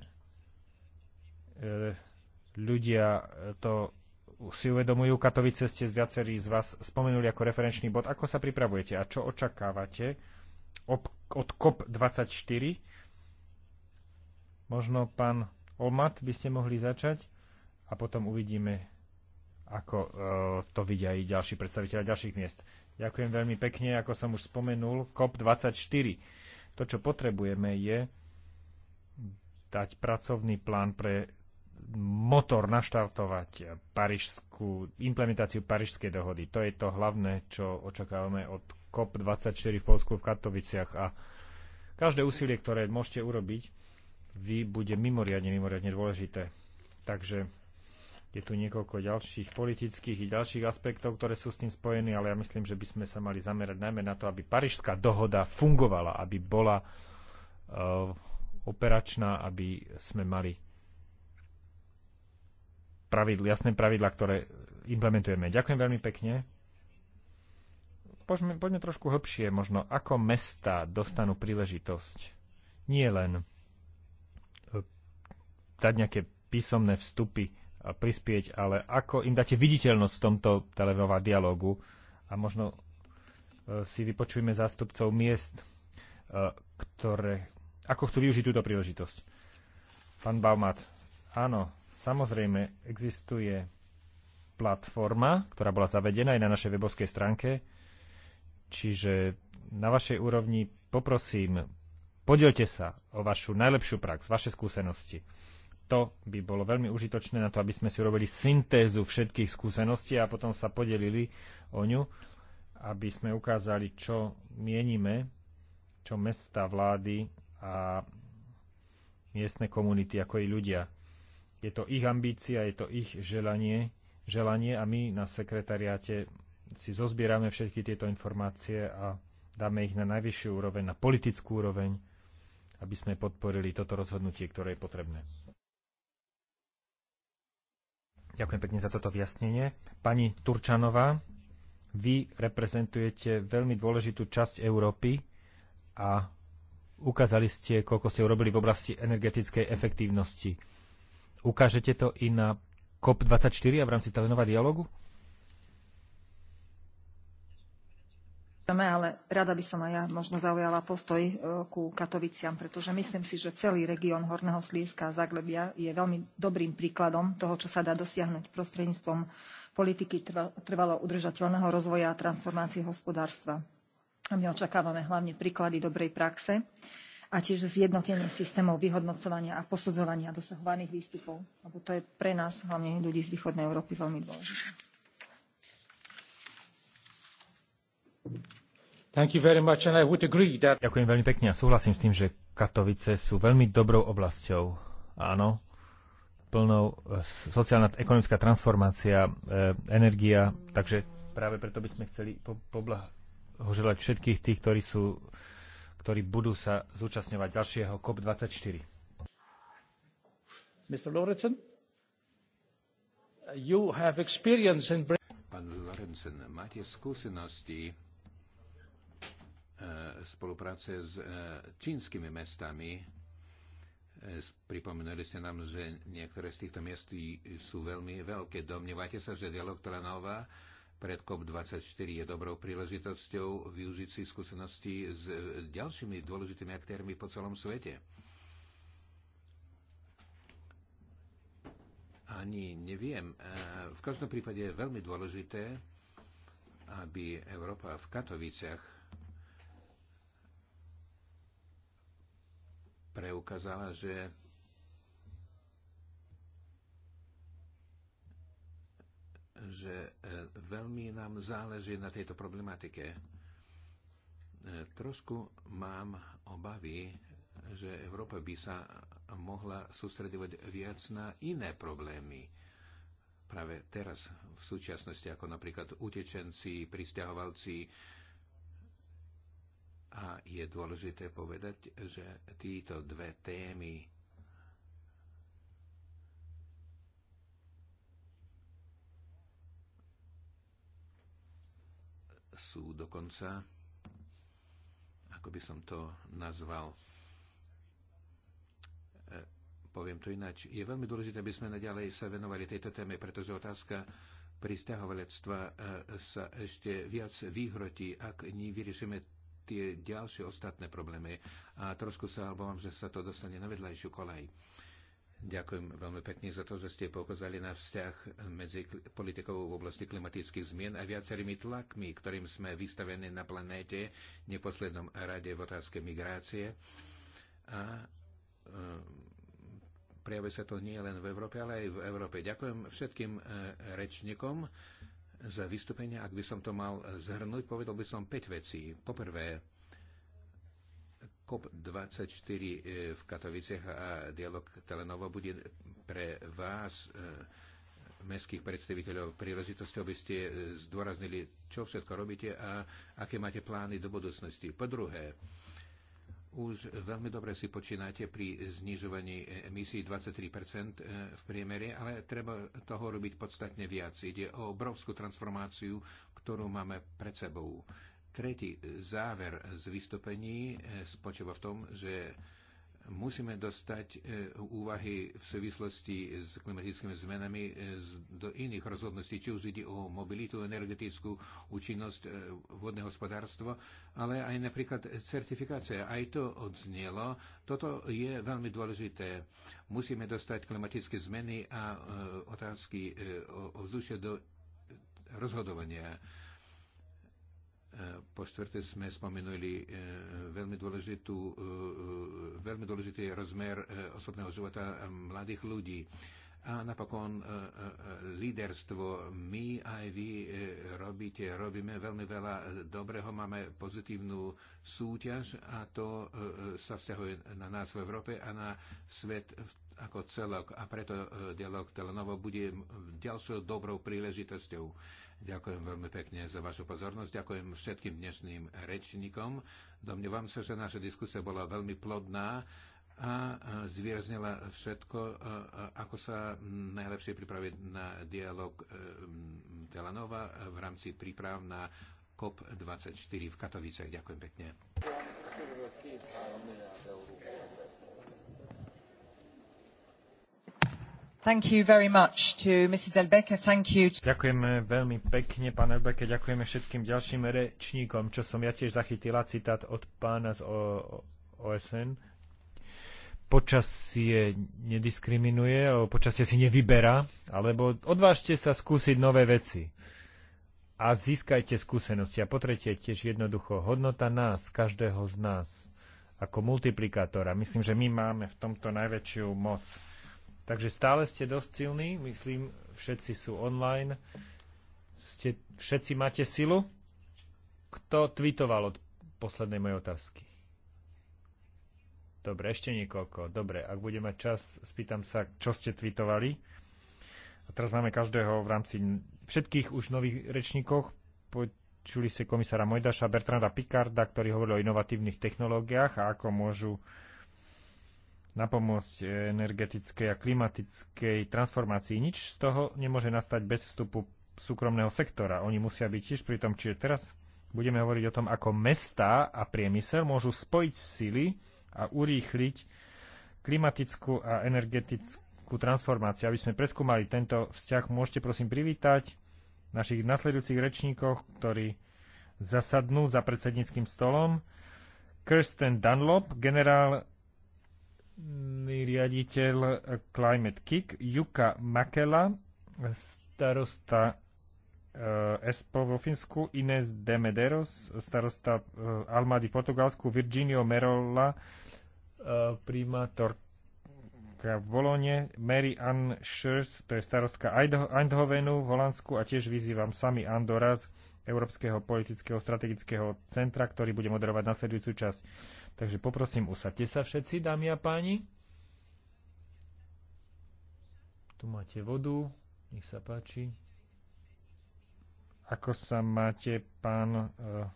e, ľudia to si uvedomujú. Katovice ste z viacerí z vás spomenuli ako referenčný bod. Ako sa pripravujete a čo očakávate od COP24? Možno pán Olmat by ste mohli začať a potom uvidíme, ako e, to vidia aj ďalší predstaviteľa ďalších miest. Ďakujem veľmi pekne, ako som už spomenul, COP24. To, čo potrebujeme, je dať pracovný plán pre motor naštartovať Parížskú, implementáciu Parížskej dohody. To je to hlavné, čo očakávame od COP24 v Polsku v Katoviciach a každé úsilie, ktoré môžete urobiť, vy bude mimoriadne, mimoriadne dôležité. Takže je tu niekoľko ďalších politických i ďalších aspektov, ktoré sú s tým spojené, ale ja myslím, že by sme sa mali zamerať najmä na to, aby Parížská dohoda fungovala, aby bola uh, operačná, aby sme mali pravidl, jasné pravidla, ktoré implementujeme. Ďakujem veľmi pekne. Poďme, poďme trošku hĺbšie, možno ako mesta dostanú príležitosť. Nie len dať nejaké písomné vstupy a prispieť, ale ako im dáte viditeľnosť v tomto televová dialogu a možno e, si vypočujeme zástupcov miest, e, ktoré, ako chcú využiť túto príležitosť. Pán Baumat, áno, samozrejme existuje platforma, ktorá bola zavedená aj na našej webovskej stránke, čiže na vašej úrovni poprosím, podielte sa o vašu najlepšiu prax, vaše skúsenosti to by bolo veľmi užitočné na to, aby sme si urobili syntézu všetkých skúseností a potom sa podelili o ňu, aby sme ukázali, čo mienime, čo mesta, vlády a miestne komunity, ako i ľudia. Je to ich ambícia, je to ich želanie, želanie a my na sekretariáte si zozbierame všetky tieto informácie a dáme ich na najvyššiu úroveň, na politickú úroveň, aby sme podporili toto rozhodnutie, ktoré je potrebné. Ďakujem pekne za toto vyjasnenie. Pani Turčanová, vy reprezentujete veľmi dôležitú časť Európy a ukázali ste, koľko ste urobili v oblasti energetickej efektívnosti. Ukážete to i na COP24 a v rámci Telenova dialogu? ale rada by som aj ja možno zaujala postoj e, ku Katoviciam, pretože myslím si, že celý región Horného Slieska a Zaglebia je veľmi dobrým príkladom toho, čo sa dá dosiahnuť prostredníctvom politiky trvalo udržateľného rozvoja a transformácie hospodárstva. A my očakávame hlavne príklady dobrej praxe a tiež zjednotenie systémov vyhodnocovania a posudzovania dosahovaných výstupov, lebo to je pre nás, hlavne ľudí z východnej Európy, veľmi dôležité. Thank you very much and I would agree that... Ďakujem veľmi pekne a súhlasím s tým, že Katovice sú veľmi dobrou oblasťou. Áno, plnou e, sociálna ekonomická transformácia, e, energia, takže práve preto by sme chceli po, poblahoželať všetkých tých, ktorí, sú, ktorí budú sa zúčastňovať ďalšieho COP24. Mr. Lorenzen, you have experience in... Pán Lorenzen, máte skúsenosti E, spolupráce s e, čínskymi mestami. E, pripomenuli ste nám, že niektoré z týchto miest sú veľmi veľké. Domnievate sa, že dialog Tranova pred COP24 je dobrou príležitosťou využiť si skúsenosti s ďalšími dôležitými aktérmi po celom svete. Ani neviem. V každom prípade je veľmi dôležité, aby Európa v Katoviciach preukázala, že že e, veľmi nám záleží na tejto problematike. E, trošku mám obavy, že Európa by sa mohla sústredovať viac na iné problémy. Práve teraz, v súčasnosti, ako napríklad utečenci, pristahovalci, a je dôležité povedať, že títo dve témy sú dokonca, ako by som to nazval, e, poviem to ináč, je veľmi dôležité, aby sme naďalej sa venovali tejto téme, pretože otázka pristahovalectva e, sa ešte viac vyhrotí, ak nevyriešime tie ďalšie ostatné problémy. A trošku sa obávam, že sa to dostane na vedľajšiu kolej. Ďakujem veľmi pekne za to, že ste poukázali na vzťah medzi politikou v oblasti klimatických zmien a viacerými tlakmi, ktorým sme vystavení na planéte, neposlednom rade v otázke migrácie. A e, prejavuje sa to nie len v Európe, ale aj v Európe. Ďakujem všetkým e, rečníkom za vystúpenia, Ak by som to mal zhrnúť, povedal by som 5 vecí. Poprvé, COP24 e, v Katoviciach a dialog Telenova bude pre vás, e, mestských predstaviteľov, príležitosťou, aby ste e, zdôraznili, čo všetko robíte a aké máte plány do budúcnosti. Po druhé, už veľmi dobre si počínate pri znižovaní emisí 23% e, v priemere, ale treba toho robiť podstatne viac. Ide o obrovskú transformáciu, ktorú máme pred sebou. Tretí záver z vystúpení e, spočíva v tom, že musíme dostať e, úvahy v súvislosti s klimatickými zmenami e, do iných rozhodností, či už ide o mobilitu, energetickú účinnosť, e, vodné hospodárstvo, ale aj napríklad certifikácia. Aj to odznelo. Toto je veľmi dôležité. Musíme dostať klimatické zmeny a otázky o vzdušia do rozhodovania po štvrté sme spomenuli e, veľmi, dôležitú, e, e, veľmi dôležitý rozmer osobného života mladých ľudí. A napokon líderstvo. My aj vy robíte, robíme veľmi veľa dobrého, máme pozitívnu súťaž a to sa vzťahuje na nás v Európe a na svet ako celok. A preto dialog Telenovo bude ďalšou dobrou príležitosťou Ďakujem veľmi pekne za vašu pozornosť. Ďakujem všetkým dnešným rečníkom. Domnievam sa, že naša diskusia bola veľmi plodná a zvýraznila všetko, ako sa najlepšie pripraviť na dialog e, Telanova v rámci príprav na COP24 v Katovicech. Ďakujem pekne. Thank you very much to Mrs. Elbeke. Thank you. Ďakujeme veľmi pekne, pán Elbeke. Ďakujeme všetkým ďalším rečníkom, čo som ja tiež zachytila citát od pána z OSN. Počasie nediskriminuje, počasie si nevyberá, alebo odvážte sa skúsiť nové veci a získajte skúsenosti. A po tretie tiež jednoducho hodnota nás, každého z nás, ako multiplikátora. Myslím, že my máme v tomto najväčšiu moc. Takže stále ste dosť silní, myslím, všetci sú online, ste, všetci máte silu. Kto tweetoval od poslednej mojej otázky? Dobre, ešte niekoľko. Dobre, ak bude mať čas, spýtam sa, čo ste tweetovali. A teraz máme každého v rámci všetkých už nových rečníkov. Počuli ste komisára Mojdaša, Bertranda Picarda, ktorý hovoril o inovatívnych technológiách a ako môžu uh, na pomoc energetickej a klimatickej transformácii. Nič z toho nemôže nastať bez vstupu súkromného sektora. Oni musia byť tiež pri tom, čiže teraz budeme hovoriť o tom, ako mesta a priemysel môžu spojiť sily a urýchliť klimatickú a energetickú transformáciu. Aby sme preskúmali tento vzťah, môžete prosím privítať našich nasledujúcich rečníkov, ktorí zasadnú za predsedníckým stolom. Kirsten Dunlop, generál riaditeľ Climate Kick, Juka Makela, starosta eh, ESPO vo Fínsku, Inés de Medeiros, starosta eh, Almady Portugalsku, Virginio Merola, eh, primátor v Bolone, Mary Ann Schurz, to je starostka Eindhovenu v Holandsku a tiež vyzývam sami Andoraz, Európskeho politického strategického centra, ktorý bude moderovať nasledujúcu časť. Takže poprosím, usadte sa všetci, dámy a páni. Tu máte vodu, nech sa páči. Ako sa máte, pán uh, eh,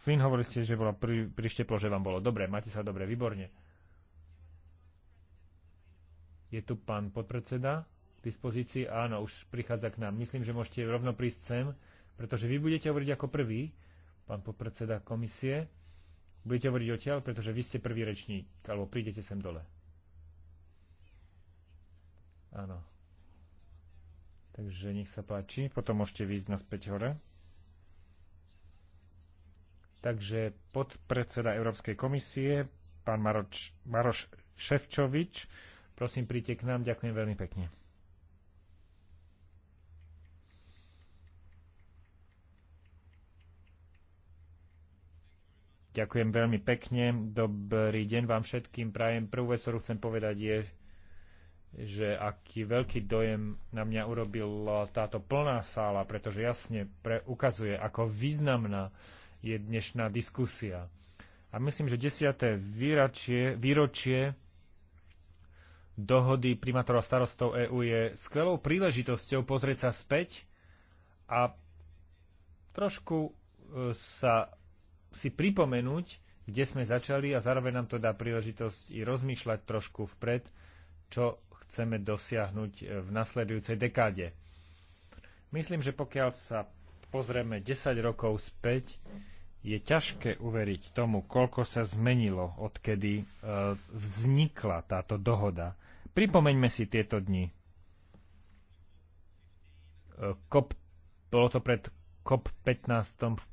Finn, hovorili ste, že bola pri, príliš že vám bolo dobre. Máte sa dobre, výborne. Je tu pán podpredseda k dispozícii. Áno, už prichádza k nám. Myslím, že môžete rovno prísť sem, pretože vy budete hovoriť ako prvý, pán podpredseda komisie Budete hovoriť odtiaľ, pretože vy ste prvý rečník, alebo prídete sem dole. Áno. Takže nech sa páči, potom môžete výjsť naspäť hore. Takže podpredseda Európskej komisie, pán Maroč, Maroš Ševčovič, prosím príďte k nám, ďakujem veľmi pekne. Ďakujem veľmi pekne. Dobrý deň vám všetkým. Prajem prvú vec, ktorú chcem povedať je, že aký veľký dojem na mňa urobil táto plná sála, pretože jasne pre, ukazuje, ako významná je dnešná diskusia. A myslím, že desiaté výročie, výročie dohody primátorov starostov EÚ je skvelou príležitosťou pozrieť sa späť a trošku e, sa si pripomenúť, kde sme začali a zároveň nám to dá príležitosť i rozmýšľať trošku vpred, čo chceme dosiahnuť e, v nasledujúcej dekáde. Myslím, že pokiaľ sa pozrieme 10 rokov späť, je ťažké uveriť tomu, koľko sa zmenilo, odkedy e, vznikla táto dohoda. Pripomeňme si tieto dni. E, bolo to pred COP15 v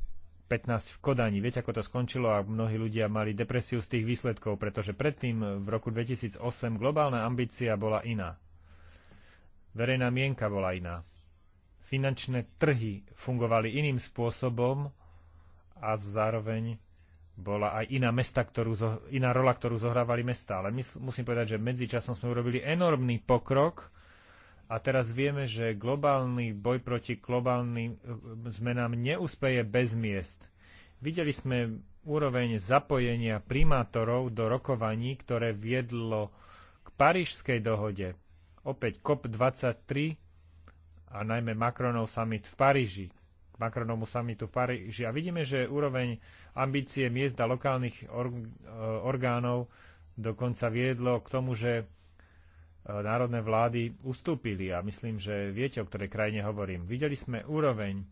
15 v Kodani. Viete, ako to skončilo a mnohí ľudia mali depresiu z tých výsledkov, pretože predtým v roku 2008 globálna ambícia bola iná. Verejná mienka bola iná. Finančné trhy fungovali iným spôsobom a zároveň bola aj iná, mesta, ktorú zo, iná rola, ktorú zohrávali mesta. Ale my, musím povedať, že medzi časom sme urobili enormný pokrok a teraz vieme, že globálny boj proti globálnym eh, zmenám neúspeje bez miest. Videli sme úroveň zapojenia primátorov do rokovaní, ktoré viedlo k Parížskej dohode. Opäť COP23 a najmä Macronov summit v Paríži. Macronovmu summitu v Paríži. A vidíme, že úroveň ambície miest a lokálnych org eh, orgánov dokonca viedlo k tomu, že E, národné vlády ustúpili a myslím, že viete, o ktorej krajine hovorím. Videli sme úroveň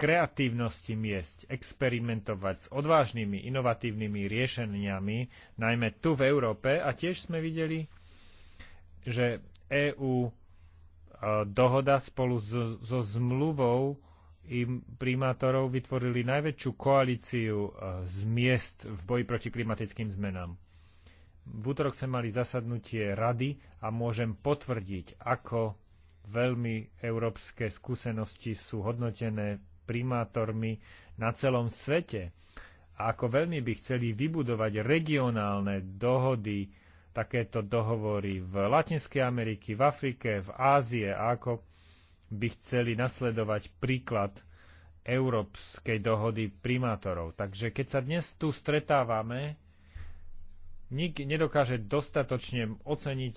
kreatívnosti miest, experimentovať s odvážnymi, inovatívnymi riešeniami, najmä tu v Európe. A tiež sme videli, že EÚ e, dohoda spolu so, so zmluvou im primátorov vytvorili najväčšiu koalíciu e, z miest v boji proti klimatickým zmenám. V útorok sme mali zasadnutie rady a môžem potvrdiť, ako veľmi európske skúsenosti sú hodnotené primátormi na celom svete. A ako veľmi by chceli vybudovať regionálne dohody, takéto dohovory v Latinskej Amerike, v Afrike, v Ázie a ako by chceli nasledovať príklad európskej dohody primátorov. Takže keď sa dnes tu stretávame, nik nedokáže dostatočne oceniť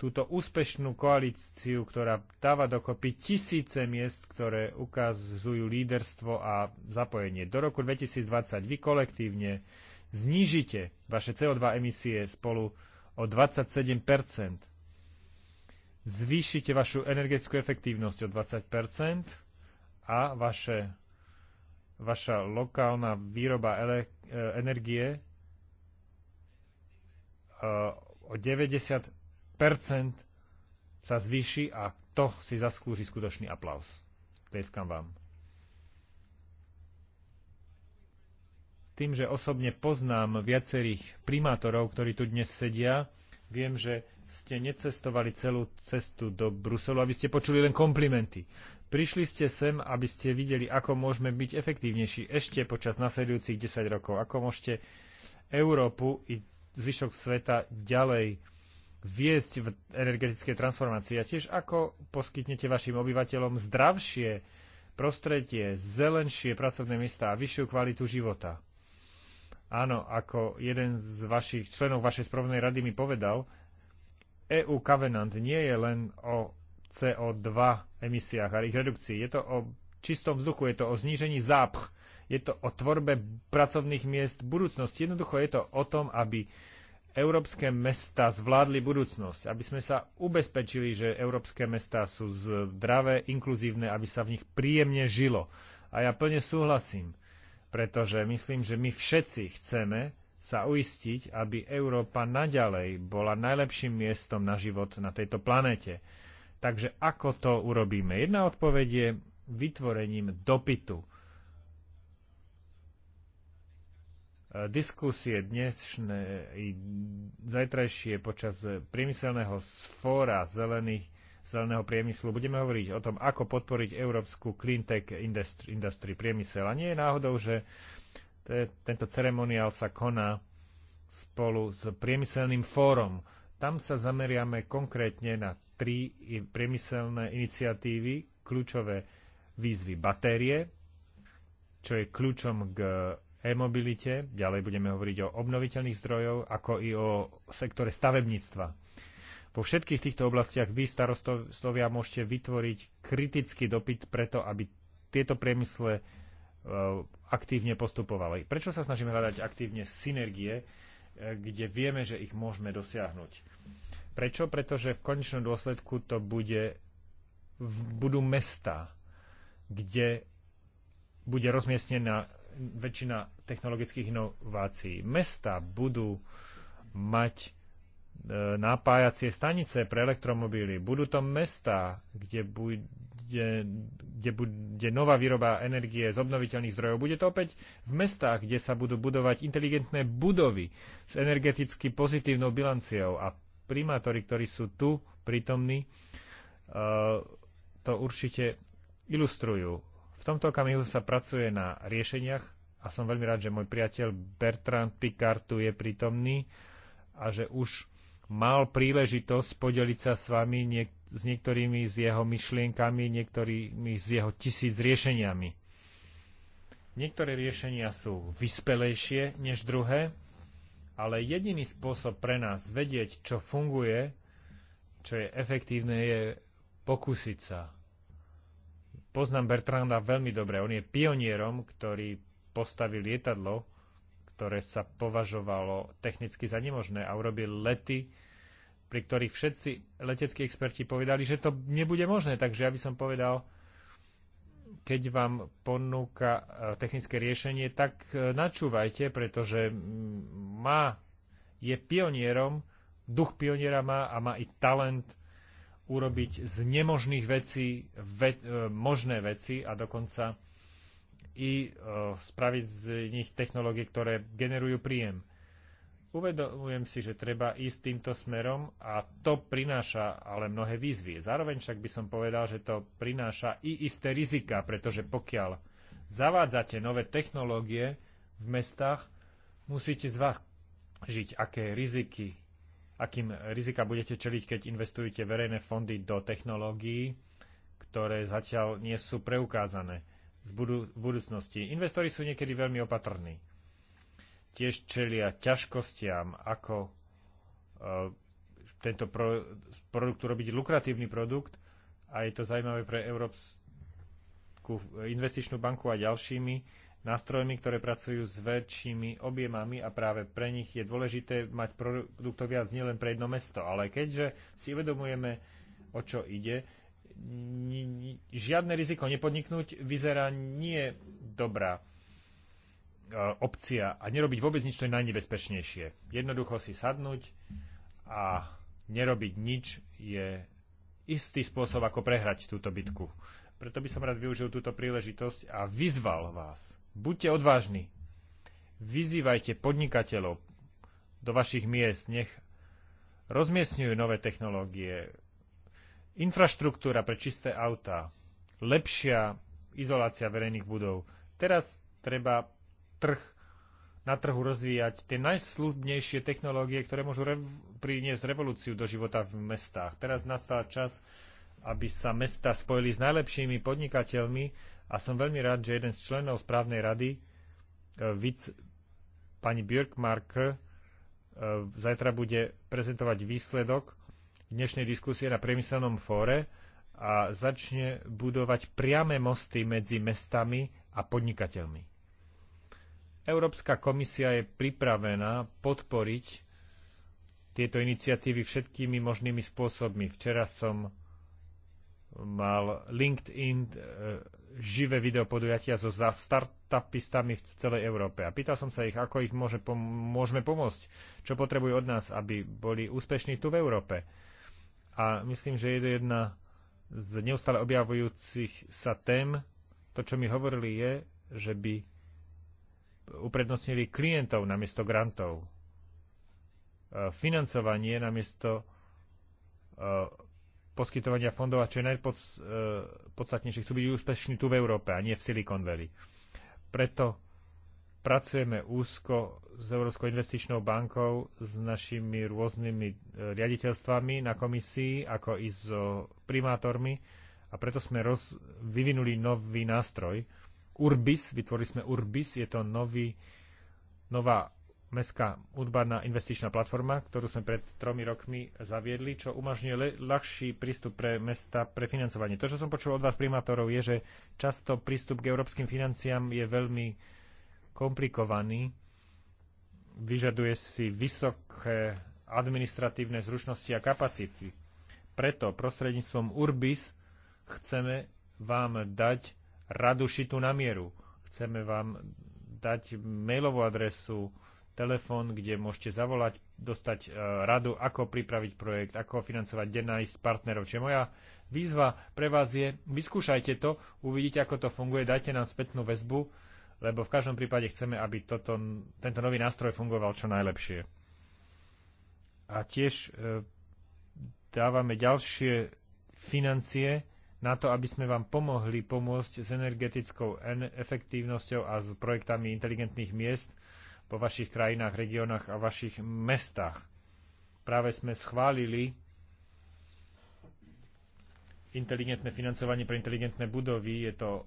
túto úspešnú koalíciu, ktorá dáva dokopy tisíce miest, ktoré ukazujú líderstvo a zapojenie. Do roku 2020 vy kolektívne znížite vaše CO2 emisie spolu o 27 Zvýšite vašu energetickú efektívnosť o 20 a vaše, vaša lokálna výroba ele, e, energie o 90 sa zvýši a to si zaslúži skutočný aplaus. Tlieskam vám. Tým, že osobne poznám viacerých primátorov, ktorí tu dnes sedia, viem, že ste necestovali celú cestu do Bruselu, aby ste počuli len komplimenty. Prišli ste sem, aby ste videli, ako môžeme byť efektívnejší ešte počas nasledujúcich 10 rokov, ako môžete Európu i zvyšok sveta ďalej viesť v energetickej transformácii a tiež ako poskytnete vašim obyvateľom zdravšie prostredie, zelenšie pracovné miesta a vyššiu kvalitu života. Áno, ako jeden z vašich členov vašej správnej rady mi povedal, EU Covenant nie je len o CO2 emisiách a ich redukcii. Je to o čistom vzduchu, je to o znížení zápch je to o tvorbe pracovných miest budúcnosti. Jednoducho je to o tom, aby európske mesta zvládli budúcnosť, aby sme sa ubezpečili, že európske mesta sú zdravé, inkluzívne, aby sa v nich príjemne žilo. A ja plne súhlasím, pretože myslím, že my všetci chceme sa uistiť, aby Európa naďalej bola najlepším miestom na život na tejto planete. Takže ako to urobíme? Jedna odpoveď je vytvorením dopytu Diskusie dnešné i zajtrajšie počas priemyselného sfóra zelených, zeleného priemyslu budeme hovoriť o tom, ako podporiť európsku clean tech industry, industry priemysel. A nie je náhodou, že te, tento ceremoniál sa koná spolu s priemyselným fórom. Tam sa zameriame konkrétne na tri priemyselné iniciatívy, kľúčové výzvy batérie, čo je kľúčom k e-mobilite, ďalej budeme hovoriť o obnoviteľných zdrojov, ako i o sektore stavebníctva. Vo všetkých týchto oblastiach vy, starostovia, môžete vytvoriť kritický dopyt preto, aby tieto priemysle e, aktívne postupovali. Prečo sa snažíme hľadať aktívne synergie, e, kde vieme, že ich môžeme dosiahnuť? Prečo? Pretože v konečnom dôsledku to bude, budú mesta, kde bude rozmiestnená väčšina technologických inovácií. Mesta budú mať e, napájacie stanice pre elektromobily. Budú to mesta, kde bude, kde bude nová výroba energie z obnoviteľných zdrojov. Bude to opäť v mestách, kde sa budú budovať inteligentné budovy s energeticky pozitívnou bilanciou. A primátori, ktorí sú tu prítomní, e, to určite ilustrujú tomto okamihu sa pracuje na riešeniach a som veľmi rád, že môj priateľ Bertrand Picard tu je prítomný a že už mal príležitosť podeliť sa s vami niek- s niektorými z jeho myšlienkami, niektorými z jeho tisíc riešeniami. Niektoré riešenia sú vyspelejšie než druhé, ale jediný spôsob pre nás vedieť, čo funguje, čo je efektívne, je pokúsiť sa. Poznám Bertranda veľmi dobre. On je pionierom, ktorý postavil lietadlo, ktoré sa považovalo technicky za nemožné a urobil lety, pri ktorých všetci leteckí experti povedali, že to nebude možné. Takže ja by som povedal, keď vám ponúka e, technické riešenie, tak e, načúvajte, pretože má, je pionierom, duch pioniera má a má i talent urobiť z nemožných vecí ve, e, možné veci a dokonca i e, spraviť z nich technológie, ktoré generujú príjem. Uvedomujem si, že treba ísť týmto smerom a to prináša ale mnohé výzvy. Zároveň však by som povedal, že to prináša i isté rizika, pretože pokiaľ zavádzate nové technológie v mestách, musíte zvážiť, aké riziky akým rizika budete čeliť, keď investujete verejné fondy do technológií, ktoré zatiaľ nie sú preukázané z budúcnosti. Investori sú niekedy veľmi opatrní. Tiež čelia ťažkostiam, ako uh, tento pro- produkt urobiť lukratívny produkt a je to zaujímavé pre Európsku investičnú banku a ďalšími nástrojmi, ktoré pracujú s väčšími objemami a práve pre nich je dôležité mať produktov viac nielen pre jedno mesto. Ale keďže si uvedomujeme, o čo ide, žiadne riziko nepodniknúť vyzerá nie dobrá e, opcia a nerobiť vôbec nič, to je najnebezpečnejšie. Jednoducho si sadnúť a nerobiť nič je istý spôsob, ako prehrať túto bitku. Preto by som rád využil túto príležitosť a vyzval vás Buďte odvážni. Vyzývajte podnikateľov do vašich miest, nech rozmiestňujú nové technológie, infraštruktúra pre čisté autá, lepšia izolácia verejných budov. Teraz treba trh, na trhu rozvíjať tie najslúbnejšie technológie, ktoré môžu rev- priniesť revolúciu do života v mestách. Teraz nastal čas, aby sa mesta spojili s najlepšími podnikateľmi a som veľmi rád, že jeden z členov správnej rady, e, vic, pani Björkmark, e, zajtra bude prezentovať výsledok dnešnej diskusie na priemyselnom fóre a začne budovať priame mosty medzi mestami a podnikateľmi. Európska komisia je pripravená podporiť tieto iniciatívy všetkými možnými spôsobmi. Včera som mal LinkedIn e, živé videopodujatia so startupistami v celej Európe. A pýtal som sa ich, ako ich môže pom- môžeme pomôcť, čo potrebujú od nás, aby boli úspešní tu v Európe. A myslím, že je to jedna z neustále objavujúcich sa tém. To, čo mi hovorili, je, že by uprednostnili klientov namiesto grantov. E, financovanie namiesto e, poskytovania fondov a čo je najpodstatnejšie, e, chcú byť úspešní tu v Európe a nie v Silicon Valley. Preto pracujeme úzko s Európskou investičnou bankou, s našimi rôznymi e, riaditeľstvami na komisii, ako i s so e, primátormi a preto sme roz, vyvinuli nový nástroj. Urbis, vytvorili sme Urbis, je to nový, nová Mestská hudbárna investičná platforma, ktorú sme pred tromi rokmi zaviedli, čo umožňuje le- ľahší prístup pre mesta pre financovanie. To, čo som počul od vás primátorov, je, že často prístup k európskym financiám je veľmi komplikovaný, vyžaduje si vysoké administratívne zručnosti a kapacity. Preto prostredníctvom Urbis chceme vám dať radu šitu na mieru. Chceme vám dať mailovú adresu, telefón, kde môžete zavolať, dostať e, radu, ako pripraviť projekt, ako financovať, denná nájsť partnerov. Čiže moja výzva pre vás je, vyskúšajte to, uvidíte, ako to funguje, dajte nám spätnú väzbu, lebo v každom prípade chceme, aby toto, tento nový nástroj fungoval čo najlepšie. A tiež e, dávame ďalšie financie na to, aby sme vám pomohli pomôcť s energetickou efektívnosťou a s projektami inteligentných miest, po vašich krajinách, regiónach a vašich mestách. Práve sme schválili inteligentné financovanie pre inteligentné budovy. Je to e,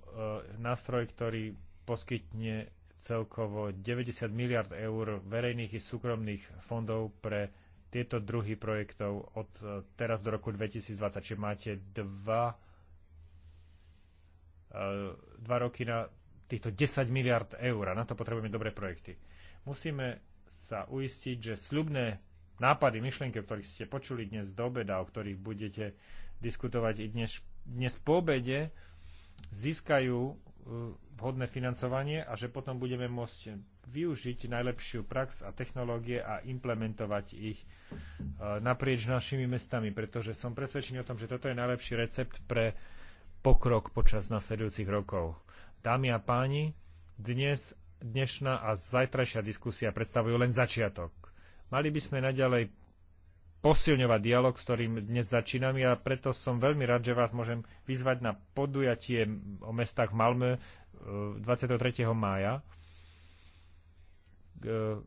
nástroj, ktorý poskytne celkovo 90 miliard eur verejných i súkromných fondov pre tieto druhy projektov od e, teraz do roku 2020. Čiže máte dva, e, dva roky na týchto 10 miliard eur a na to potrebujeme dobré projekty. Musíme sa uistiť, že sľubné nápady, myšlienky, o ktorých ste počuli dnes do obeda, o ktorých budete diskutovať i dnes, dnes po obede, získajú e, vhodné financovanie a že potom budeme môcť využiť najlepšiu prax a technológie a implementovať ich e, naprieč našimi mestami, pretože som presvedčený o tom, že toto je najlepší recept pre pokrok počas nasledujúcich rokov. Dámy a páni, dnes dnešná a zajtrajšia diskusia predstavujú len začiatok. Mali by sme naďalej posilňovať dialog, s ktorým dnes začíname, a preto som veľmi rád, že vás môžem vyzvať na podujatie o mestách v Malmö 23. E, mája. E,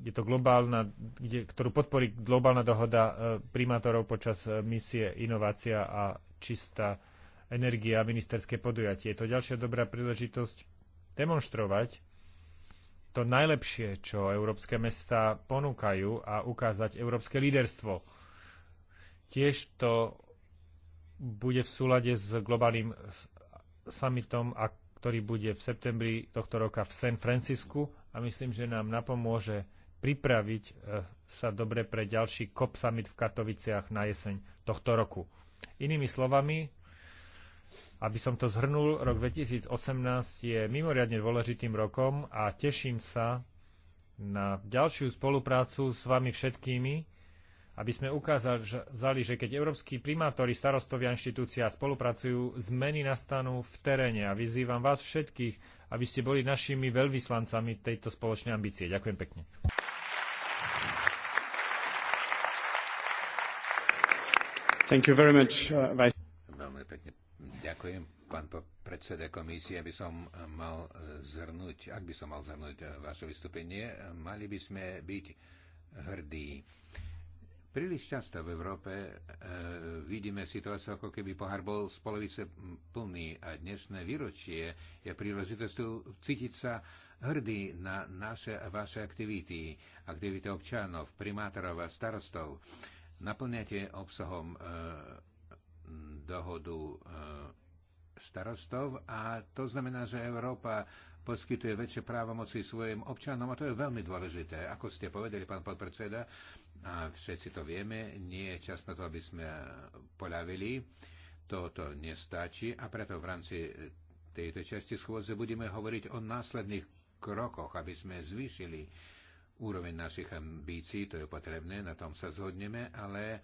je to globálna, kde, ktorú podporí globálna dohoda e, primátorov počas misie Inovácia a čistá energia a ministerské podujatie. Je to ďalšia dobrá príležitosť demonstrovať, to najlepšie, čo európske mesta ponúkajú a ukázať európske líderstvo. Tiež to bude v súlade s globálnym summitom, a ktorý bude v septembri tohto roka v San Francisku a myslím, že nám napomôže pripraviť e, sa dobre pre ďalší COP summit v Katoviciach na jeseň tohto roku. Inými slovami, aby som to zhrnul, rok 2018 je mimoriadne dôležitým rokom a teším sa na ďalšiu spoluprácu s vami všetkými, aby sme ukázali, že keď európsky primátori, starostovia, inštitúcia spolupracujú, zmeny nastanú v teréne a vyzývam vás všetkých, aby ste boli našimi veľvyslancami tejto spoločnej ambície. Ďakujem pekne. Thank you very much, uh, Vice. Veľmi pekne, Ďakujem, pán predseda komisie, aby som mal zhrnúť, ak by som mal zhrnúť eh, vaše vystúpenie, mali by sme byť hrdí. Príliš často v Európe e, vidíme situáciu, ako keby pohár bol z polovice plný a dnešné výročie je príležitosťou cítiť sa hrdý na naše a vaše aktivity, aktivity občanov, primátorov a starostov. Naplňate obsahom e, dohodu e, starostov a to znamená, že Európa poskytuje väčšie právomoci svojim občanom a to je veľmi dôležité. Ako ste povedali, pán podpredseda, a všetci to vieme, nie je čas na to, aby sme poľavili. Toto nestačí a preto v rámci tejto časti schôdze budeme hovoriť o následných krokoch, aby sme zvýšili úroveň našich ambícií, to je potrebné, na tom sa zhodneme, ale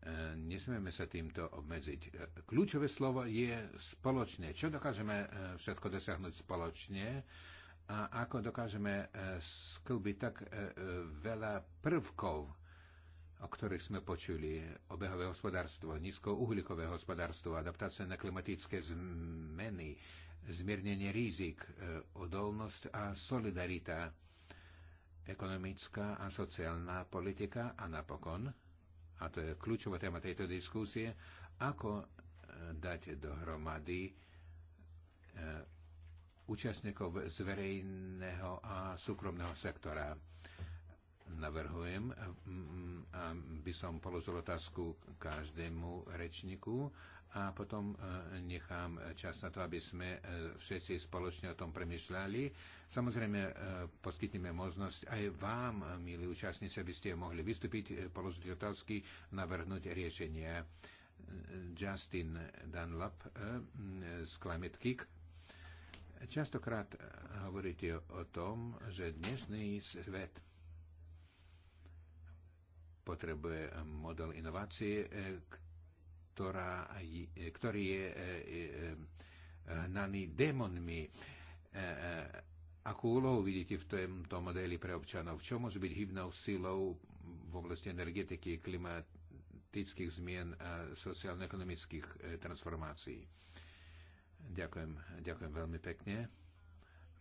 E, nesmieme sa týmto obmedziť. E, kľúčové slovo je spoločne. Čo dokážeme e, všetko dosiahnuť spoločne a ako dokážeme sklbiť tak veľa prvkov o ktorých sme počuli, obehové hospodárstvo, nízkouhlíkové hospodárstvo, adaptácia na klimatické zmeny, zmiernenie rizik, odolnosť a solidarita, ekonomická a sociálna politika a napokon a to je kľúčová téma tejto diskusie, ako e, dať dohromady e, účastníkov z verejného a súkromného sektora. Navrhujem, aby som položil otázku každému rečníku a potom e, nechám čas na to, aby sme e, všetci spoločne o tom premyšľali. Samozrejme, e, poskytneme možnosť aj vám, milí účastníci, aby ste mohli vystúpiť, položiť otázky, navrhnúť riešenie. Justin Dunlap z Climate Kick. Častokrát hovoríte o tom, že dnešný svet potrebuje model inovácie, ktorá, e, ktorý je e, e, hnaný démonmi. Akú úlohu vidíte v tomto modeli pre občanov? Čo môže byť hybnou silou v oblasti energetiky, klimatických zmien a sociálno-ekonomických transformácií? Ďakujem, ďakujem veľmi pekne.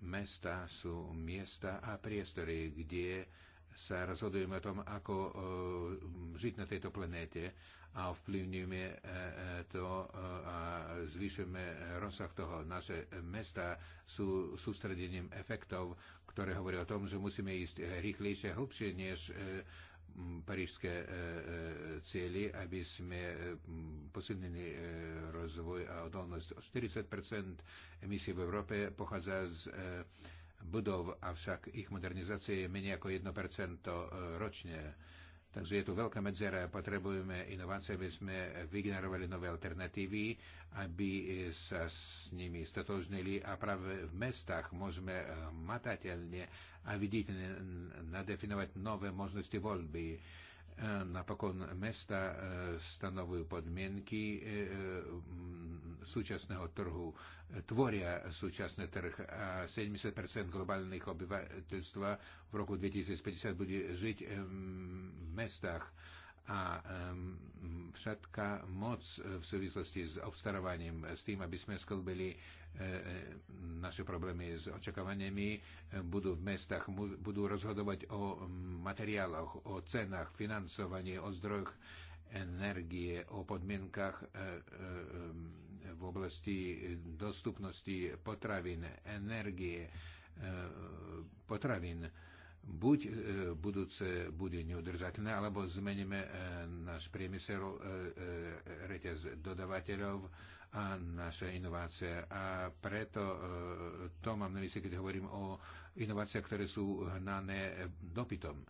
Mesta sú miesta a priestory, kde sa rozhodujeme o tom, ako e, žiť na tejto planéte a ovplyvňujeme e, e, to e, a zvyšujeme rozsah toho. Naše mesta sú sústredením efektov, ktoré hovorí o tom, že musíme ísť rýchlejšie, a hlbšie než e, parížské e, e, cieľy, aby sme e, posilnili e, rozvoj a odolnosť. 40 emisie v Európe pochádza z E, budov, avšak ich modernizácia je menej ako 1% e, ročne. Takže je tu veľká medzera, potrebujeme inovácie, aby sme vygenerovali nové alternatívy, aby sa s nimi stotožnili a práve v mestách môžeme e, matateľne a viditeľne nadefinovať nové možnosti voľby Napokon mesta e, stanovujú podmienky e, e, súčasného trhu, tvoria súčasný trh a 70 globálnych obyvateľstva v roku 2050 bude žiť v mestách a všetká moc v súvislosti s obstarovaním, s tým, aby sme sklbili E, e, naše problémy s očakávaniami, e, budú v mestách, budú rozhodovať o materiáloch, o cenách, financovaní, o zdrojoch energie, o podmienkach v oblasti dostupnosti potravín, energie, potravín. Buď budúce bude neudržateľné, alebo zmeníme náš priemysel, reťaz dodavateľov, a naše inovácie. A preto e, to mám na mysli, keď hovorím o inováciách, ktoré sú hnané dopytom. E,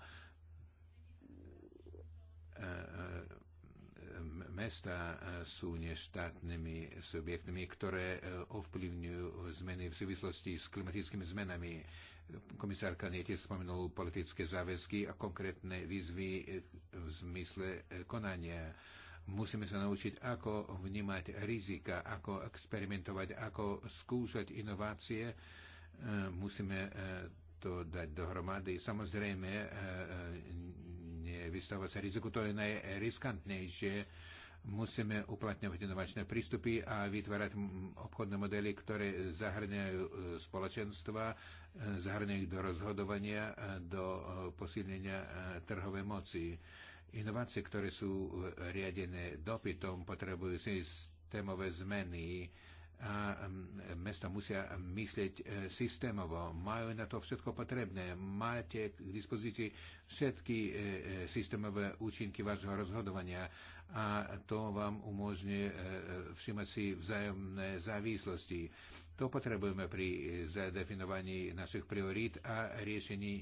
e, mesta sú neštátnymi subjektmi, ktoré ovplyvňujú zmeny v súvislosti s klimatickými zmenami. Komisár Kaniete spomenul politické záväzky a konkrétne výzvy v zmysle konania Musíme sa naučiť, ako vnímať rizika, ako experimentovať, ako skúšať inovácie. E, musíme e, to dať dohromady. Samozrejme, e, nevystavovať sa riziku, to je najriskantnejšie. Musíme uplatňovať inovačné prístupy a vytvárať obchodné modely, ktoré zahrňajú spoločenstva, zahrňajú ich do rozhodovania, do posilnenia trhovej moci Inovácie, ktoré sú e, riadené dopytom, potrebujú systémové zmeny a mesta musia myslieť e, systémovo. Majú na to všetko potrebné. Máte k dispozícii všetky e, systémové účinky vášho rozhodovania a to vám umožňuje e, e, všimať si vzájomné závislosti. To potrebujeme pri e, zadefinovaní našich priorít a riešení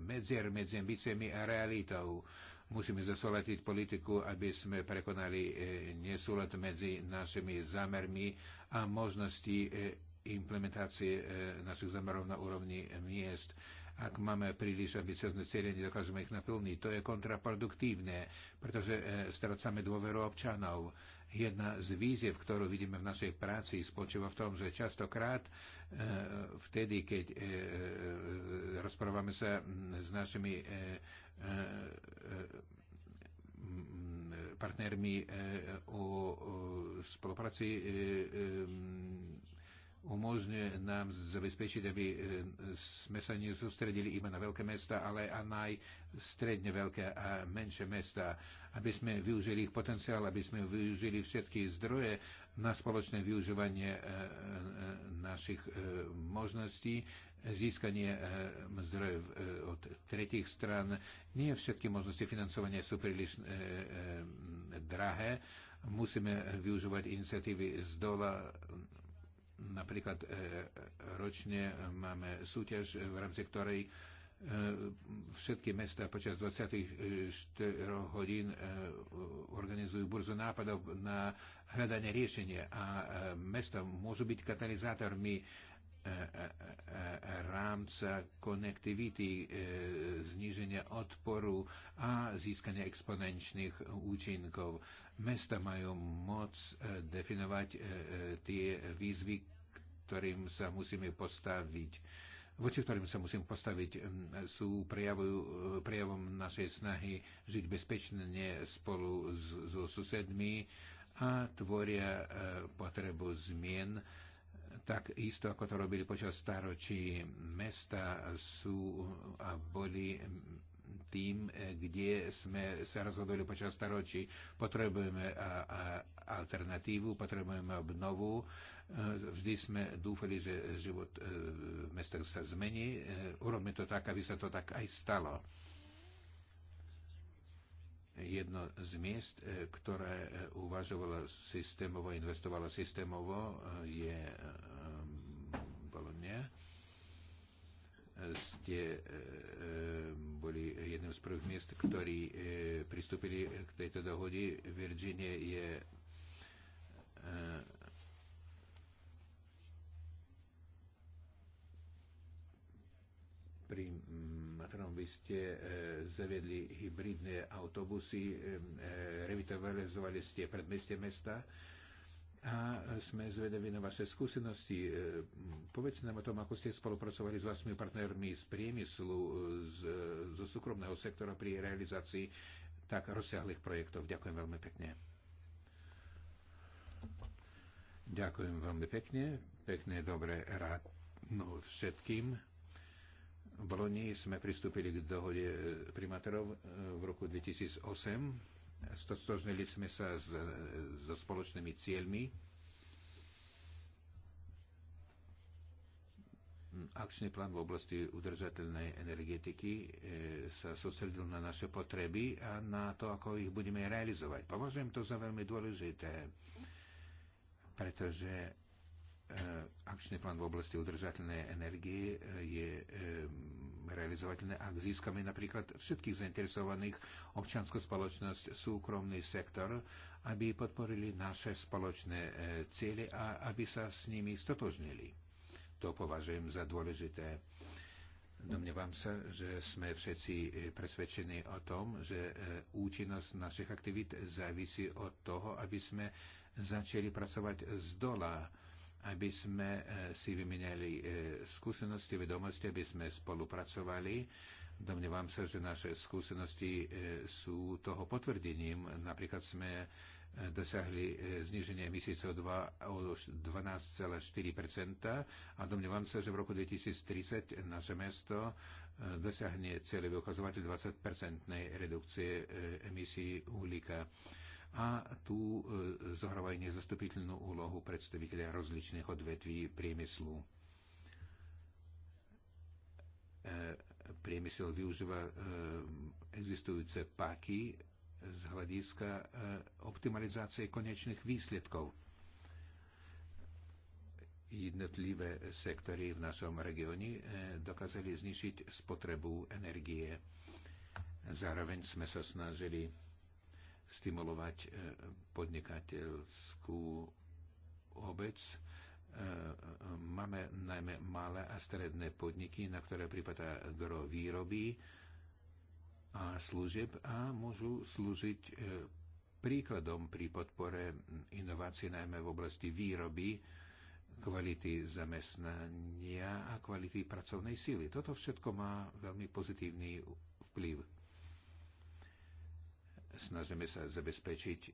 medzier medzi ambíciami a realitou. Musíme zasolatiť politiku, aby sme prekonali nesúlad medzi našimi zámermi a možnosti implementácie našich zámerov na úrovni miest. Ak máme príliš ambiciozne cieľe, nedokážeme ich naplniť. To je kontraproduktívne, pretože e, strácame dôveru občanov. Jedna z víziev, ktorú vidíme v našej práci, spočíva v tom, že častokrát e, vtedy, keď e, rozprávame sa s našimi partnermi o spolupráci umožňuje nám zabezpečiť, aby e, sme sa nezústredili iba na veľké mesta, ale aj na stredne veľké a menšie mesta, aby sme využili ich potenciál, aby sme využili všetky zdroje na spoločné využívanie e, e, našich možností, získanie zdrojov od tretich stran. Nie všetky možnosti financovania sú príliš drahé. Musíme využívať iniciatívy z dola Napríklad e, ročne máme súťaž, v rámci ktorej e, všetky mesta počas 24 hodín e, organizujú burzu nápadov na hľadanie riešenia a mesta môžu byť katalizátormi E, e, e, rámca konektivity, zniženia odporu a získania exponenčných účinkov. Mesta majú moc definovať tie výzvy, ktorým sa musíme postaviť voči ktorým sa musím postaviť, sú prejavu, prejavom našej snahy žiť bezpečne spolu s, so susedmi a tvoria potrebu zmien tak isto, ako to robili počas staročí. Mesta sú a boli tým, kde sme sa rozhodli počas staročí. Potrebujeme alternatívu, potrebujeme obnovu. E, vždy sme dúfali, že život e, v mestách sa zmení. E, urobme to tak, aby sa to tak aj stalo jedno z miest, e, ktoré e, uvažovala systémovo, investovala systémovo, e, je Bologna. Ste boli jedným z prvých miest, ktorí pristúpili k tejto dohode. Virginia je pri ktorom vy ste e, zaviedli hybridné autobusy, e, e, revitalizovali ste predmestie mesta a sme zvedaví na vaše skúsenosti. E, povedzte nám o tom, ako ste spolupracovali s vašimi partnermi z priemyslu, e, z, zo súkromného sektora pri realizácii tak rozsiahlých projektov. Ďakujem veľmi pekne. Ďakujem veľmi pekne. Pekné, dobré ráno všetkým. V Loni sme pristúpili k dohode primátorov e, v roku 2008. Stotožnili sme sa s, e, so spoločnými cieľmi. Akčný plán v oblasti udržateľnej energetiky e, sa sústredil na naše potreby a na to, ako ich budeme realizovať. Považujem to za veľmi dôležité, pretože E, akčný plán v oblasti udržateľnej energie e, je e, realizovateľné, ak získame napríklad všetkých zainteresovaných občanskú spoločnosť, súkromný sektor, aby podporili naše spoločné ciele a aby sa s nimi stotožnili. To považujem za dôležité. Domnievam sa, že sme všetci presvedčení o tom, že účinnosť našich aktivít závisí od toho, aby sme začali pracovať z dola aby sme e, si vymenili e, skúsenosti, vedomosti, aby sme spolupracovali. Domnievam sa, že naše skúsenosti e, sú toho potvrdením. Napríklad sme dosiahli zniženie emisí CO2 o 12,4 a domnievam sa, že v roku 2030 naše mesto dosiahne cieľový ukazovateľ 20 redukcie emisí uhlíka a tu e, zohrávajú nezastupiteľnú úlohu predstaviteľia rozličných odvetví priemyslu. E, priemysel využíva e, existujúce páky z hľadiska optimalizácie konečných výsledkov jednotlivé sektory v našom regióne dokázali znišiť spotrebu energie. Zároveň sme sa snažili stimulovať e, podnikateľskú obec. E, e, máme najmä malé a stredné podniky, na ktoré prípada gro výroby a služieb a môžu slúžiť príkladom pri podpore inovácií najmä v oblasti výroby, kvality zamestnania a kvality pracovnej síly. Toto všetko má veľmi pozitívny vplyv. Snažíme sa zabezpečiť e,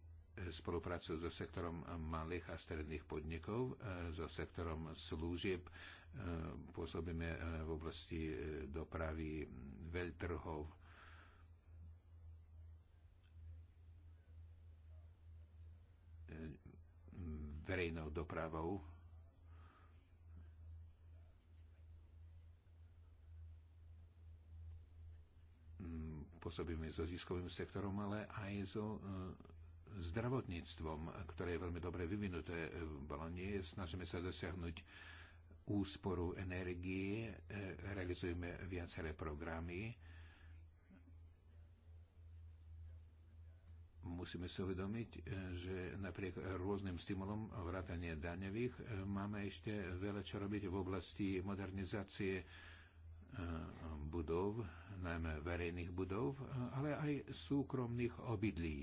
spoluprácu so sektorom malých a stredných podnikov, e, so sektorom služieb, e, pôsobíme v oblasti dopravy veľtrhov. verejnou dopravou. Mm pôsobíme so ziskovým sektorom, ale aj so e, zdravotníctvom, ktoré je veľmi dobre vyvinuté v Balonie. Snažíme sa dosiahnuť úsporu energie, e, realizujeme viaceré programy. Musíme si uvedomiť, e, že napriek rôznym stimulom vrátanie daňových e, máme ešte veľa čo robiť v oblasti modernizácie e, Eh, budov, najmä verejných budov, eh, ale aj súkromných obydlí,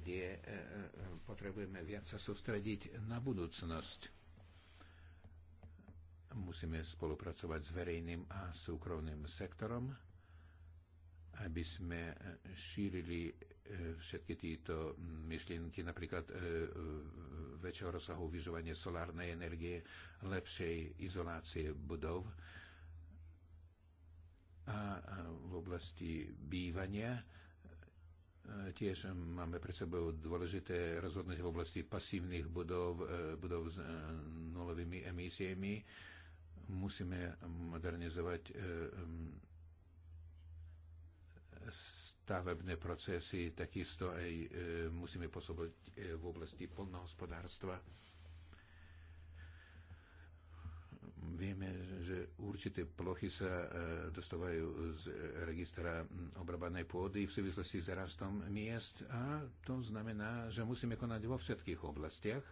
kde eh, potrebujeme viac sa sústrediť na budúcnosť. Musíme spolupracovať s verejným a súkromným sektorom aby sme eh, šírili eh, všetky tieto mm, myšlienky, napríklad eh, väčšieho rozsahu vyžovanie solárnej energie, lepšej izolácie budov a v oblasti bývania. Tiež máme pred sebou dôležité rozhodnutie v oblasti pasívnych budov, budov s nulovými emisiami. Musíme modernizovať stavebné procesy, takisto aj e, musíme pôsobiť e, v oblasti polnohospodárstva. Vieme, že určité plochy sa e, dostávajú z registra mm, obrabanej pôdy v súvislosti s rastom miest a to znamená, že musíme konať vo všetkých oblastiach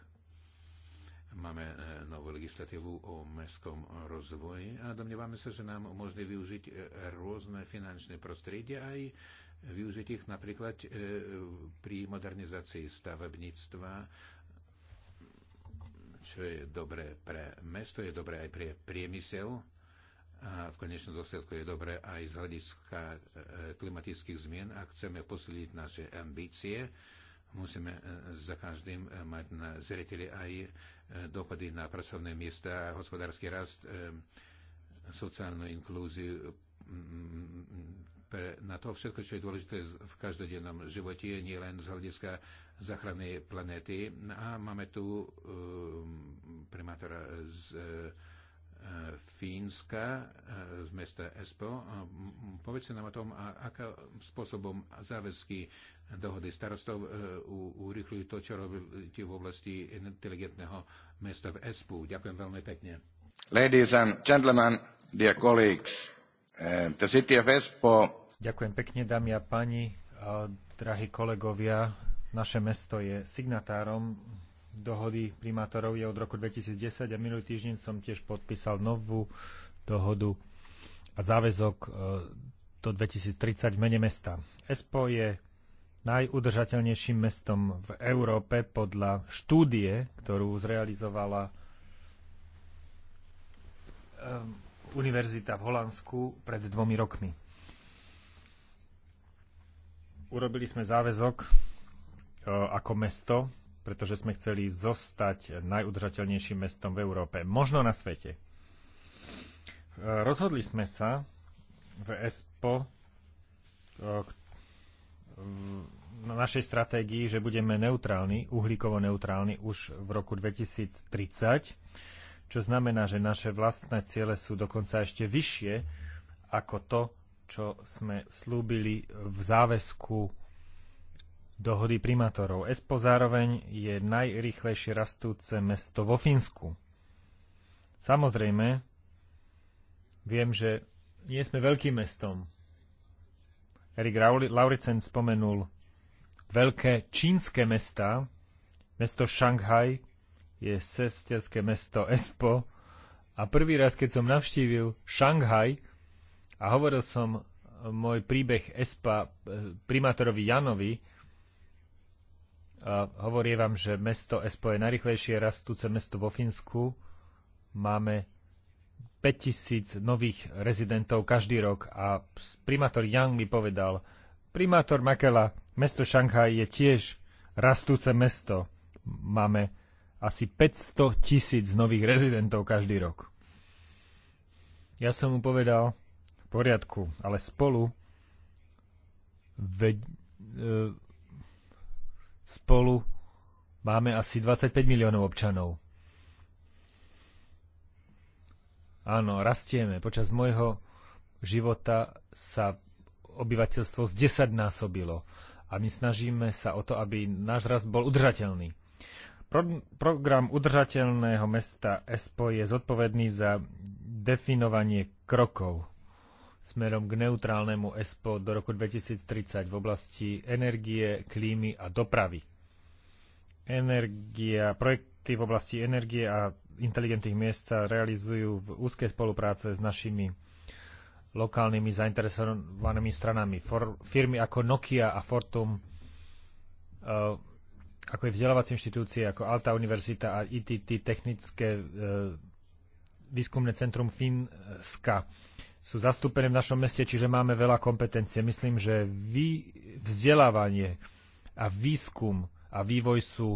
Máme e, novú legislatívu o mestskom rozvoji a domnievame sa, že nám umožní využiť e, rôzne finančné prostredie aj využiť ich napríklad e, pri modernizácii stavebníctva, čo je dobré pre mesto, je dobré aj pre priemysel a v konečnom dôsledku je dobré aj z hľadiska klimatických zmien a chceme posiliť naše ambície. Musíme e, za každým e, mať na zreteli aj e, dopady na pracovné miesta, hospodársky rast, sociálnu inklúziu, pre, na to všetko, čo je dôležité v každodennom živote, nie len z hľadiska záchrany planéty. A máme tu e, primátora z e, Fínska eh, z mesta Espo. Povedzte nám o tom, akým spôsobom záväzky dohody starostov eh, urychľujú to, čo robíte v oblasti inteligentného mesta v Espu. Ďakujem veľmi pekne. Ladies and gentlemen, dear colleagues, eh, the city of Espo... Ďakujem pekne, dámy a páni, drahí kolegovia. Naše mesto je signatárom dohody primátorov je od roku 2010 a minulý týždeň som tiež podpísal novú dohodu a záväzok e, do 2030 v mene mesta. Espo je najudržateľnejším mestom v Európe podľa štúdie, ktorú zrealizovala univerzita v Holandsku pred dvomi rokmi. Urobili sme záväzok e, ako mesto pretože sme chceli zostať najudržateľnejším mestom v Európe, možno na svete. E, rozhodli sme sa v ESPO e, na našej stratégii, že budeme neutrálni, uhlíkovo neutrálni už v roku 2030, čo znamená, že naše vlastné ciele sú dokonca ešte vyššie ako to, čo sme slúbili v záväzku dohody primátorov. Espo zároveň je najrychlejšie rastúce mesto vo Fínsku. Samozrejme, viem, že nie sme veľkým mestom. Erik Lauricen spomenul veľké čínske mesta. Mesto Šanghaj je sesterské mesto Espo. A prvý raz, keď som navštívil Šanghaj a hovoril som eh, môj príbeh Espa eh, primátorovi Janovi, hovorí vám, že mesto Espo je najrychlejšie rastúce mesto vo Fínsku. Máme 5000 nových rezidentov každý rok a primátor Yang mi povedal, primátor Makela, mesto Šanghaj je tiež rastúce mesto. Máme asi 500 tisíc nových rezidentov každý rok. Ja som mu povedal, v poriadku, ale spolu ve, e, spolu máme asi 25 miliónov občanov. Áno, rastieme. Počas môjho života sa obyvateľstvo z 10 násobilo a my snažíme sa o to, aby náš rast bol udržateľný. Pro- program udržateľného mesta ESPO je zodpovedný za definovanie krokov, smerom k neutrálnemu ESPO do roku 2030 v oblasti energie, klímy a dopravy. Energia, projekty v oblasti energie a inteligentných miest sa realizujú v úzkej spolupráce s našimi lokálnymi zainteresovanými stranami. For, firmy ako Nokia a Fortum, uh, ako je vzdelávacie inštitúcie, ako Alta univerzita a ITT, technické uh, výskumné centrum Finska sú zastúpené v našom meste, čiže máme veľa kompetencie. Myslím, že vy, vzdelávanie a výskum a vývoj sú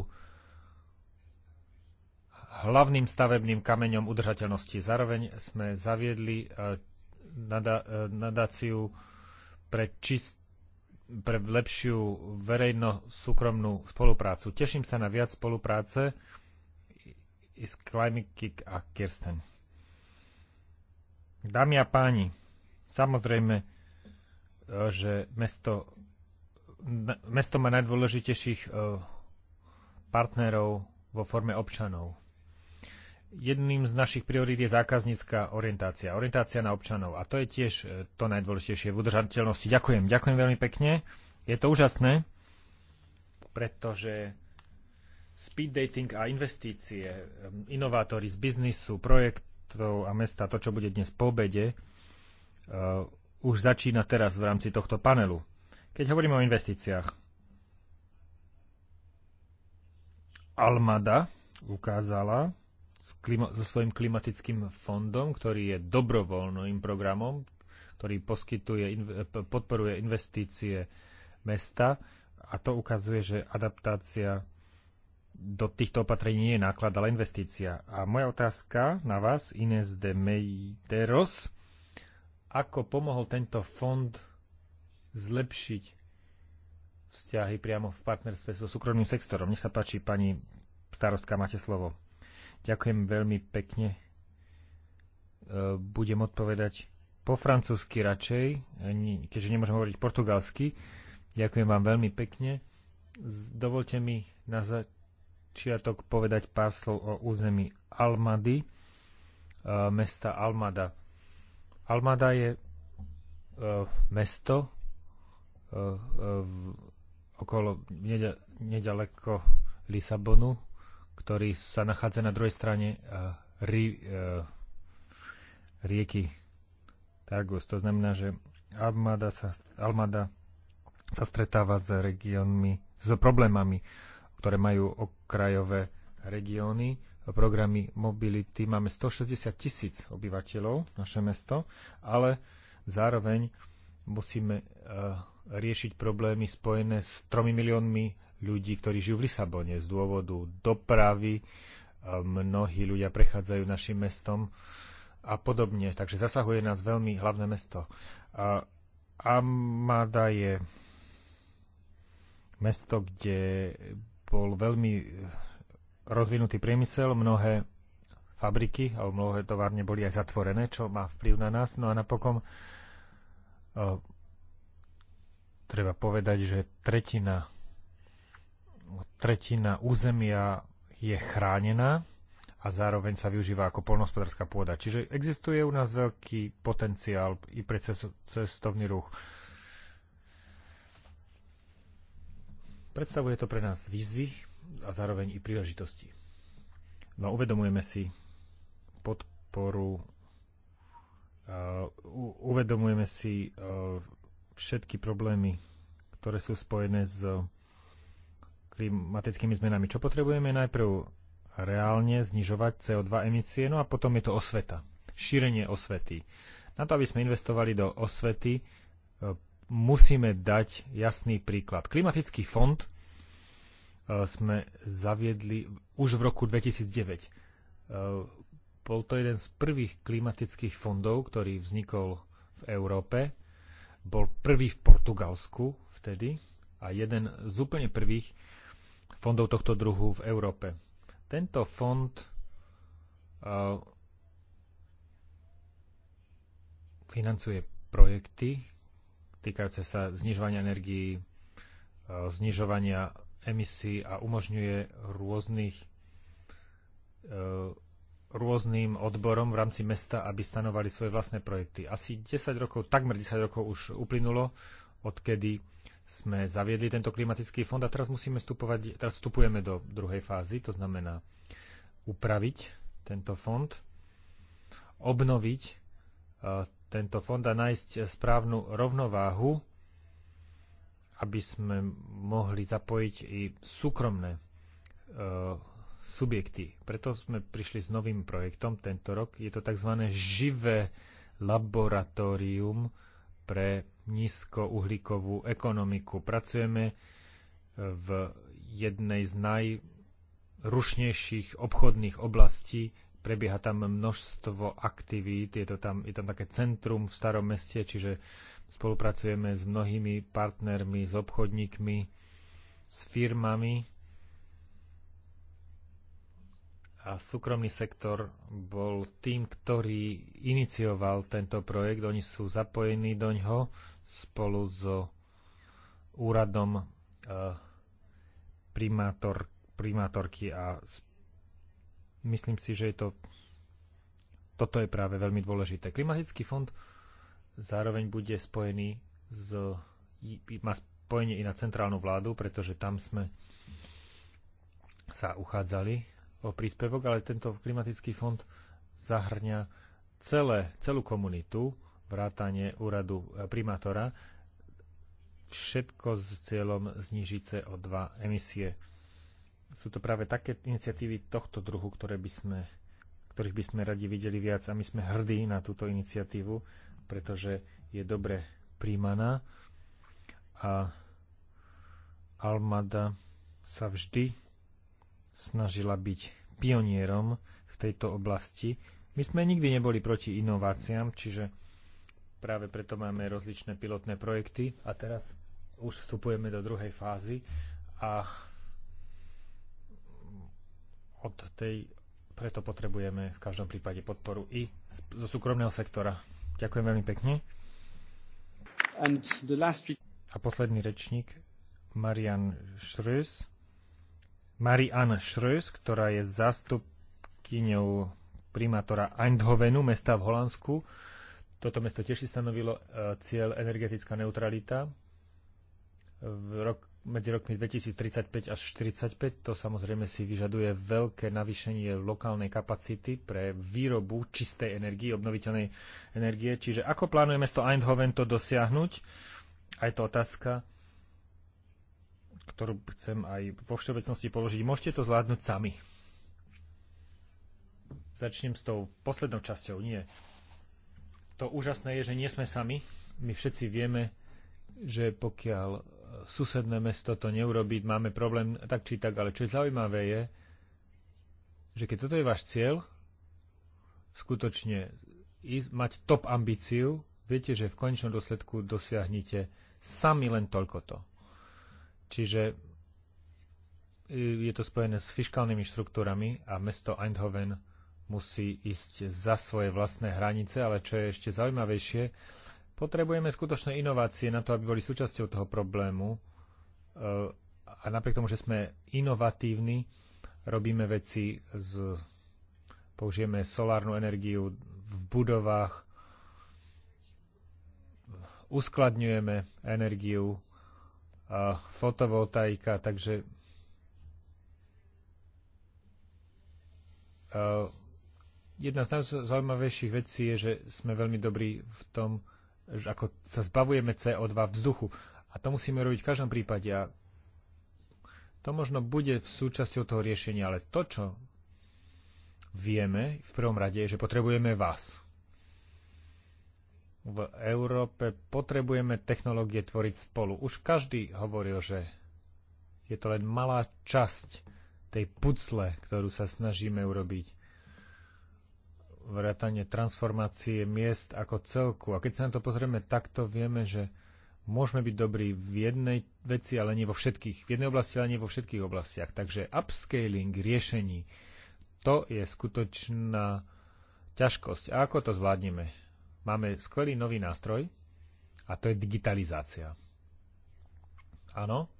hlavným stavebným kameňom udržateľnosti. Zároveň sme zaviedli e, e, nadáciu pre, čist, pre lepšiu verejno-súkromnú spoluprácu. Teším sa na viac spolupráce s Climate Kick a Kirsten. Dámy a páni, samozrejme, e, že mesto, mesto má najdôležitejších e, partnerov vo forme občanov. Jedným z našich priorít je zákaznícká orientácia, orientácia na občanov. A to je tiež e, to najdôležitejšie v udržateľnosti. Ďakujem, ďakujem veľmi pekne. Je to úžasné, pretože speed dating a investície, inovátori z biznisu, projekt, štátov a mesta, to, čo bude dnes po obede, uh, už začína teraz v rámci tohto panelu. Keď hovoríme o investíciách, Almada ukázala so svojím klimatickým fondom, ktorý je dobrovoľným programom, ktorý poskytuje, podporuje investície mesta a to ukazuje, že adaptácia do týchto opatrení nie je náklad, ale investícia. A moja otázka na vás, Ines de Meideros, ako pomohol tento fond zlepšiť vzťahy priamo v partnerstve so súkromným sektorom. Nech sa páči, pani starostka, máte slovo. Ďakujem veľmi pekne. E, budem odpovedať po francúzsky radšej, keďže nemôžem hovoriť portugalsky. Ďakujem vám veľmi pekne. Dovolte mi na začiatku začiatok povedať pár slov o území Almady, e, mesta Almada. Almada je e, mesto e, okolo nedaleko Lisabonu, ktorý sa nachádza na druhej strane ri, rieky Targus. To znamená, že Almada sa, Almada sa stretáva s regiónmi, s problémami ktoré majú okrajové regióny, programy mobility. Máme 160 tisíc obyvateľov, naše mesto, ale zároveň musíme e, riešiť problémy spojené s 3 miliónmi ľudí, ktorí žijú v Lisabone z dôvodu dopravy. E, mnohí ľudia prechádzajú našim mestom a podobne. Takže zasahuje nás veľmi hlavné mesto. A Amada je mesto, kde bol veľmi eh, rozvinutý priemysel, mnohé fabriky alebo mnohé továrne boli aj zatvorené, čo má vplyv na nás. No a napokon o, eh, treba povedať, že tretina, tretina územia je chránená a zároveň sa využíva ako polnohospodárska pôda. Čiže existuje u nás veľký potenciál i pre cestovný ruch. Predstavuje to pre nás výzvy a zároveň i príležitosti. No uvedomujeme si podporu, uh, uvedomujeme si uh, všetky problémy, ktoré sú spojené s klimatickými zmenami. Čo potrebujeme najprv reálne znižovať CO2 emisie, no a potom je to osveta, šírenie osvety. Na to, aby sme investovali do osvety, uh, musíme dať jasný príklad. Klimatický fond e, sme zaviedli už v roku 2009. E, bol to jeden z prvých klimatických fondov, ktorý vznikol v Európe. Bol prvý v Portugalsku vtedy a jeden z úplne prvých fondov tohto druhu v Európe. Tento fond e, financuje projekty, týkajúce sa znižovania energií, e, znižovania emisí a umožňuje rôznych, e, rôznym odborom v rámci mesta, aby stanovali svoje vlastné projekty. Asi 10 rokov, takmer 10 rokov už uplynulo, odkedy sme zaviedli tento klimatický fond a teraz musíme vstupovať, teraz vstupujeme do druhej fázy, to znamená upraviť tento fond, obnoviť e, tento fond a nájsť správnu rovnováhu, aby sme mohli zapojiť i súkromné e, subjekty. Preto sme prišli s novým projektom tento rok. Je to tzv. živé laboratórium pre nízkouhlíkovú ekonomiku. Pracujeme e, v jednej z najrušnejších obchodných oblastí prebieha tam množstvo aktivít, je, to tam, je tam také centrum v starom meste, čiže spolupracujeme s mnohými partnermi, s obchodníkmi, s firmami. A súkromný sektor bol tým, ktorý inicioval tento projekt. Oni sú zapojení do ňoho spolu so úradom eh, primátor, primátorky a s Myslím si, že je to, toto je práve veľmi dôležité. Klimatický fond zároveň bude spojený s, má spojenie i na centrálnu vládu, pretože tam sme sa uchádzali o príspevok, ale tento klimatický fond zahrňa celé, celú komunitu, vrátanie úradu e, primátora, všetko s cieľom znižiť CO2 emisie sú to práve také iniciatívy tohto druhu, ktoré by sme, ktorých by sme radi videli viac a my sme hrdí na túto iniciatívu, pretože je dobre príjmaná a Almada sa vždy snažila byť pionierom v tejto oblasti. My sme nikdy neboli proti inováciám, čiže práve preto máme rozličné pilotné projekty a teraz už vstupujeme do druhej fázy a od tej, preto potrebujeme v každom prípade podporu i zo súkromného sektora. Ďakujem veľmi pekne. And the last... A posledný rečník, Marian Šrös, Marianne Šrös, ktorá je zastupkyňou primátora Eindhovenu, mesta v Holandsku. Toto mesto tiež si stanovilo e, cieľ energetická neutralita. V, rok, medzi rokmi 2035 až 45. To samozrejme si vyžaduje veľké navýšenie lokálnej kapacity pre výrobu čistej energie, obnoviteľnej energie. Čiže ako plánuje mesto Eindhoven to dosiahnuť? Aj to otázka, ktorú chcem aj vo všeobecnosti položiť. Môžete to zvládnuť sami. Začnem s tou poslednou časťou. Nie. To úžasné je, že nie sme sami. My všetci vieme, že pokiaľ susedné mesto to neurobiť, máme problém tak či tak, ale čo je zaujímavé je, že keď toto je váš cieľ, skutočne ísť, mať top ambíciu, viete, že v konečnom dôsledku dosiahnete sami len toľko to. Čiže e, je to spojené s fiskálnymi štruktúrami a mesto Eindhoven musí ísť za svoje vlastné hranice, ale čo je ešte zaujímavejšie, Potrebujeme skutočné inovácie na to, aby boli súčasťou toho problému. E, a napriek tomu, že sme inovatívni, robíme veci z... použijeme solárnu energiu v budovách, uskladňujeme energiu, e, fotovoltaika, takže e, jedna z najzaujímavejších vecí je, že sme veľmi dobrí v tom, ako sa zbavujeme CO2 vzduchu. A to musíme robiť v každom prípade. A to možno bude súčasťou toho riešenia, ale to, čo vieme v prvom rade, je, že potrebujeme vás. V Európe potrebujeme technológie tvoriť spolu. Už každý hovoril, že je to len malá časť tej pucle, ktorú sa snažíme urobiť vrátanie transformácie miest ako celku. A keď sa na to pozrieme takto, vieme, že môžeme byť dobrí v jednej veci, ale nie vo všetkých. V jednej oblasti, ale nie vo všetkých oblastiach. Takže upscaling riešení, to je skutočná ťažkosť. A ako to zvládneme? Máme skvelý nový nástroj a to je digitalizácia. Áno,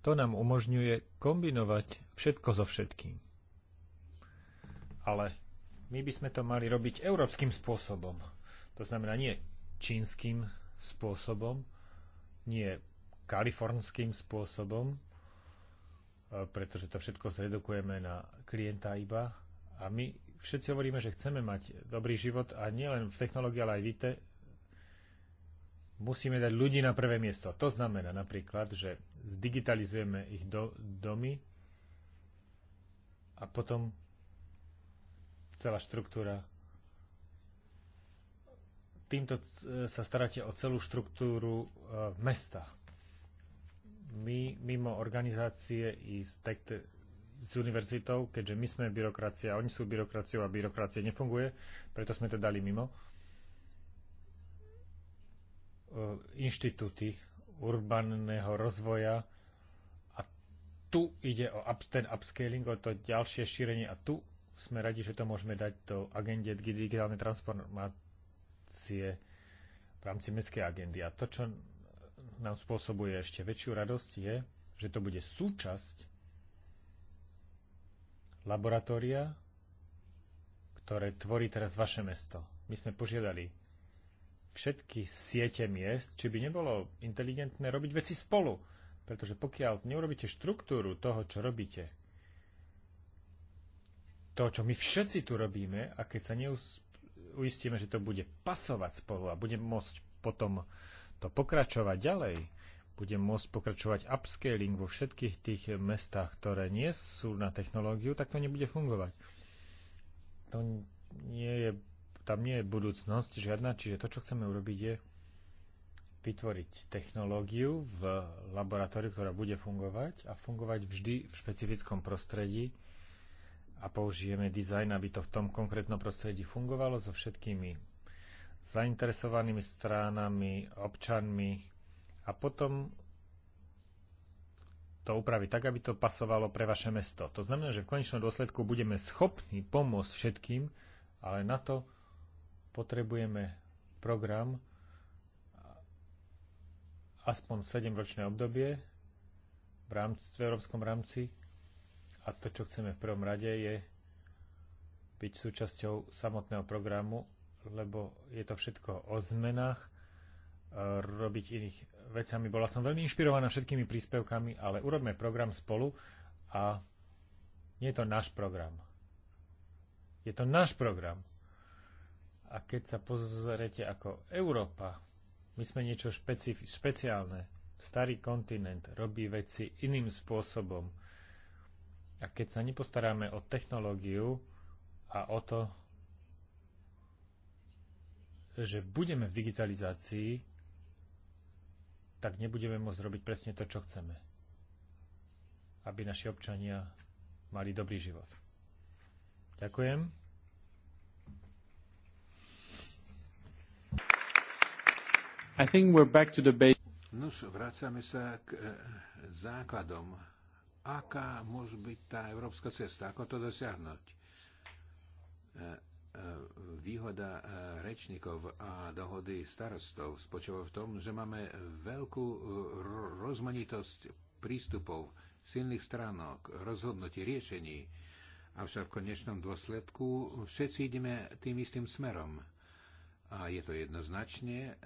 to nám umožňuje kombinovať všetko so všetkým. Ale my by sme to mali robiť európskym spôsobom. To znamená nie čínskym spôsobom, nie kalifornským spôsobom, e, pretože to všetko zredukujeme na klienta iba. A my všetci hovoríme, že chceme mať dobrý život a nielen v technológii, ale aj víte, musíme dať ľudí na prvé miesto. To znamená napríklad, že zdigitalizujeme ich do, domy a potom celá štruktúra. Týmto e, sa staráte o celú štruktúru e, mesta. My mimo organizácie i z, tekte, s univerzitou, keďže my sme byrokracia, oni sú byrokraciou a byrokracia nefunguje, preto sme to dali mimo. E, inštitúty urbaného rozvoja a tu ide o up, ten upscaling, o to ďalšie šírenie a tu sme radi, že to môžeme dať do agende digitálnej transformácie v rámci mestskej agendy. A to, čo nám spôsobuje ešte väčšiu radosť, je, že to bude súčasť laboratória, ktoré tvorí teraz vaše mesto. My sme požiadali všetky siete miest, či by nebolo inteligentné robiť veci spolu. Pretože pokiaľ neurobíte štruktúru toho, čo robíte, to, čo my všetci tu robíme a keď sa neuistíme, uistíme, že to bude pasovať spolu a bude môcť potom to pokračovať ďalej, bude môcť pokračovať upscaling vo všetkých tých mestách, ktoré nie sú na technológiu, tak to nebude fungovať. To nie je, tam nie je budúcnosť žiadna, čiže to, čo chceme urobiť, je vytvoriť technológiu v laboratóriu, ktorá bude fungovať a fungovať vždy v špecifickom prostredí, a použijeme dizajn, aby to v tom konkrétnom prostredí fungovalo so všetkými zainteresovanými stránami, občanmi a potom to upraviť tak, aby to pasovalo pre vaše mesto. To znamená, že v konečnom dôsledku budeme schopní pomôcť všetkým, ale na to potrebujeme program aspoň 7-ročné obdobie v, rámci, v európskom rámci a to, čo chceme v prvom rade, je byť súčasťou samotného programu, lebo je to všetko o zmenách, e, robiť iných vecami. Bola som veľmi inšpirovaná všetkými príspevkami, ale urobme program spolu a nie je to náš program. Je to náš program. A keď sa pozrete ako Európa, my sme niečo špeciálne. Starý kontinent robí veci iným spôsobom a keď sa nepostaráme o technológiu a o to, že budeme v digitalizácii, tak nebudeme môcť robiť presne to, čo chceme. Aby naši občania mali dobrý život. Ďakujem. I think we're back to the base. Nuž, vracame sa k eh, základom aká môže byť tá európska cesta, ako to dosiahnuť. E, e, výhoda e, rečníkov a dohody starostov spočíva v tom, že máme veľkú rozmanitosť prístupov, silných stránok, rozhodnutí, riešení. Avšak v konečnom dôsledku všetci ideme tým istým smerom. A je to jednoznačne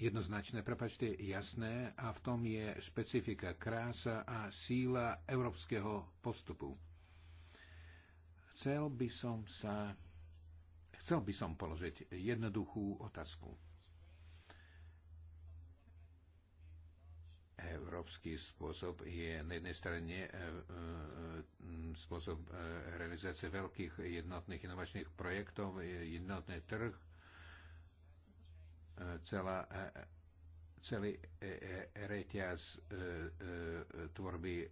jednoznačné, prepačte, jasné a v tom je špecifika, krása a síla európskeho postupu. Chcel by som sa chcel by som položiť jednoduchú otázku. Európsky spôsob je na jednej strane e, e, spôsob e, realizácie veľkých jednotných inovačných projektov, jednotný trh, celá, celý e, e, reťaz e, tvorby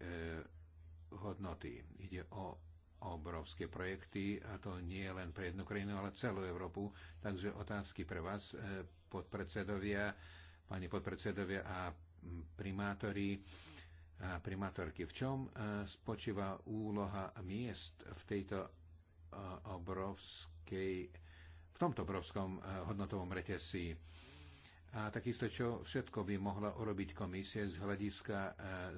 hodnoty. Ide o obrovské projekty a to nie len pre jednu krajinu, ale celú Európu. Takže otázky pre vás, podpredsedovia, pani podpredsedovia a primátori a primátorky. V čom spočíva úloha miest v tejto obrovskej v tomto obrovskom eh, hodnotovom reťazci. A takisto, čo všetko by mohla urobiť komisie z hľadiska eh,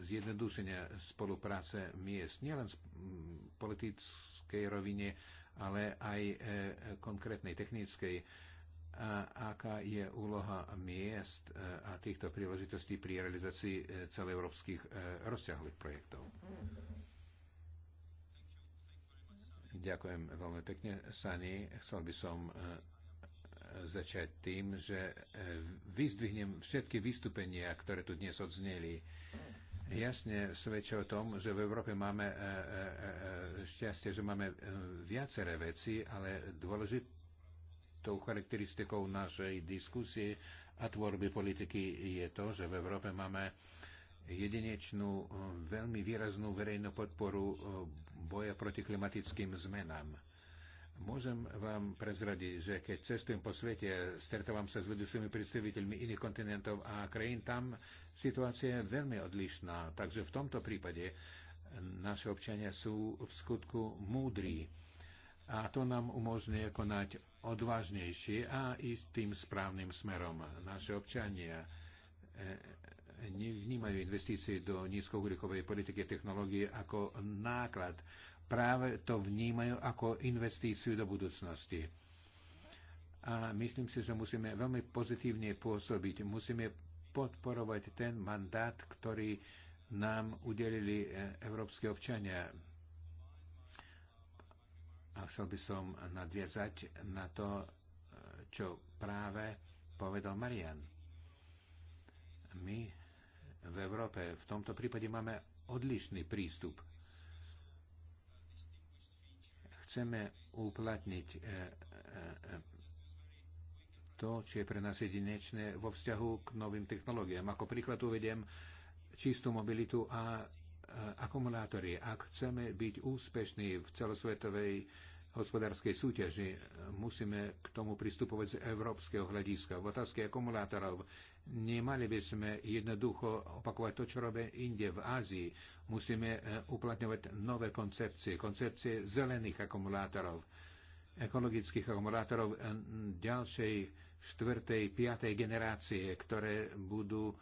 zjednodušenia spolupráce miest, nielen v mm, politickej rovine, ale aj eh, konkrétnej technickej, a aká je úloha miest a týchto príležitostí pri realizácii celoeurópskych rozsiahlých projektov. Ďakujem veľmi pekne. Sani, chcel by som e, začať tým, že e, vyzdvihnem všetky vystúpenia, ktoré tu dnes odzneli. Jasne svedčia o tom, že v Európe máme e, šťastie, že máme viaceré veci, ale dôležitou charakteristikou našej diskusie a tvorby politiky je to, že v Európe máme jedinečnú, veľmi výraznú verejnú podporu boja proti klimatickým zmenám. Môžem vám prezradiť, že keď cestujem po svete, stretávam sa s vedúcimi predstaviteľmi iných kontinentov a krajín, tam situácia je veľmi odlišná. Takže v tomto prípade naše občania sú v skutku múdri. A to nám umožňuje konať odvážnejšie a ísť tým správnym smerom. Naše občania nevnímajú investície do nízkouhlíkovej politiky technológie ako náklad. Práve to vnímajú ako investíciu do budúcnosti. A myslím si, že musíme veľmi pozitívne pôsobiť. Musíme podporovať ten mandát, ktorý nám udelili e, európske občania. A chcel by som nadviazať na to, e, čo práve povedal Marian. My v Európe. V tomto prípade máme odlišný prístup. Chceme uplatniť e, e, e, to, čo je pre nás jedinečné vo vzťahu k novým technológiám. Ako príklad uvediem čistú mobilitu a akumulátory. Ak chceme byť úspešní v celosvetovej hospodárskej súťaži, musíme k tomu pristupovať z európskeho hľadiska. V otázke akumulátorov Nemali by sme jednoducho opakovať to, čo robia inde v Ázii. Musíme e, uplatňovať nové koncepcie, koncepcie zelených akumulátorov, ekologických akumulátorov e, ďalšej, štvrtej, piatej generácie, ktoré budú e,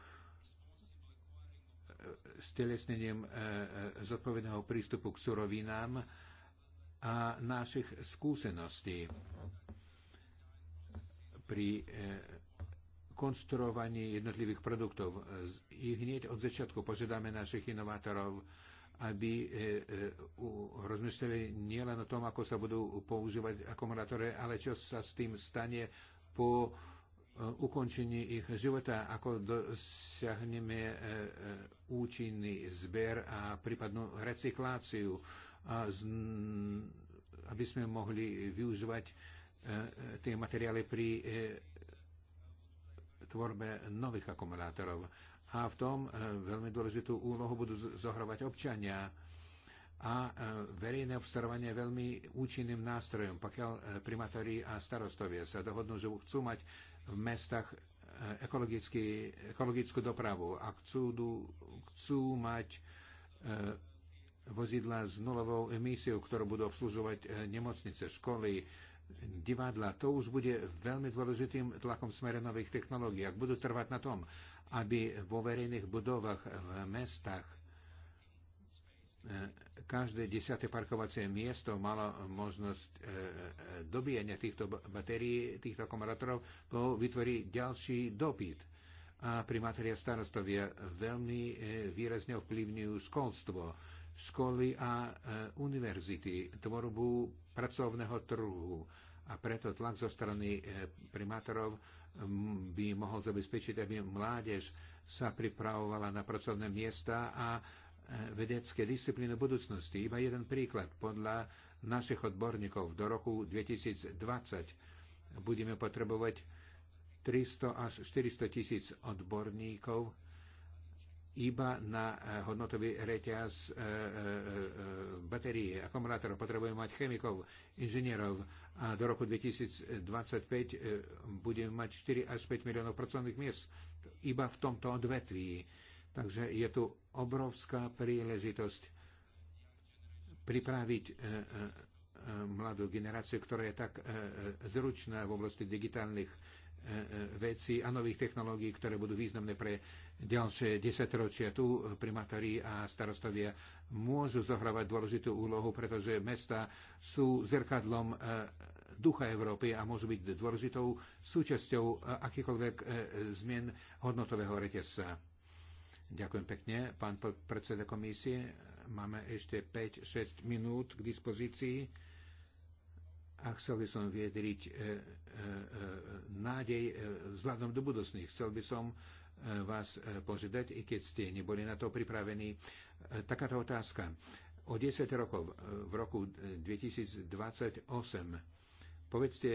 stelesnením zodpovedného prístupu k surovinám a našich skúseností pri konštruovaní jednotlivých produktov. I hneď od začiatku požiadame našich inovátorov, aby e, e, rozmýšľali nielen o tom, ako sa budú používať akumulátory, ale čo sa s tým stane po e, ukončení ich života, ako dosiahneme účinný zber a prípadnú recykláciu, aby sme mohli využívať tie materiály pri tvorbe nových akumulátorov. A v tom e, veľmi dôležitú úlohu budú zohrovať občania a e, verejné obstarovanie je veľmi účinným nástrojom, pokiaľ e, primátori a starostovia sa dohodnú, že chcú mať v mestách ekologickú dopravu a chcú, chcú mať vozidla s nulovou emisiou, ktoré budú obslužovať nemocnice, školy, divadla, to už bude veľmi dôležitým tlakom smere nových technológií. Ak budú trvať na tom, aby vo verejných budovách, v mestách eh, každé desiate parkovacie miesto malo možnosť eh, eh, dobíjania týchto batérií, týchto akumulátorov, to vytvorí ďalší dopyt. A primátoria starostovia veľmi výrazne ovplyvňujú školstvo školy a e, univerzity, tvorbu pracovného trhu. A preto tlak zo strany e, primátorov by mohol zabezpečiť, aby mládež sa pripravovala na pracovné miesta a e, vedecké disciplíny budúcnosti. Iba jeden príklad. Podľa našich odborníkov do roku 2020 budeme potrebovať 300 až 400 tisíc odborníkov iba na eh, hodnotový reťaz eh, eh, batérie, akumulátorov. Potrebujeme mať chemikov, inžinierov a do roku 2025 budeme mať 4 až 5 miliónov pracovných miest iba v tomto odvetví. Takže je tu obrovská príležitosť pripraviť mladú generáciu, ktorá je tak zručná v oblasti digitálnych E, veci a nových technológií, ktoré budú významné pre ďalšie desaťročia. Tu primátori a starostovia môžu zohrávať dôležitú úlohu, pretože mesta sú zrkadlom e, ducha Európy a môžu byť dôležitou súčasťou e, akýchkoľvek zmien hodnotového reťazca. Ďakujem pekne, pán predseda komisie. Máme ešte 5-6 minút k dispozícii a chcel by som viedriť e, e, e nádej e, vzhľadom do budúcnosti. Chcel by som e, vás e, požiadať, i keď ste neboli na to pripravení. Takáto otázka. O 10 rokov, v roku 2028, povedzte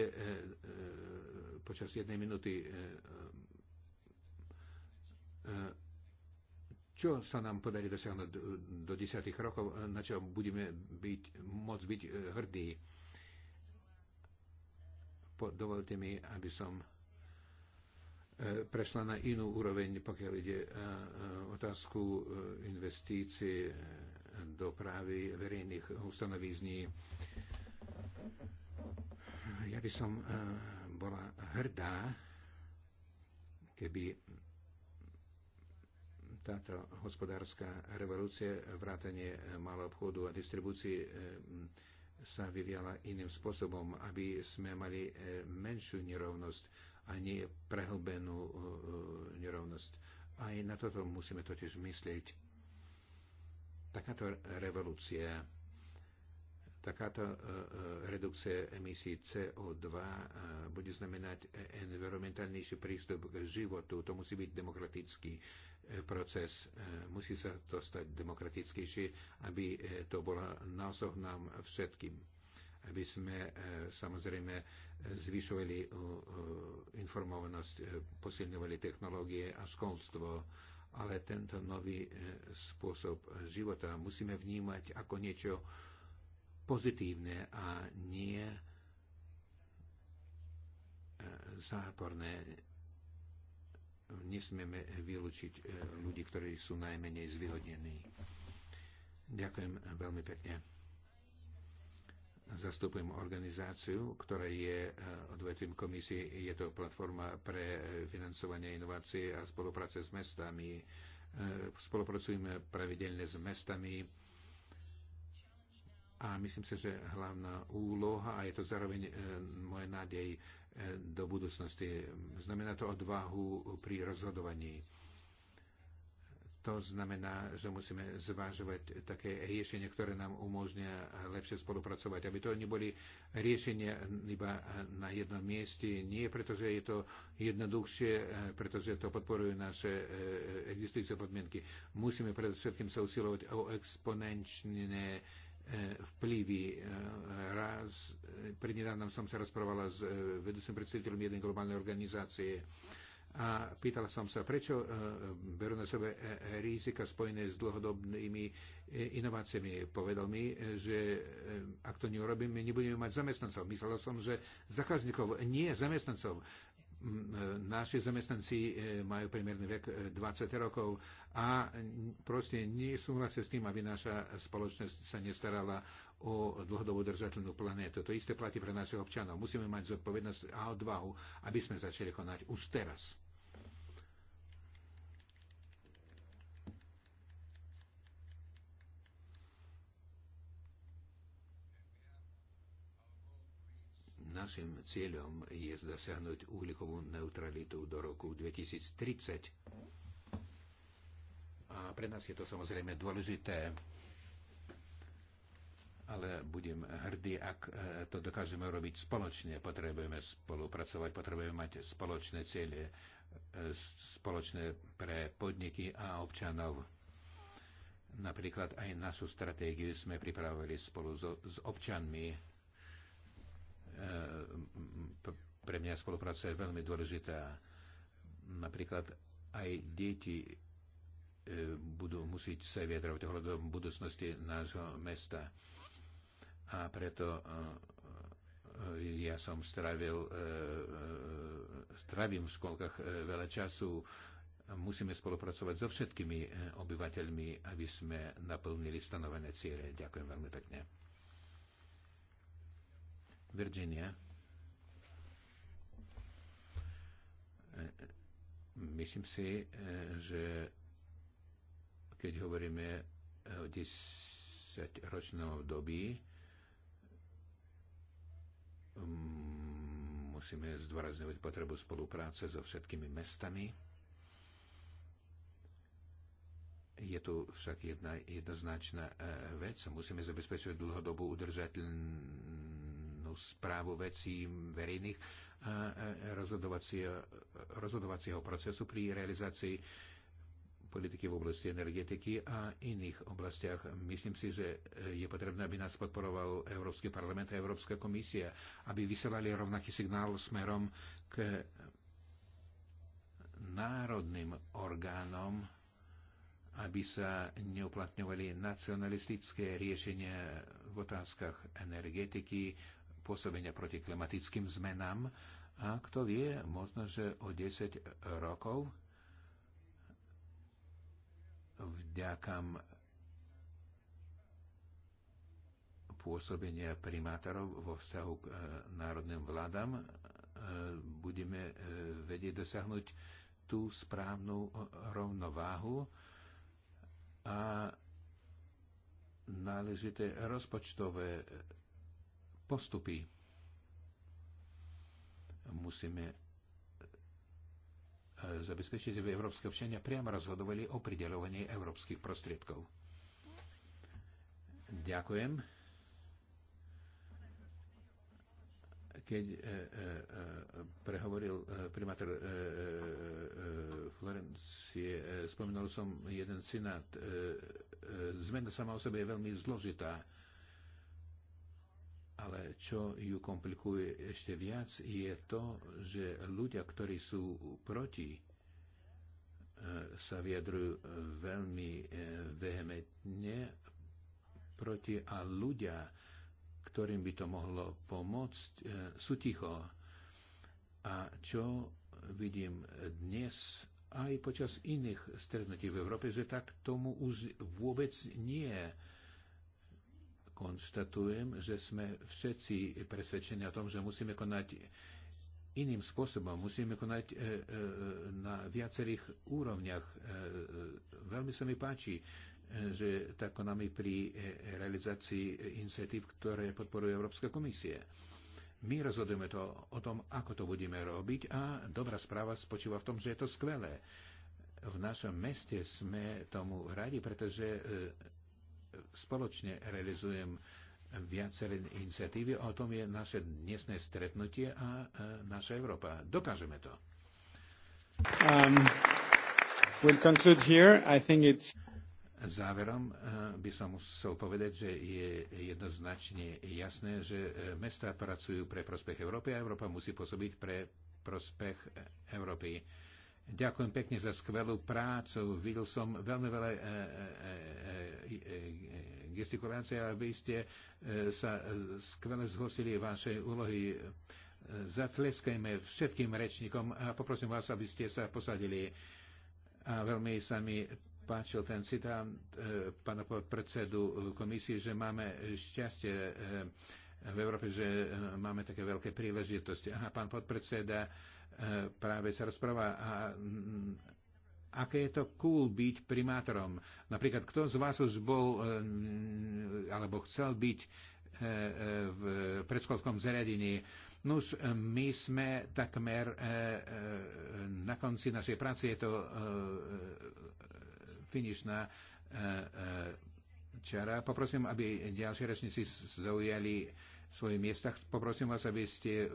počas jednej minúty, čo sa nám podarí dosiahnuť do 10 rokov, na čo budeme byť, môcť byť hrdí dovolte mi, aby som e, prešla na inú úroveň, pokiaľ ide e, e, otázku investícií právy verejných ustanovízní. Ja by som bola hrdá, keby táto hospodárska revolúcia, vrátanie malého obchodu a distribúcii sa vyviala iným spôsobom, aby sme mali e, menšiu nerovnosť a nie prehlbenú e, e, nerovnosť. Aj na toto musíme totiž myslieť. Takáto revolúcia, takáto redukcia emisí CO2 bude znamenať environmentálnejší prístup k životu. To musí byť demokratický proces. E, musí sa to stať demokratickejšie, aby e, to bola násoh nám všetkým. Aby sme e, samozrejme zvyšovali informovanosť, posilňovali technológie a školstvo, ale tento nový spôsob života musíme vnímať ako niečo pozitívne a nie záporné nesmieme vylúčiť e, ľudí, ktorí sú najmenej zvyhodnení. Ďakujem veľmi pekne. Zastupujem organizáciu, ktorá je e, odvetvím komisie. Je to platforma pre financovanie inovácie a spolupráce s mestami. E, spolupracujeme pravidelne s mestami a myslím si, že hlavná úloha, a je to zároveň moje nádej, do budúcnosti. Znamená to odvahu pri rozhodovaní. To znamená, že musíme zvážovať také riešenie, ktoré nám umožnia lepšie spolupracovať. Aby to neboli riešenia iba na jednom mieste. Nie preto, že je to jednoduchšie, pretože to podporuje naše e, existujúce podmienky. Musíme predovšetkým sa usilovať o exponenčné E, vplyvy. E, raz, e, prednedávnom som sa rozprávala s vedúcim predstaviteľom jednej globálnej organizácie a pýtal som sa, prečo berú na sebe rizika spojené s dlhodobnými inováciami. Povedal mi, že ak to neurobíme, nebudeme mať zamestnancov. Myslel som, že zákazníkov, nie zamestnancov. Mm, e, naši zamestnanci e, majú priemerný vek 20 e, rokov a proste nie súhlasia s tým, aby naša spoločnosť sa nestarala o dlhodobo držateľnú planétu. To isté platí pre našich občanov. Musíme mať zodpovednosť a odvahu, aby sme začali konať už teraz. Našim cieľom je dosiahnuť uhlíkovú neutralitu do roku 2030. A pre nás je to samozrejme dôležité, ale budem hrdý, ak e, to dokážeme robiť spoločne. Potrebujeme spolupracovať, potrebujeme mať spoločné cieľe, e, spoločné pre podniky a občanov. Napríklad aj našu stratégiu sme pripravili spolu so, s občanmi Ehm, pre mňa spolupráca je veľmi dôležitá. Napríklad aj deti e, budú musieť sa vyjadrovať ohľadom budúcnosti nášho mesta. A preto e, e, ja som strávil, strávim v školkách veľa času. Musíme spolupracovať so všetkými obyvateľmi, aby sme naplnili stanovené ciele. Ďakujem veľmi pekne. Virginia. Myslím si, že keď hovoríme o 10-ročnom období, musíme zdôrazňovať potrebu spolupráce so všetkými mestami. Je tu však jedna jednoznačná eh, vec. Musíme zabezpečovať dlhodobú udržateľnú správu vecí verejných a rozhodovacie, rozhodovacieho procesu pri realizácii politiky v oblasti energetiky a iných oblastiach. Myslím si, že je potrebné, aby nás podporoval Európsky parlament a Európska komisia, aby vysielali rovnaký signál smerom k národným orgánom, aby sa neuplatňovali nacionalistické riešenia v otázkach energetiky, pôsobenia proti klimatickým zmenám a kto vie, možno, že o 10 rokov vďakam pôsobenia primátorov vo vzťahu k e, národným vládam e, budeme e, vedieť dosiahnuť tú správnu rovnováhu a náležité rozpočtové postupy. Musíme e, zabezpečiť, aby európske občania priamo rozhodovali o prideľovaní európskych prostriedkov. Ďakujem. Keď e, e, e prehovoril e, primátor e, e, Florencie, e, spomenul som jeden synát. E, e, zmena sama o sebe je veľmi zložitá. E, ale čo ju komplikuje ešte viac, je to, že ľudia, ktorí sú proti, e, sa vyjadrujú e, veľmi e, vehementne proti a ľudia, ktorým by to mohlo pomôcť, sú ticho. A čo vidím dnes aj počas iných stretnutí v Európe, že tak tomu už vôbec nie je konštatujem, že sme všetci presvedčení o tom, že musíme konať iným spôsobom. Musíme konať e, e, na viacerých úrovniach. E, veľmi sa mi páči, že tak konáme pri realizácii iniciatív, ktoré podporuje Európska komisie. My rozhodujeme to o tom, ako to budeme robiť a dobrá správa spočíva v tom, že je to skvelé. V našom meste sme tomu radi, pretože spoločne realizujem viaceré iniciatívy. O tom je naše dnesné stretnutie a e, naša Európa. Dokážeme to. Um, we'll conclude here. I think it's... Záverom e, by som musel povedať, že je jednoznačne jasné, že e, mesta pracujú pre prospech Európy a Európa musí pôsobiť pre prospech Európy Ďakujem pekne za skvelú prácu. Videl som veľmi veľa e, e, e, gestikulácie a vy ste sa skvele zhostili vašej úlohy. Zatleskajme všetkým rečníkom a poprosím vás, aby ste sa posadili. A veľmi sa mi páčil ten citát pána predsedu komisie, že máme šťastie v Európe, že máme také veľké príležitosti. Aha, pán podpredseda E, práve sa rozpráva a mm, aké je to cool byť primátorom. Napríklad, kto z vás už bol e, alebo chcel byť e, v predškolskom zariadení. už my sme takmer na konci našej práce, je to finišná čara. Poprosím, aby ďalšie rečníci zaujali svojich miestach. Poprosím vás, aby ste e, e,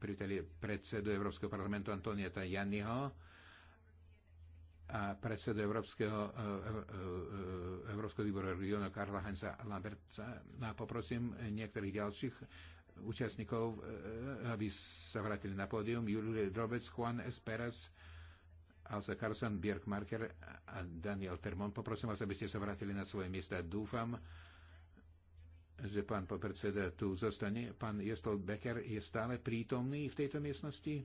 pritali predsedu Európskeho parlamentu Antonia Tajaniho a predsedu Európskeho, e, Európskeho výboru regionu Karla Hansa Lamberca no a poprosím niektorých ďalších účastníkov, aby sa vrátili na pódium. Julie Drobec, Juan Esperas, Alsa Carlson, Björk Marker a Daniel Termon. Poprosím vás, aby ste sa vrátili na svoje miesta. Dúfam, že pán podpredseda tu zostane. Pán Jestol Becker je stále prítomný v tejto miestnosti? E,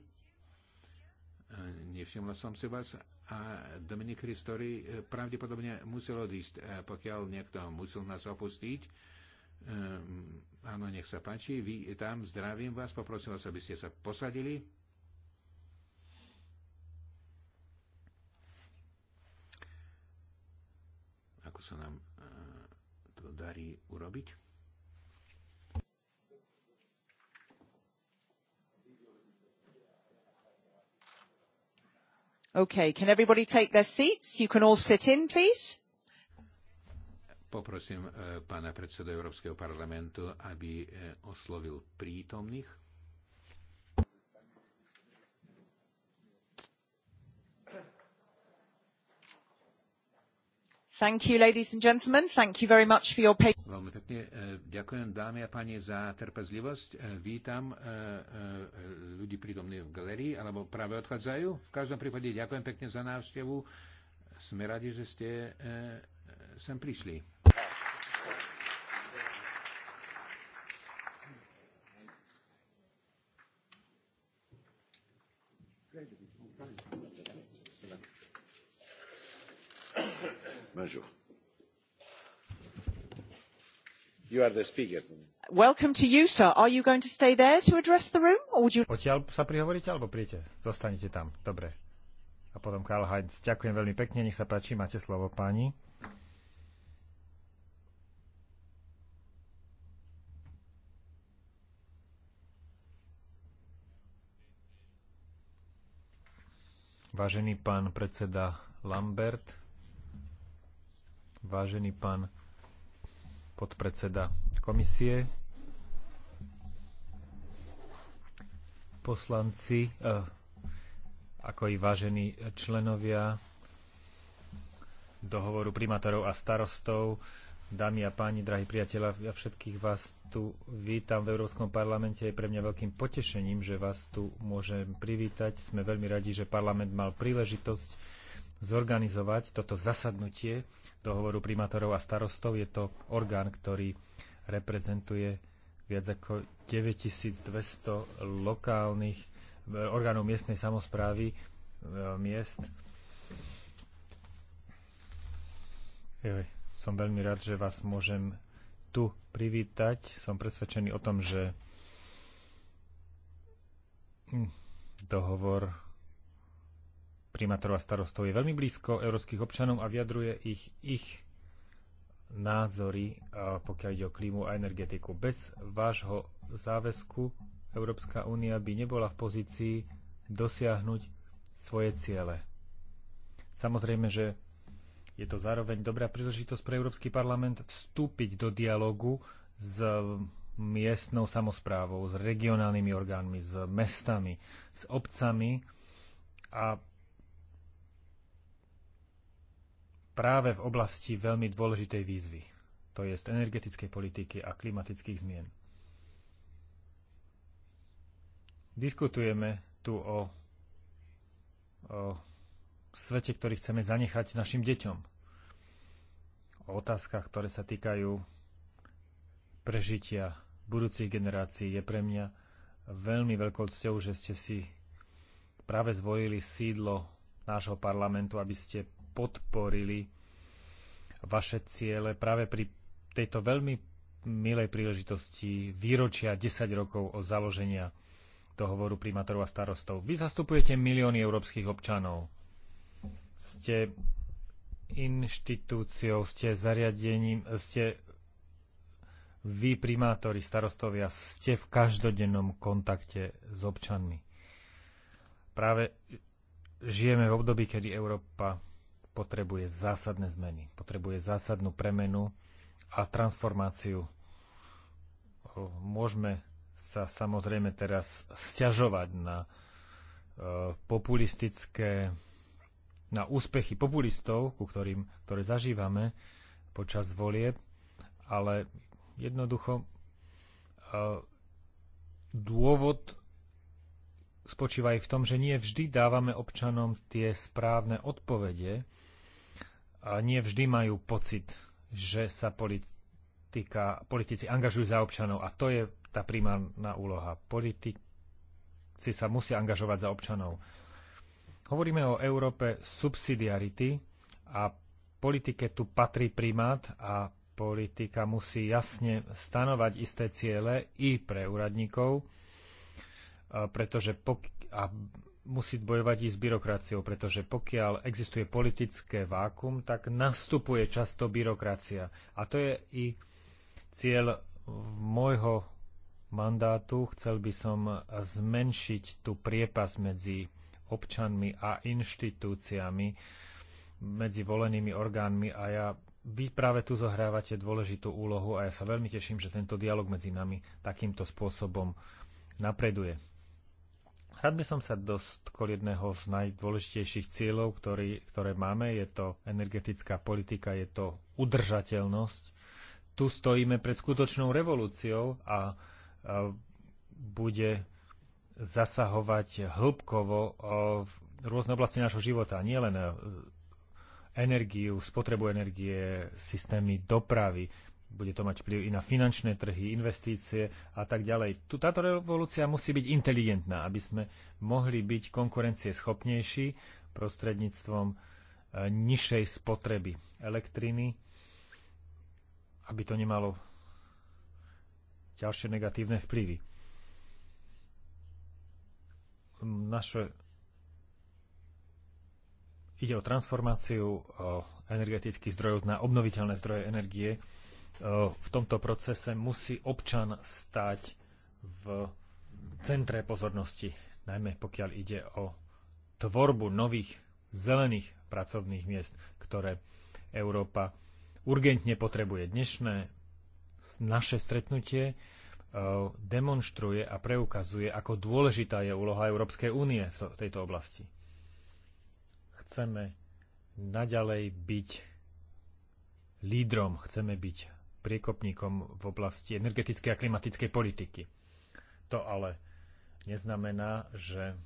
nevšimla som si vás. A Dominik Ristori e, pravdepodobne musel odísť, e, pokiaľ niekto musel nás opustiť. Áno, nech sa páči. Vy tam zdravím vás. Poprosím vás, aby ste sa posadili. Ako sa nám to darí urobiť? Okay, can everybody take their seats? You can all sit in, please. Poprosím eh, pána predsedu Európskeho parlamentu, aby eh, oslovil prítomných. Thank you, ladies and gentlemen. Thank you very much for your patience. Veľmi pekne e, ďakujem dámy a páni za trpezlivosť. E, vítam e, ľudí prítomní v galerii, alebo práve odchádzajú. V každom prípade ďakujem pekne za návštevu. Sme radi, že ste sem prišli. you Welcome to you, sir. Are you going to stay there to address the room? Or would you... Odtiaľ sa prihovoríte alebo príjete? Zostanete tam. Dobre. A potom Karl Heinz. Ďakujem veľmi pekne. Nech sa páči. Máte slovo, páni. Vážený pán predseda Lambert, vážený pán podpredseda komisie, poslanci, eh, ako i vážení členovia dohovoru primátorov a starostov, dámy a páni, drahí priatelia, ja všetkých vás tu vítam v Európskom parlamente. Je pre mňa veľkým potešením, že vás tu môžem privítať. Sme veľmi radi, že parlament mal príležitosť zorganizovať toto zasadnutie dohovoru primátorov a starostov. Je to orgán, ktorý reprezentuje viac ako 9200 lokálnych eh, orgánov miestnej samozprávy eh, miest. Som veľmi rád, že vás môžem tu privítať. Som presvedčený o tom, že hm, dohovor primátorov a starostov je veľmi blízko európskych občanov a vyjadruje ich ich názory, pokiaľ ide o klímu a energetiku. Bez vášho záväzku Európska únia by nebola v pozícii dosiahnuť svoje ciele. Samozrejme, že je to zároveň dobrá príležitosť pre Európsky parlament vstúpiť do dialogu s miestnou samozprávou, s regionálnymi orgánmi, s mestami, s obcami a práve v oblasti veľmi dôležitej výzvy, to je energetickej politiky a klimatických zmien. Diskutujeme tu o, o svete, ktorý chceme zanechať našim deťom. O otázkach, ktoré sa týkajú prežitia budúcich generácií. Je pre mňa veľmi veľkou cťou, že ste si práve zvolili sídlo nášho parlamentu, aby ste podporili vaše ciele práve pri tejto veľmi milej príležitosti výročia 10 rokov od založenia dohovoru primátorov a starostov. Vy zastupujete milióny európskych občanov. Ste inštitúciou, ste zariadením, ste vy, primátori, starostovia, ste v každodennom kontakte s občanmi. Práve žijeme v období, kedy Európa potrebuje zásadné zmeny, potrebuje zásadnú premenu a transformáciu. Môžeme sa samozrejme teraz stiažovať na populistické na úspechy populistov, ku ktorým, ktoré zažívame počas volieb, ale jednoducho dôvod spočíva aj v tom, že nie vždy dávame občanom tie správne odpovede nie vždy majú pocit, že sa politika, politici angažujú za občanov a to je tá primárna úloha. Politici sa musia angažovať za občanov. Hovoríme o Európe subsidiarity a politike tu patrí primát a politika musí jasne stanovať isté ciele i pre úradníkov, pretože pok- a musí bojovať i s byrokraciou, pretože pokiaľ existuje politické vákum, tak nastupuje často byrokracia. A to je i cieľ môjho mandátu. Chcel by som zmenšiť tú priepas medzi občanmi a inštitúciami, medzi volenými orgánmi a ja vy práve tu zohrávate dôležitú úlohu a ja sa veľmi teším, že tento dialog medzi nami takýmto spôsobom napreduje. Rád by som sa dostkol jedného z najdôležitejších cieľov, ktorý, ktoré máme. Je to energetická politika, je to udržateľnosť. Tu stojíme pred skutočnou revolúciou a, a bude zasahovať hĺbkovo v rôzne oblasti nášho života. Nie len e, energiu, spotrebu energie, systémy dopravy, bude to mať vplyv i na finančné trhy, investície a tak ďalej. Táto revolúcia musí byť inteligentná, aby sme mohli byť konkurencie schopnejší prostredníctvom e, nižšej spotreby elektriny, aby to nemalo ďalšie negatívne vplyvy. Naše Ide o transformáciu energetických zdrojov na obnoviteľné zdroje energie E, v tomto procese musí občan stať v centre pozornosti, najmä pokiaľ ide o tvorbu nových zelených pracovných miest, ktoré Európa urgentne potrebuje. Dnešné naše stretnutie e, demonstruje a preukazuje, ako dôležitá je úloha Európskej únie v tejto oblasti. Chceme naďalej byť lídrom, chceme byť priekopníkom v oblasti energetickej a klimatickej politiky. To ale neznamená, že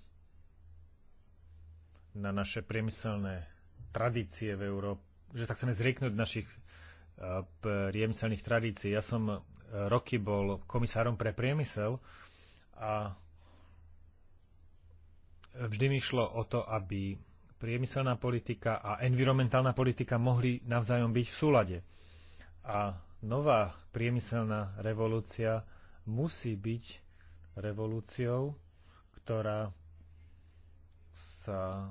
na naše priemyselné tradície v Európe, že sa chceme zrieknúť našich eh, priemyselných tradícií. Ja som eh, roky bol komisárom pre priemysel a vždy mi šlo o to, aby priemyselná politika a environmentálna politika mohli navzájom byť v súlade. A nová priemyselná revolúcia musí byť revolúciou, ktorá sa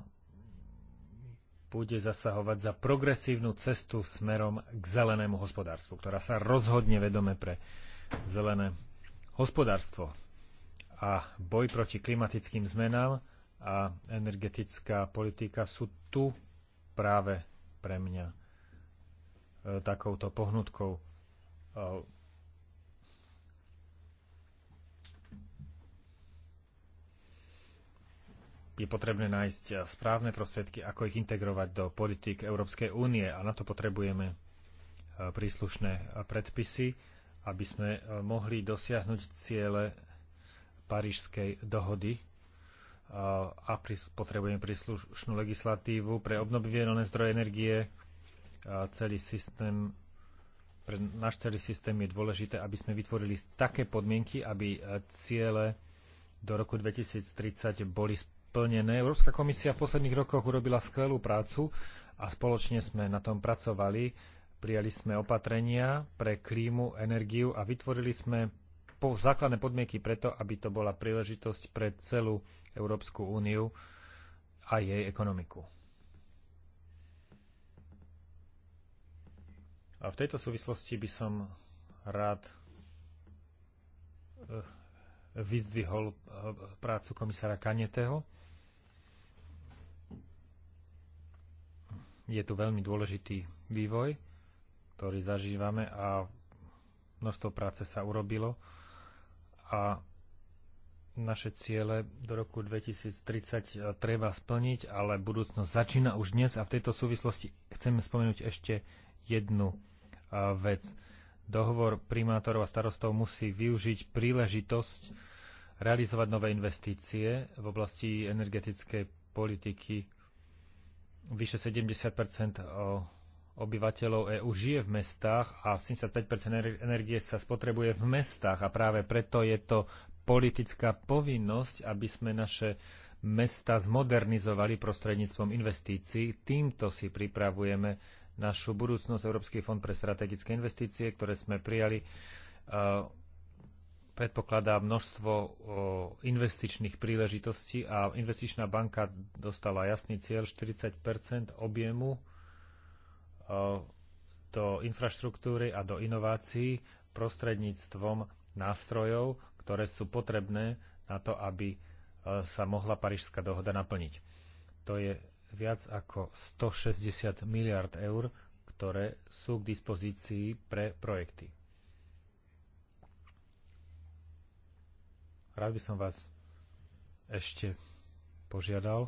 bude zasahovať za progresívnu cestu smerom k zelenému hospodárstvu, ktorá sa rozhodne vedome pre zelené hospodárstvo a boj proti klimatickým zmenám a energetická politika sú tu práve pre mňa e, takouto pohnutkou je potrebné nájsť správne prostriedky, ako ich integrovať do politik Európskej únie a na to potrebujeme e, príslušné predpisy, aby sme e, mohli dosiahnuť ciele Parížskej dohody e, a potrebujeme príslušnú legislatívu pre obnoviteľné zdroje energie, celý systém pre náš celý systém je dôležité, aby sme vytvorili také podmienky, aby e, ciele do roku 2030 boli splnené. Európska komisia v posledných rokoch urobila skvelú prácu a spoločne sme na tom pracovali. Prijali sme opatrenia pre klímu, energiu a vytvorili sme po základné podmienky preto, aby to bola príležitosť pre celú Európsku úniu a jej ekonomiku. A v tejto súvislosti by som rád eh, vyzdvihol eh, prácu komisára Kaneteho. Je tu veľmi dôležitý vývoj, ktorý zažívame a množstvo práce sa urobilo a naše ciele do roku 2030 eh, treba splniť, ale budúcnosť začína už dnes a v tejto súvislosti chceme spomenúť ešte jednu vec. Dohovor primátorov a starostov musí využiť príležitosť realizovať nové investície v oblasti energetickej politiky. Vyše 70 obyvateľov EÚ žije v mestách a 75 energie sa spotrebuje v mestách a práve preto je to politická povinnosť, aby sme naše mesta zmodernizovali prostredníctvom investícií. Týmto si pripravujeme našu budúcnosť Európsky fond pre strategické investície, ktoré sme prijali, predpokladá množstvo investičných príležitostí a investičná banka dostala jasný cieľ 40 objemu do infraštruktúry a do inovácií prostredníctvom nástrojov, ktoré sú potrebné na to, aby sa mohla Parížská dohoda naplniť. To je viac ako 160 miliard eur, ktoré sú k dispozícii pre projekty. Rád by som vás ešte požiadal,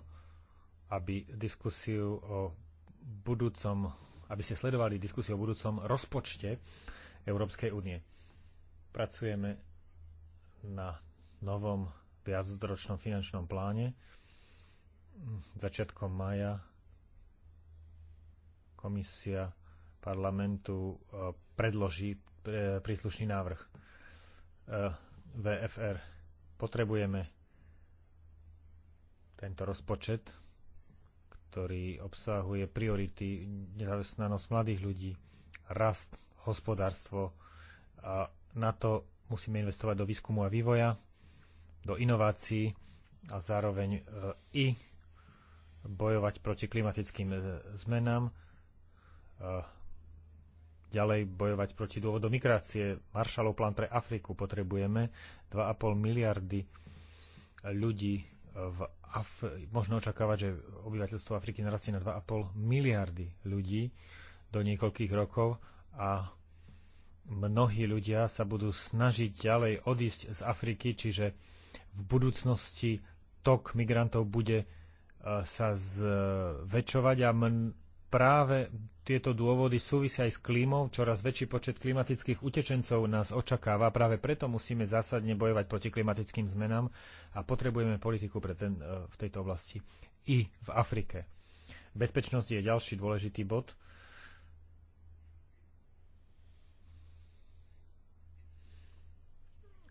aby diskusiu o budúcom, aby ste sledovali diskusiu o budúcom rozpočte Európskej únie. Pracujeme na novom viacročnom finančnom pláne, začiatkom maja komisia parlamentu e, predloží e, príslušný návrh e, VFR. Potrebujeme tento rozpočet, ktorý obsahuje priority nezamestnanosť mladých ľudí, rast, hospodárstvo a na to musíme investovať do výskumu a vývoja, do inovácií a zároveň i bojovať proti klimatickým e, zmenám, e, ďalej bojovať proti dôvodom migrácie. Maršalov plán pre Afriku potrebujeme 2,5 miliardy ľudí v Af- možno očakávať, že obyvateľstvo Afriky narastie na 2,5 miliardy ľudí do niekoľkých rokov a mnohí ľudia sa budú snažiť ďalej odísť z Afriky, čiže v budúcnosti tok migrantov bude sa zväčšovať a mn- práve tieto dôvody súvisia aj s klímou. Čoraz väčší počet klimatických utečencov nás očakáva. Práve preto musíme zásadne bojovať proti klimatickým zmenám a potrebujeme politiku pre ten, e, v tejto oblasti i v Afrike. Bezpečnosť je ďalší dôležitý bod.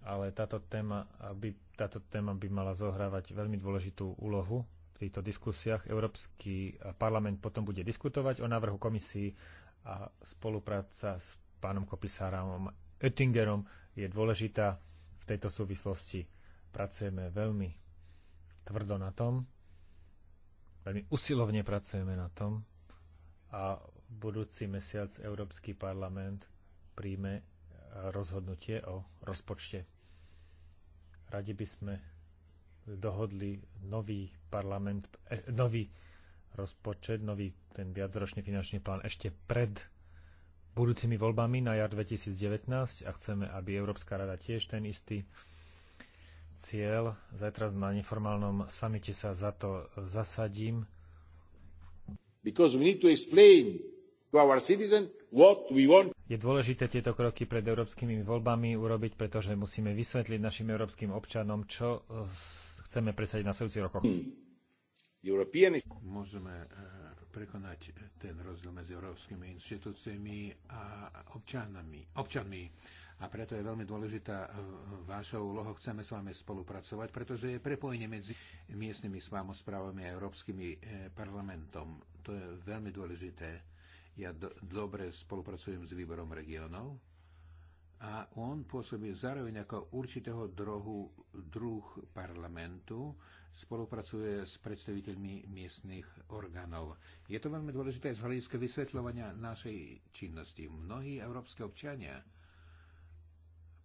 Ale táto téma aby, táto téma by mala zohrávať veľmi dôležitú úlohu týchto diskusiách. Európsky parlament potom bude diskutovať o návrhu komisii a spolupráca s pánom kopisárom Oettingerom je dôležitá v tejto súvislosti. Pracujeme veľmi tvrdo na tom, veľmi usilovne pracujeme na tom a budúci mesiac Európsky parlament príjme rozhodnutie o rozpočte. Radi by sme dohodli nový parlament, eh, nový rozpočet, nový ten viacročný finančný plán ešte pred budúcimi voľbami na jar 2019 a chceme, aby Európska rada tiež ten istý cieľ. Zajtra na neformálnom samite sa za to zasadím. Because we need to explain to our citizen what we want. Je dôležité tieto kroky pred európskymi voľbami urobiť, pretože musíme vysvetliť našim európskym občanom, čo chceme presadiť na sledujúcich rokoch. Hmm. Môžeme eh, prekonať ten rozdiel medzi európskymi inštitúciami a občanami. občanmi. A preto je veľmi dôležitá eh, vaša úloha. Chceme s vami spolupracovať, pretože je prepojenie medzi miestnymi samozprávami a európskymi eh, parlamentom. To je veľmi dôležité. Ja do, dobre spolupracujem s výborom regionov a on pôsobí zároveň ako určitého drohu druh parlamentu, spolupracuje s predstaviteľmi miestnych orgánov. Je to veľmi dôležité z hľadiska vysvetľovania našej činnosti. Mnohí európske občania,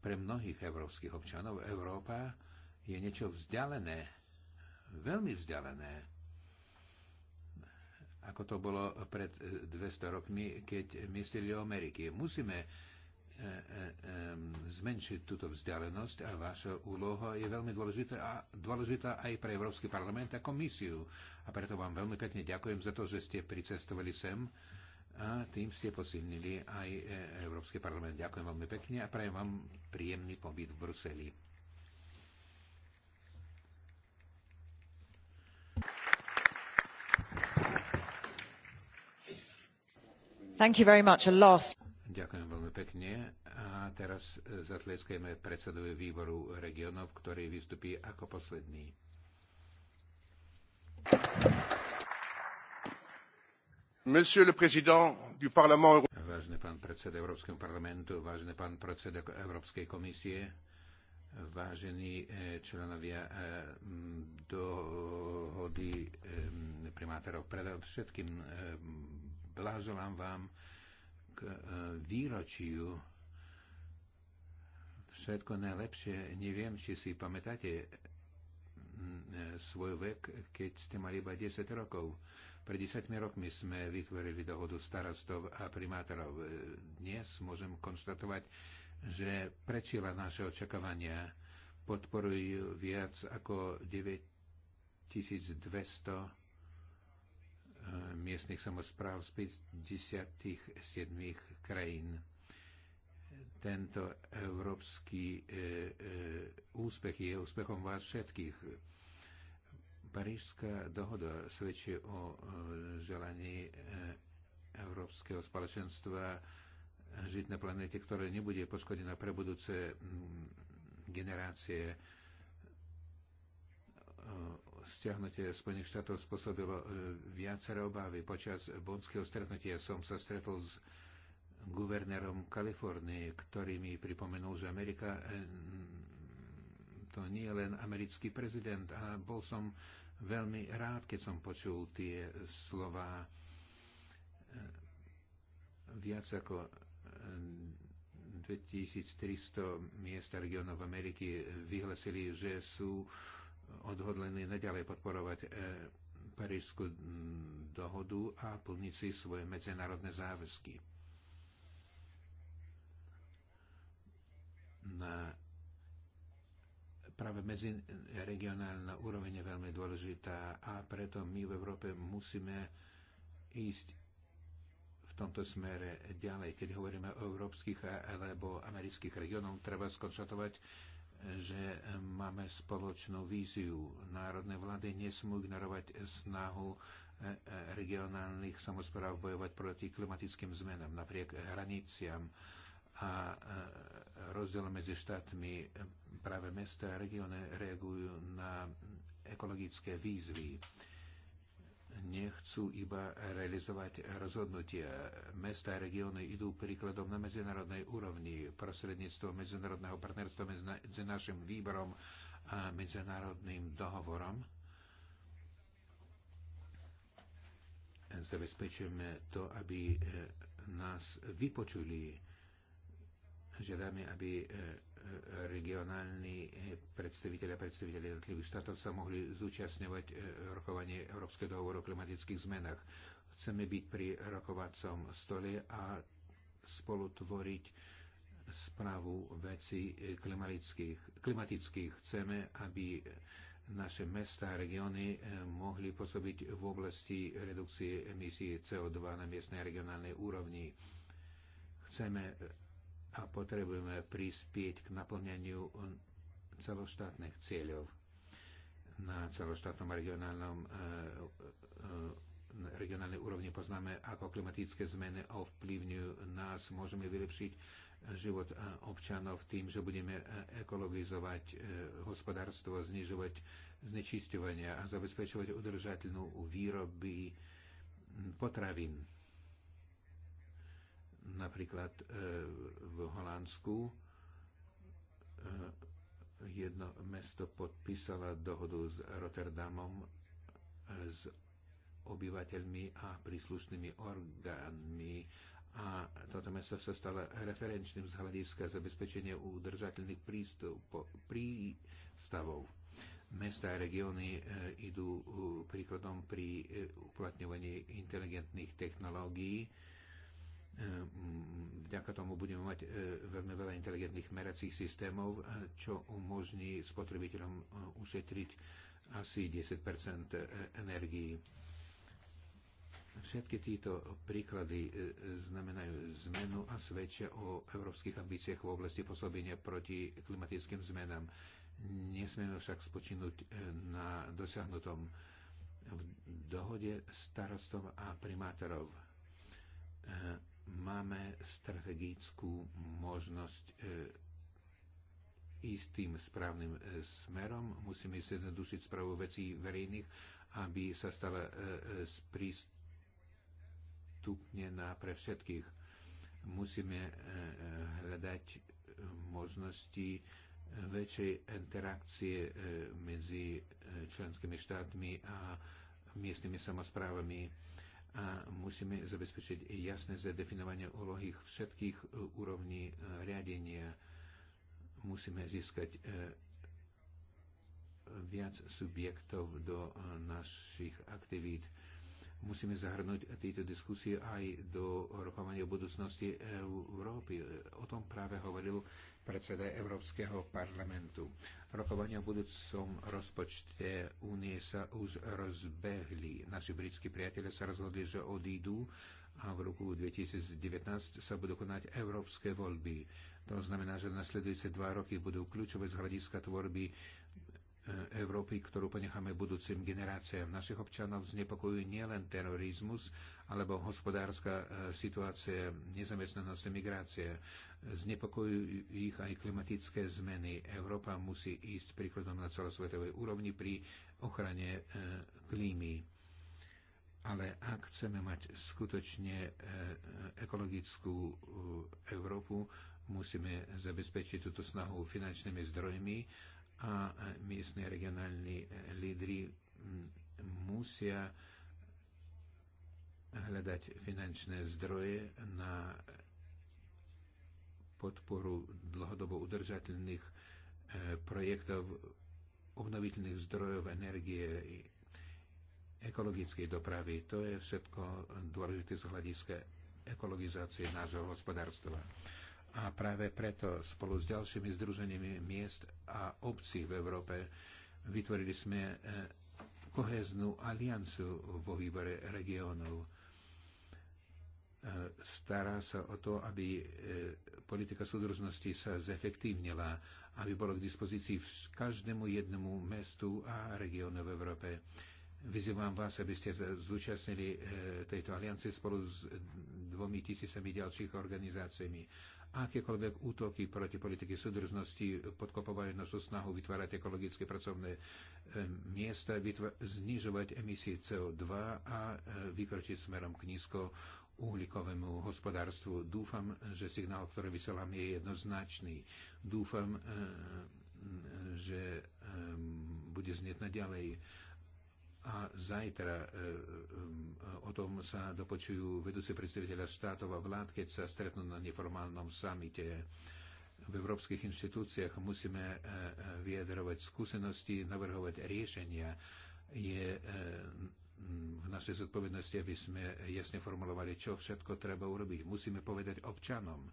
pre mnohých európskych občanov Európa je niečo vzdialené, veľmi vzdialené ako to bolo pred 200 rokmi, keď mysleli o Ameriky. Musíme E, e, zmenšiť túto vzdialenosť a vaša úloha je veľmi dôležitá a dôležitá aj pre Európsky parlament a komisiu. A preto vám veľmi pekne ďakujem za to, že ste pricestovali sem a tým ste posilnili aj e, Európsky parlament. Ďakujem veľmi pekne a prajem vám príjemný pobyt v Bruseli. Thank you very much. A loss. Ďakujem pekne. A teraz e, zatleskajme predsedovi výboru regionov, ktorý vystupí ako posledný. Monsieur le Président du Parlement européen. Vážne pán predseda Európskeho parlamentu, vážne pán predseda Európskej komisie, vážení e, členovia e, dohody primátorov, predovšetkým blahoželám vám k e, výročiu. Všetko najlepšie. Neviem, či si pamätáte e, svoj vek, keď ste mali iba 10 rokov. Pred 10 rokmi sme vytvorili dohodu starostov a primátorov. E, dnes môžem konštatovať, že prečila naše očakávania. Podporujú viac ako 9200 Eh, miestnych samozpráv z 57 krajín. Tento európsky eh, eh, úspech je úspechom vás všetkých. Parížská dohoda svedčí o želaní Európskeho spoločenstva žiť na planete, ktorá nebude poškodená pre budúce mm, generácie stiahnutie Spojených štátov spôsobilo e, viaceré obavy. Počas bonského stretnutia som sa stretol s guvernérom Kalifornie, ktorý mi pripomenul, že Amerika e, to nie je len americký prezident. A bol som veľmi rád, keď som počul tie slova e, viac ako 2300 miest a regionov Ameriky vyhlasili, že sú odhodlení nedalej podporovať e, Parížskú dohodu a plniť si svoje medzinárodné záväzky. Na práve medziregionálna úroveň je veľmi dôležitá a preto my v Európe musíme ísť v tomto smere ďalej. Keď hovoríme o európskych alebo amerických regiónoch, treba skonštatovať, že máme spoločnú víziu. Národné vlády nesmú ignorovať snahu e, e, regionálnych samozpráv bojovať proti klimatickým zmenám, napriek hraniciam a e, rozdiel medzi štátmi. Práve mesta a regióny reagujú na ekologické výzvy nechcú iba realizovať rozhodnutia. Mesta a regióny idú príkladom na medzinárodnej úrovni prostredníctvom medzinárodného partnerstva medzi našim výborom a medzinárodným dohovorom. Zabezpečujeme to, aby e, nás vypočuli. Žiadame, aby e, regionálni predstaviteľi a predstaviteľi jednotlivých štátov sa mohli zúčastňovať e, rokovanie Európskeho dohovoru o klimatických zmenách. Chceme byť pri rokovacom stole a spolutvoriť správu veci e, klimatických. klimatických. Chceme, aby naše mesta a regióny e, mohli pôsobiť v oblasti redukcie emisí CO2 na miestnej a regionálnej úrovni chceme a potrebujeme prispieť k naplňaniu celoštátnych cieľov na celoštátnom a regionálnom na e, e, e, regionálnej úrovni poznáme, ako klimatické zmeny ovplyvňujú nás. Môžeme vylepšiť život občanov tým, že budeme ekologizovať hospodárstvo, znižovať znečisťovania a zabezpečovať udržateľnú výroby potravín Napríklad e, v Holandsku e, jedno mesto podpísalo dohodu s Rotterdamom e, s obyvateľmi a príslušnými orgánmi a toto mesto sa stalo referenčným z hľadiska zabezpečenia udržateľných prístavov. Mesta a regióny idú príkladom pri uplatňovaní inteligentných technológií E, vďaka tomu budeme mať e, veľmi veľa inteligentných meracích systémov, e, čo umožní spotrebiteľom ušetriť asi 10 energii. Všetky títo príklady znamenajú zmenu a svedčia o európskych ambíciách v oblasti pôsobenia proti klimatickým zmenám. Nesmieme však spočinúť na dosiahnutom v dohode starostov a primátorov máme strategickú možnosť e, ísť tým správnym e, smerom. Musíme zjednodušiť správu vecí verejných, aby sa stala e, sprístupnená pre všetkých. Musíme hľadať možnosti väčšej interakcie medzi členskými štátmi a miestnymi samozprávami a musíme zabezpečiť jasné zadefinovanie úlohy všetkých e, úrovní e, riadenia. Musíme získať e, viac subjektov do našich aktivít Musíme zahrnúť tieto diskusie aj do rokovania budúcnosti Európy. O tom práve hovoril predseda Európskeho parlamentu. Rokovania o budúcom rozpočte únie sa už rozbehli. Naši britskí priatelia sa rozhodli, že odídu a v roku 2019 sa budú konať európske voľby. To znamená, že nasledujúce dva roky budú kľúčové z hľadiska tvorby Európy, ktorú ponecháme budúcim generáciám. Našich občanov znepokojuje nielen terorizmus alebo hospodárska e, situácia, nezamestnanosť, migrácia. Znepokojujú ich aj klimatické zmeny. Európa musí ísť príkladom na celosvetovej úrovni pri ochrane e, klímy. Ale ak chceme mať skutočne e, ekologickú Európu, musíme zabezpečiť túto snahu finančnými zdrojmi a miestni regionálni e, lídry musia hľadať finančné zdroje na podporu dlhodobo udržateľných e, projektov obnoviteľných zdrojov energie i ekologickej dopravy. To je všetko dôležité z hľadiska ekologizácie nášho hospodárstva. A práve preto spolu s ďalšími združeniami miest a obcí v Európe vytvorili sme e, koheznú aliancu vo výbore regiónov. E, stará sa o to, aby e, politika súdružnosti sa zefektívnila, aby bolo k dispozícii každému jednému mestu a regiónu v Európe. Vyzývam vás, aby ste zúčastnili tejto aliancie spolu s dvomi tisícami ďalších organizáciami. Akékoľvek útoky proti politiky súdržnosti podkopovajú našu snahu vytvárať ekologické pracovné e, miesta, znižovať emisie CO2 a e, vykročiť smerom k nízko uhlíkovému hospodárstvu. Dúfam, že signál, ktorý vysielam, je jednoznačný. Dúfam, e, že bude znieť na ďalej a zajtra e, e, o tom sa dopočujú vedúci predstaviteľa štátov a vlád, keď sa stretnú na neformálnom samite. V európskych inštitúciách musíme e, e, vyjadrovať skúsenosti, navrhovať riešenia. Je e, v našej zodpovednosti, aby sme jasne formulovali, čo všetko treba urobiť. Musíme povedať občanom,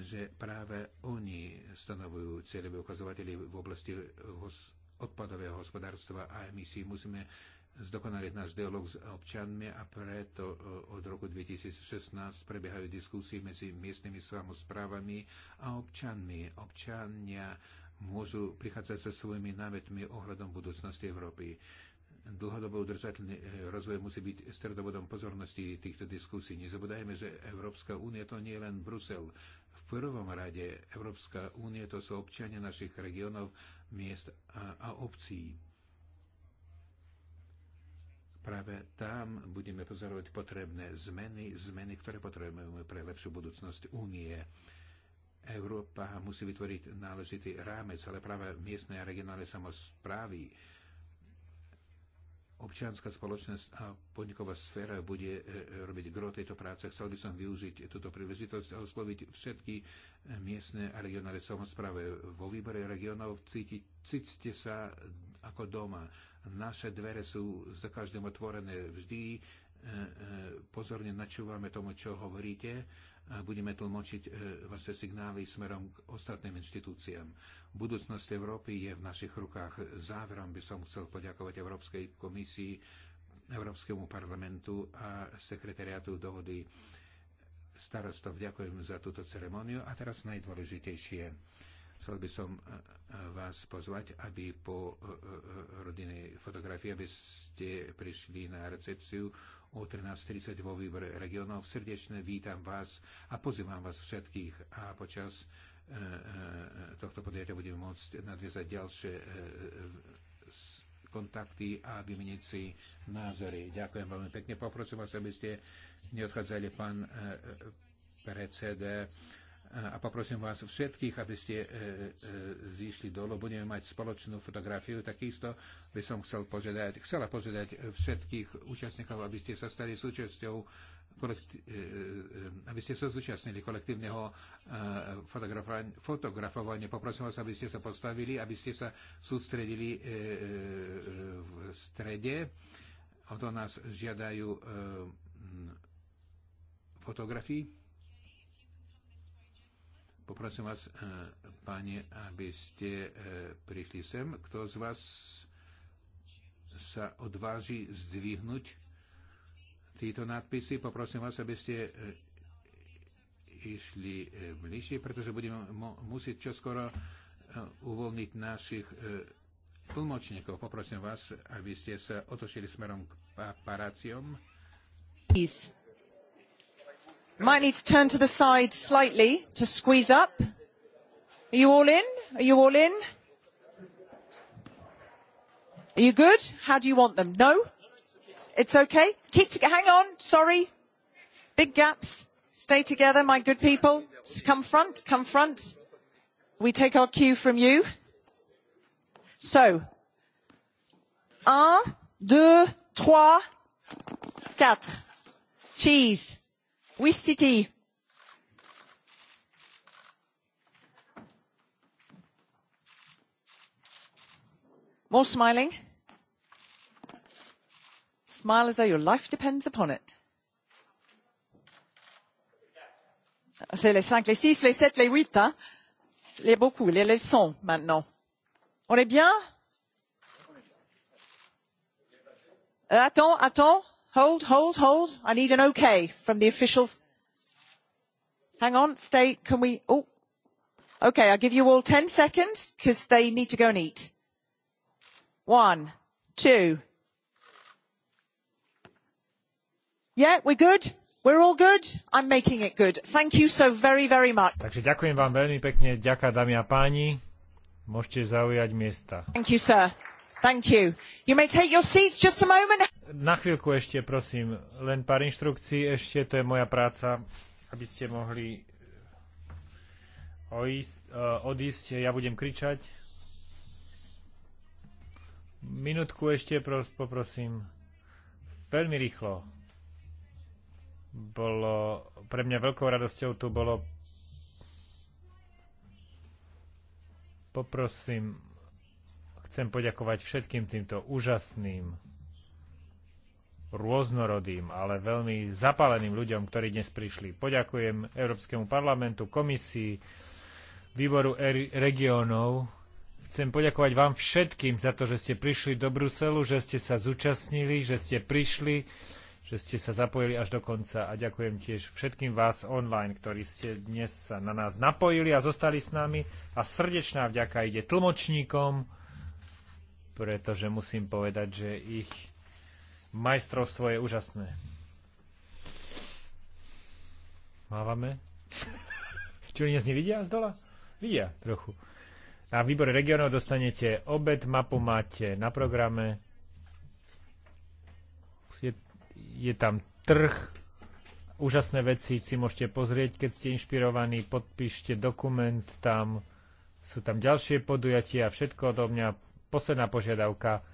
že práve oni stanovujú cieľové ukazovatele v oblasti hospodárstva odpadového hospodárstva a emisí. Musíme zdokonaliť náš dialog s občanmi a preto e, od roku 2016 prebiehajú diskusie medzi miestnymi samozprávami a občanmi. Občania môžu prichádzať so svojimi námetmi ohľadom budúcnosti Európy. Dlhodobo udržateľný e, rozvoj musí byť stredobodom pozornosti týchto diskusí. Nezabudajme, že Európska únia to nie je len Brusel. V prvom rade Európska únie to sú občania našich regiónov, miest a, a obcí. Práve tam budeme pozorovať potrebné zmeny, zmeny, ktoré potrebujeme pre lepšiu budúcnosť únie. Európa musí vytvoriť náležitý rámec, ale práve miestne a regionálne samozprávy občianská spoločnosť a podniková sféra bude e, e, robiť gro tejto práce. Chcel by som využiť túto príležitosť a osloviť všetky miestne a regionálne samozpráve. Vo výbore regionov cítite sa ako doma. Naše dvere sú za každým otvorené. Vždy e, pozorne načúvame tomu, čo hovoríte budeme tlmočiť e, vaše signály smerom k ostatným inštitúciám. Budúcnosť Európy je v našich rukách. Záverom by som chcel poďakovať Európskej komisii, Európskemu parlamentu a sekretariátu dohody starostov. Ďakujem za túto ceremoniu. A teraz najdôležitejšie. Chcel by som e, e, vás pozvať, aby po rodinnej fotografii, aby ste prišli na recepciu o 13.30 vo výbore regionov. Srdečne vítam vás a pozývam vás všetkých a počas e, e, e, tohto podujatia budeme môcť nadviezať ďalšie kontakty a vymeniť si názory. Ďakujem veľmi pekne. Poprosím vás, aby ste neodchádzali pán predsede a poprosím vás všetkých, aby ste e, e, zišli dolu. Budeme mať spoločnú fotografiu. Takisto by som chcel požiadať, chcela požiadať všetkých účastníkov, aby ste sa stali súčasťou kolekti- e, e, e, aby ste sa zúčastnili kolektívneho e, fotografovania. fotografovania. Poprosím vás, aby ste sa postavili, aby ste sa sústredili v strede. O to nás žiadajú fotografii. Poprosím vás, e, pani, aby ste e, prišli sem. Kto z vás sa odváži zdvihnúť tieto nadpisy? Poprosím vás, aby ste e, išli bližšie, pretože budeme musieť čoskoro uvoľniť našich tlmočníkov. Poprosím vás, aby ste sa otočili smerom k paráciom. Peace. Might need to turn to the side slightly to squeeze up. Are you all in? Are you all in? Are you good? How do you want them? No? It's okay? Keep to- hang on, sorry. Big gaps. Stay together, my good people. Come front, come front. We take our cue from you. So, un, deux, trois, quatre. Cheese. Ouistiti. More smiling. Smile as though your life depends upon it. C'est les cinq, les six, les sept, les huit, hein. Les beaucoup, les leçons maintenant. On est bien? Euh, attends, attends. Hold, hold, hold. I need an okay from the official. Hang on, stay. Can we? Oh, okay. I'll give you all 10 seconds because they need to go and eat. One, two. Yeah, we're good. We're all good. I'm making it good. Thank you so very, very much. Takže ďakujem vám veľmi pekne. Ďaká, dámy a páni. Môžete zaujať miesta. Thank you, sir. Thank you. You may take your seats just a moment. Na chvíľku ešte, prosím, len pár inštrukcií ešte, to je moja práca, aby ste mohli eh, oísť, uh, eh, odísť, ja budem kričať. Minútku ešte pros, poprosím. Veľmi rýchlo. Bolo pre mňa veľkou radosťou tu bolo poprosím Chcem poďakovať všetkým týmto úžasným, rôznorodým, ale veľmi zapáleným ľuďom, ktorí dnes prišli. Poďakujem Európskemu parlamentu, komisii, výboru e regionov. Chcem poďakovať vám všetkým za to, že ste prišli do Bruselu, že ste sa zúčastnili, že ste prišli, že ste sa zapojili až do konca. A ďakujem tiež všetkým vás online, ktorí ste dnes sa na nás napojili a zostali s nami. A srdečná vďaka ide tlmočníkom, pretože musím povedať, že ich majstrovstvo je úžasné. Mávame? oni nás nevidia z dola? Vidia trochu. Na výbore regionov dostanete obed, mapu máte na programe. Je, je tam trh, úžasné veci si môžete pozrieť, keď ste inšpirovaní, podpíšte dokument tam, sú tam ďalšie podujatia, všetko odo mňa posledná požiadavka.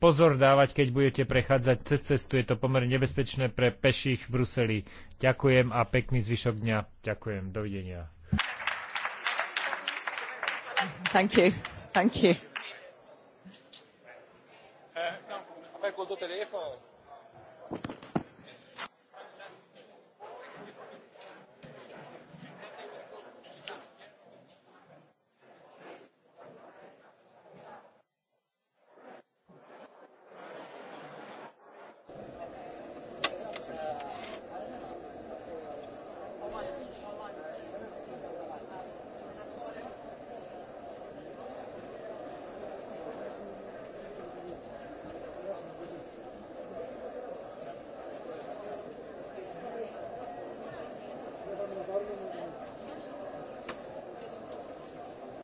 Pozor dávať, keď budete prechádzať cez cestu. Je to pomerne nebezpečné pre peších v Bruseli. Ďakujem a pekný zvyšok dňa. Ďakujem. Dovidenia. Thank you. Thank you. Uh, no,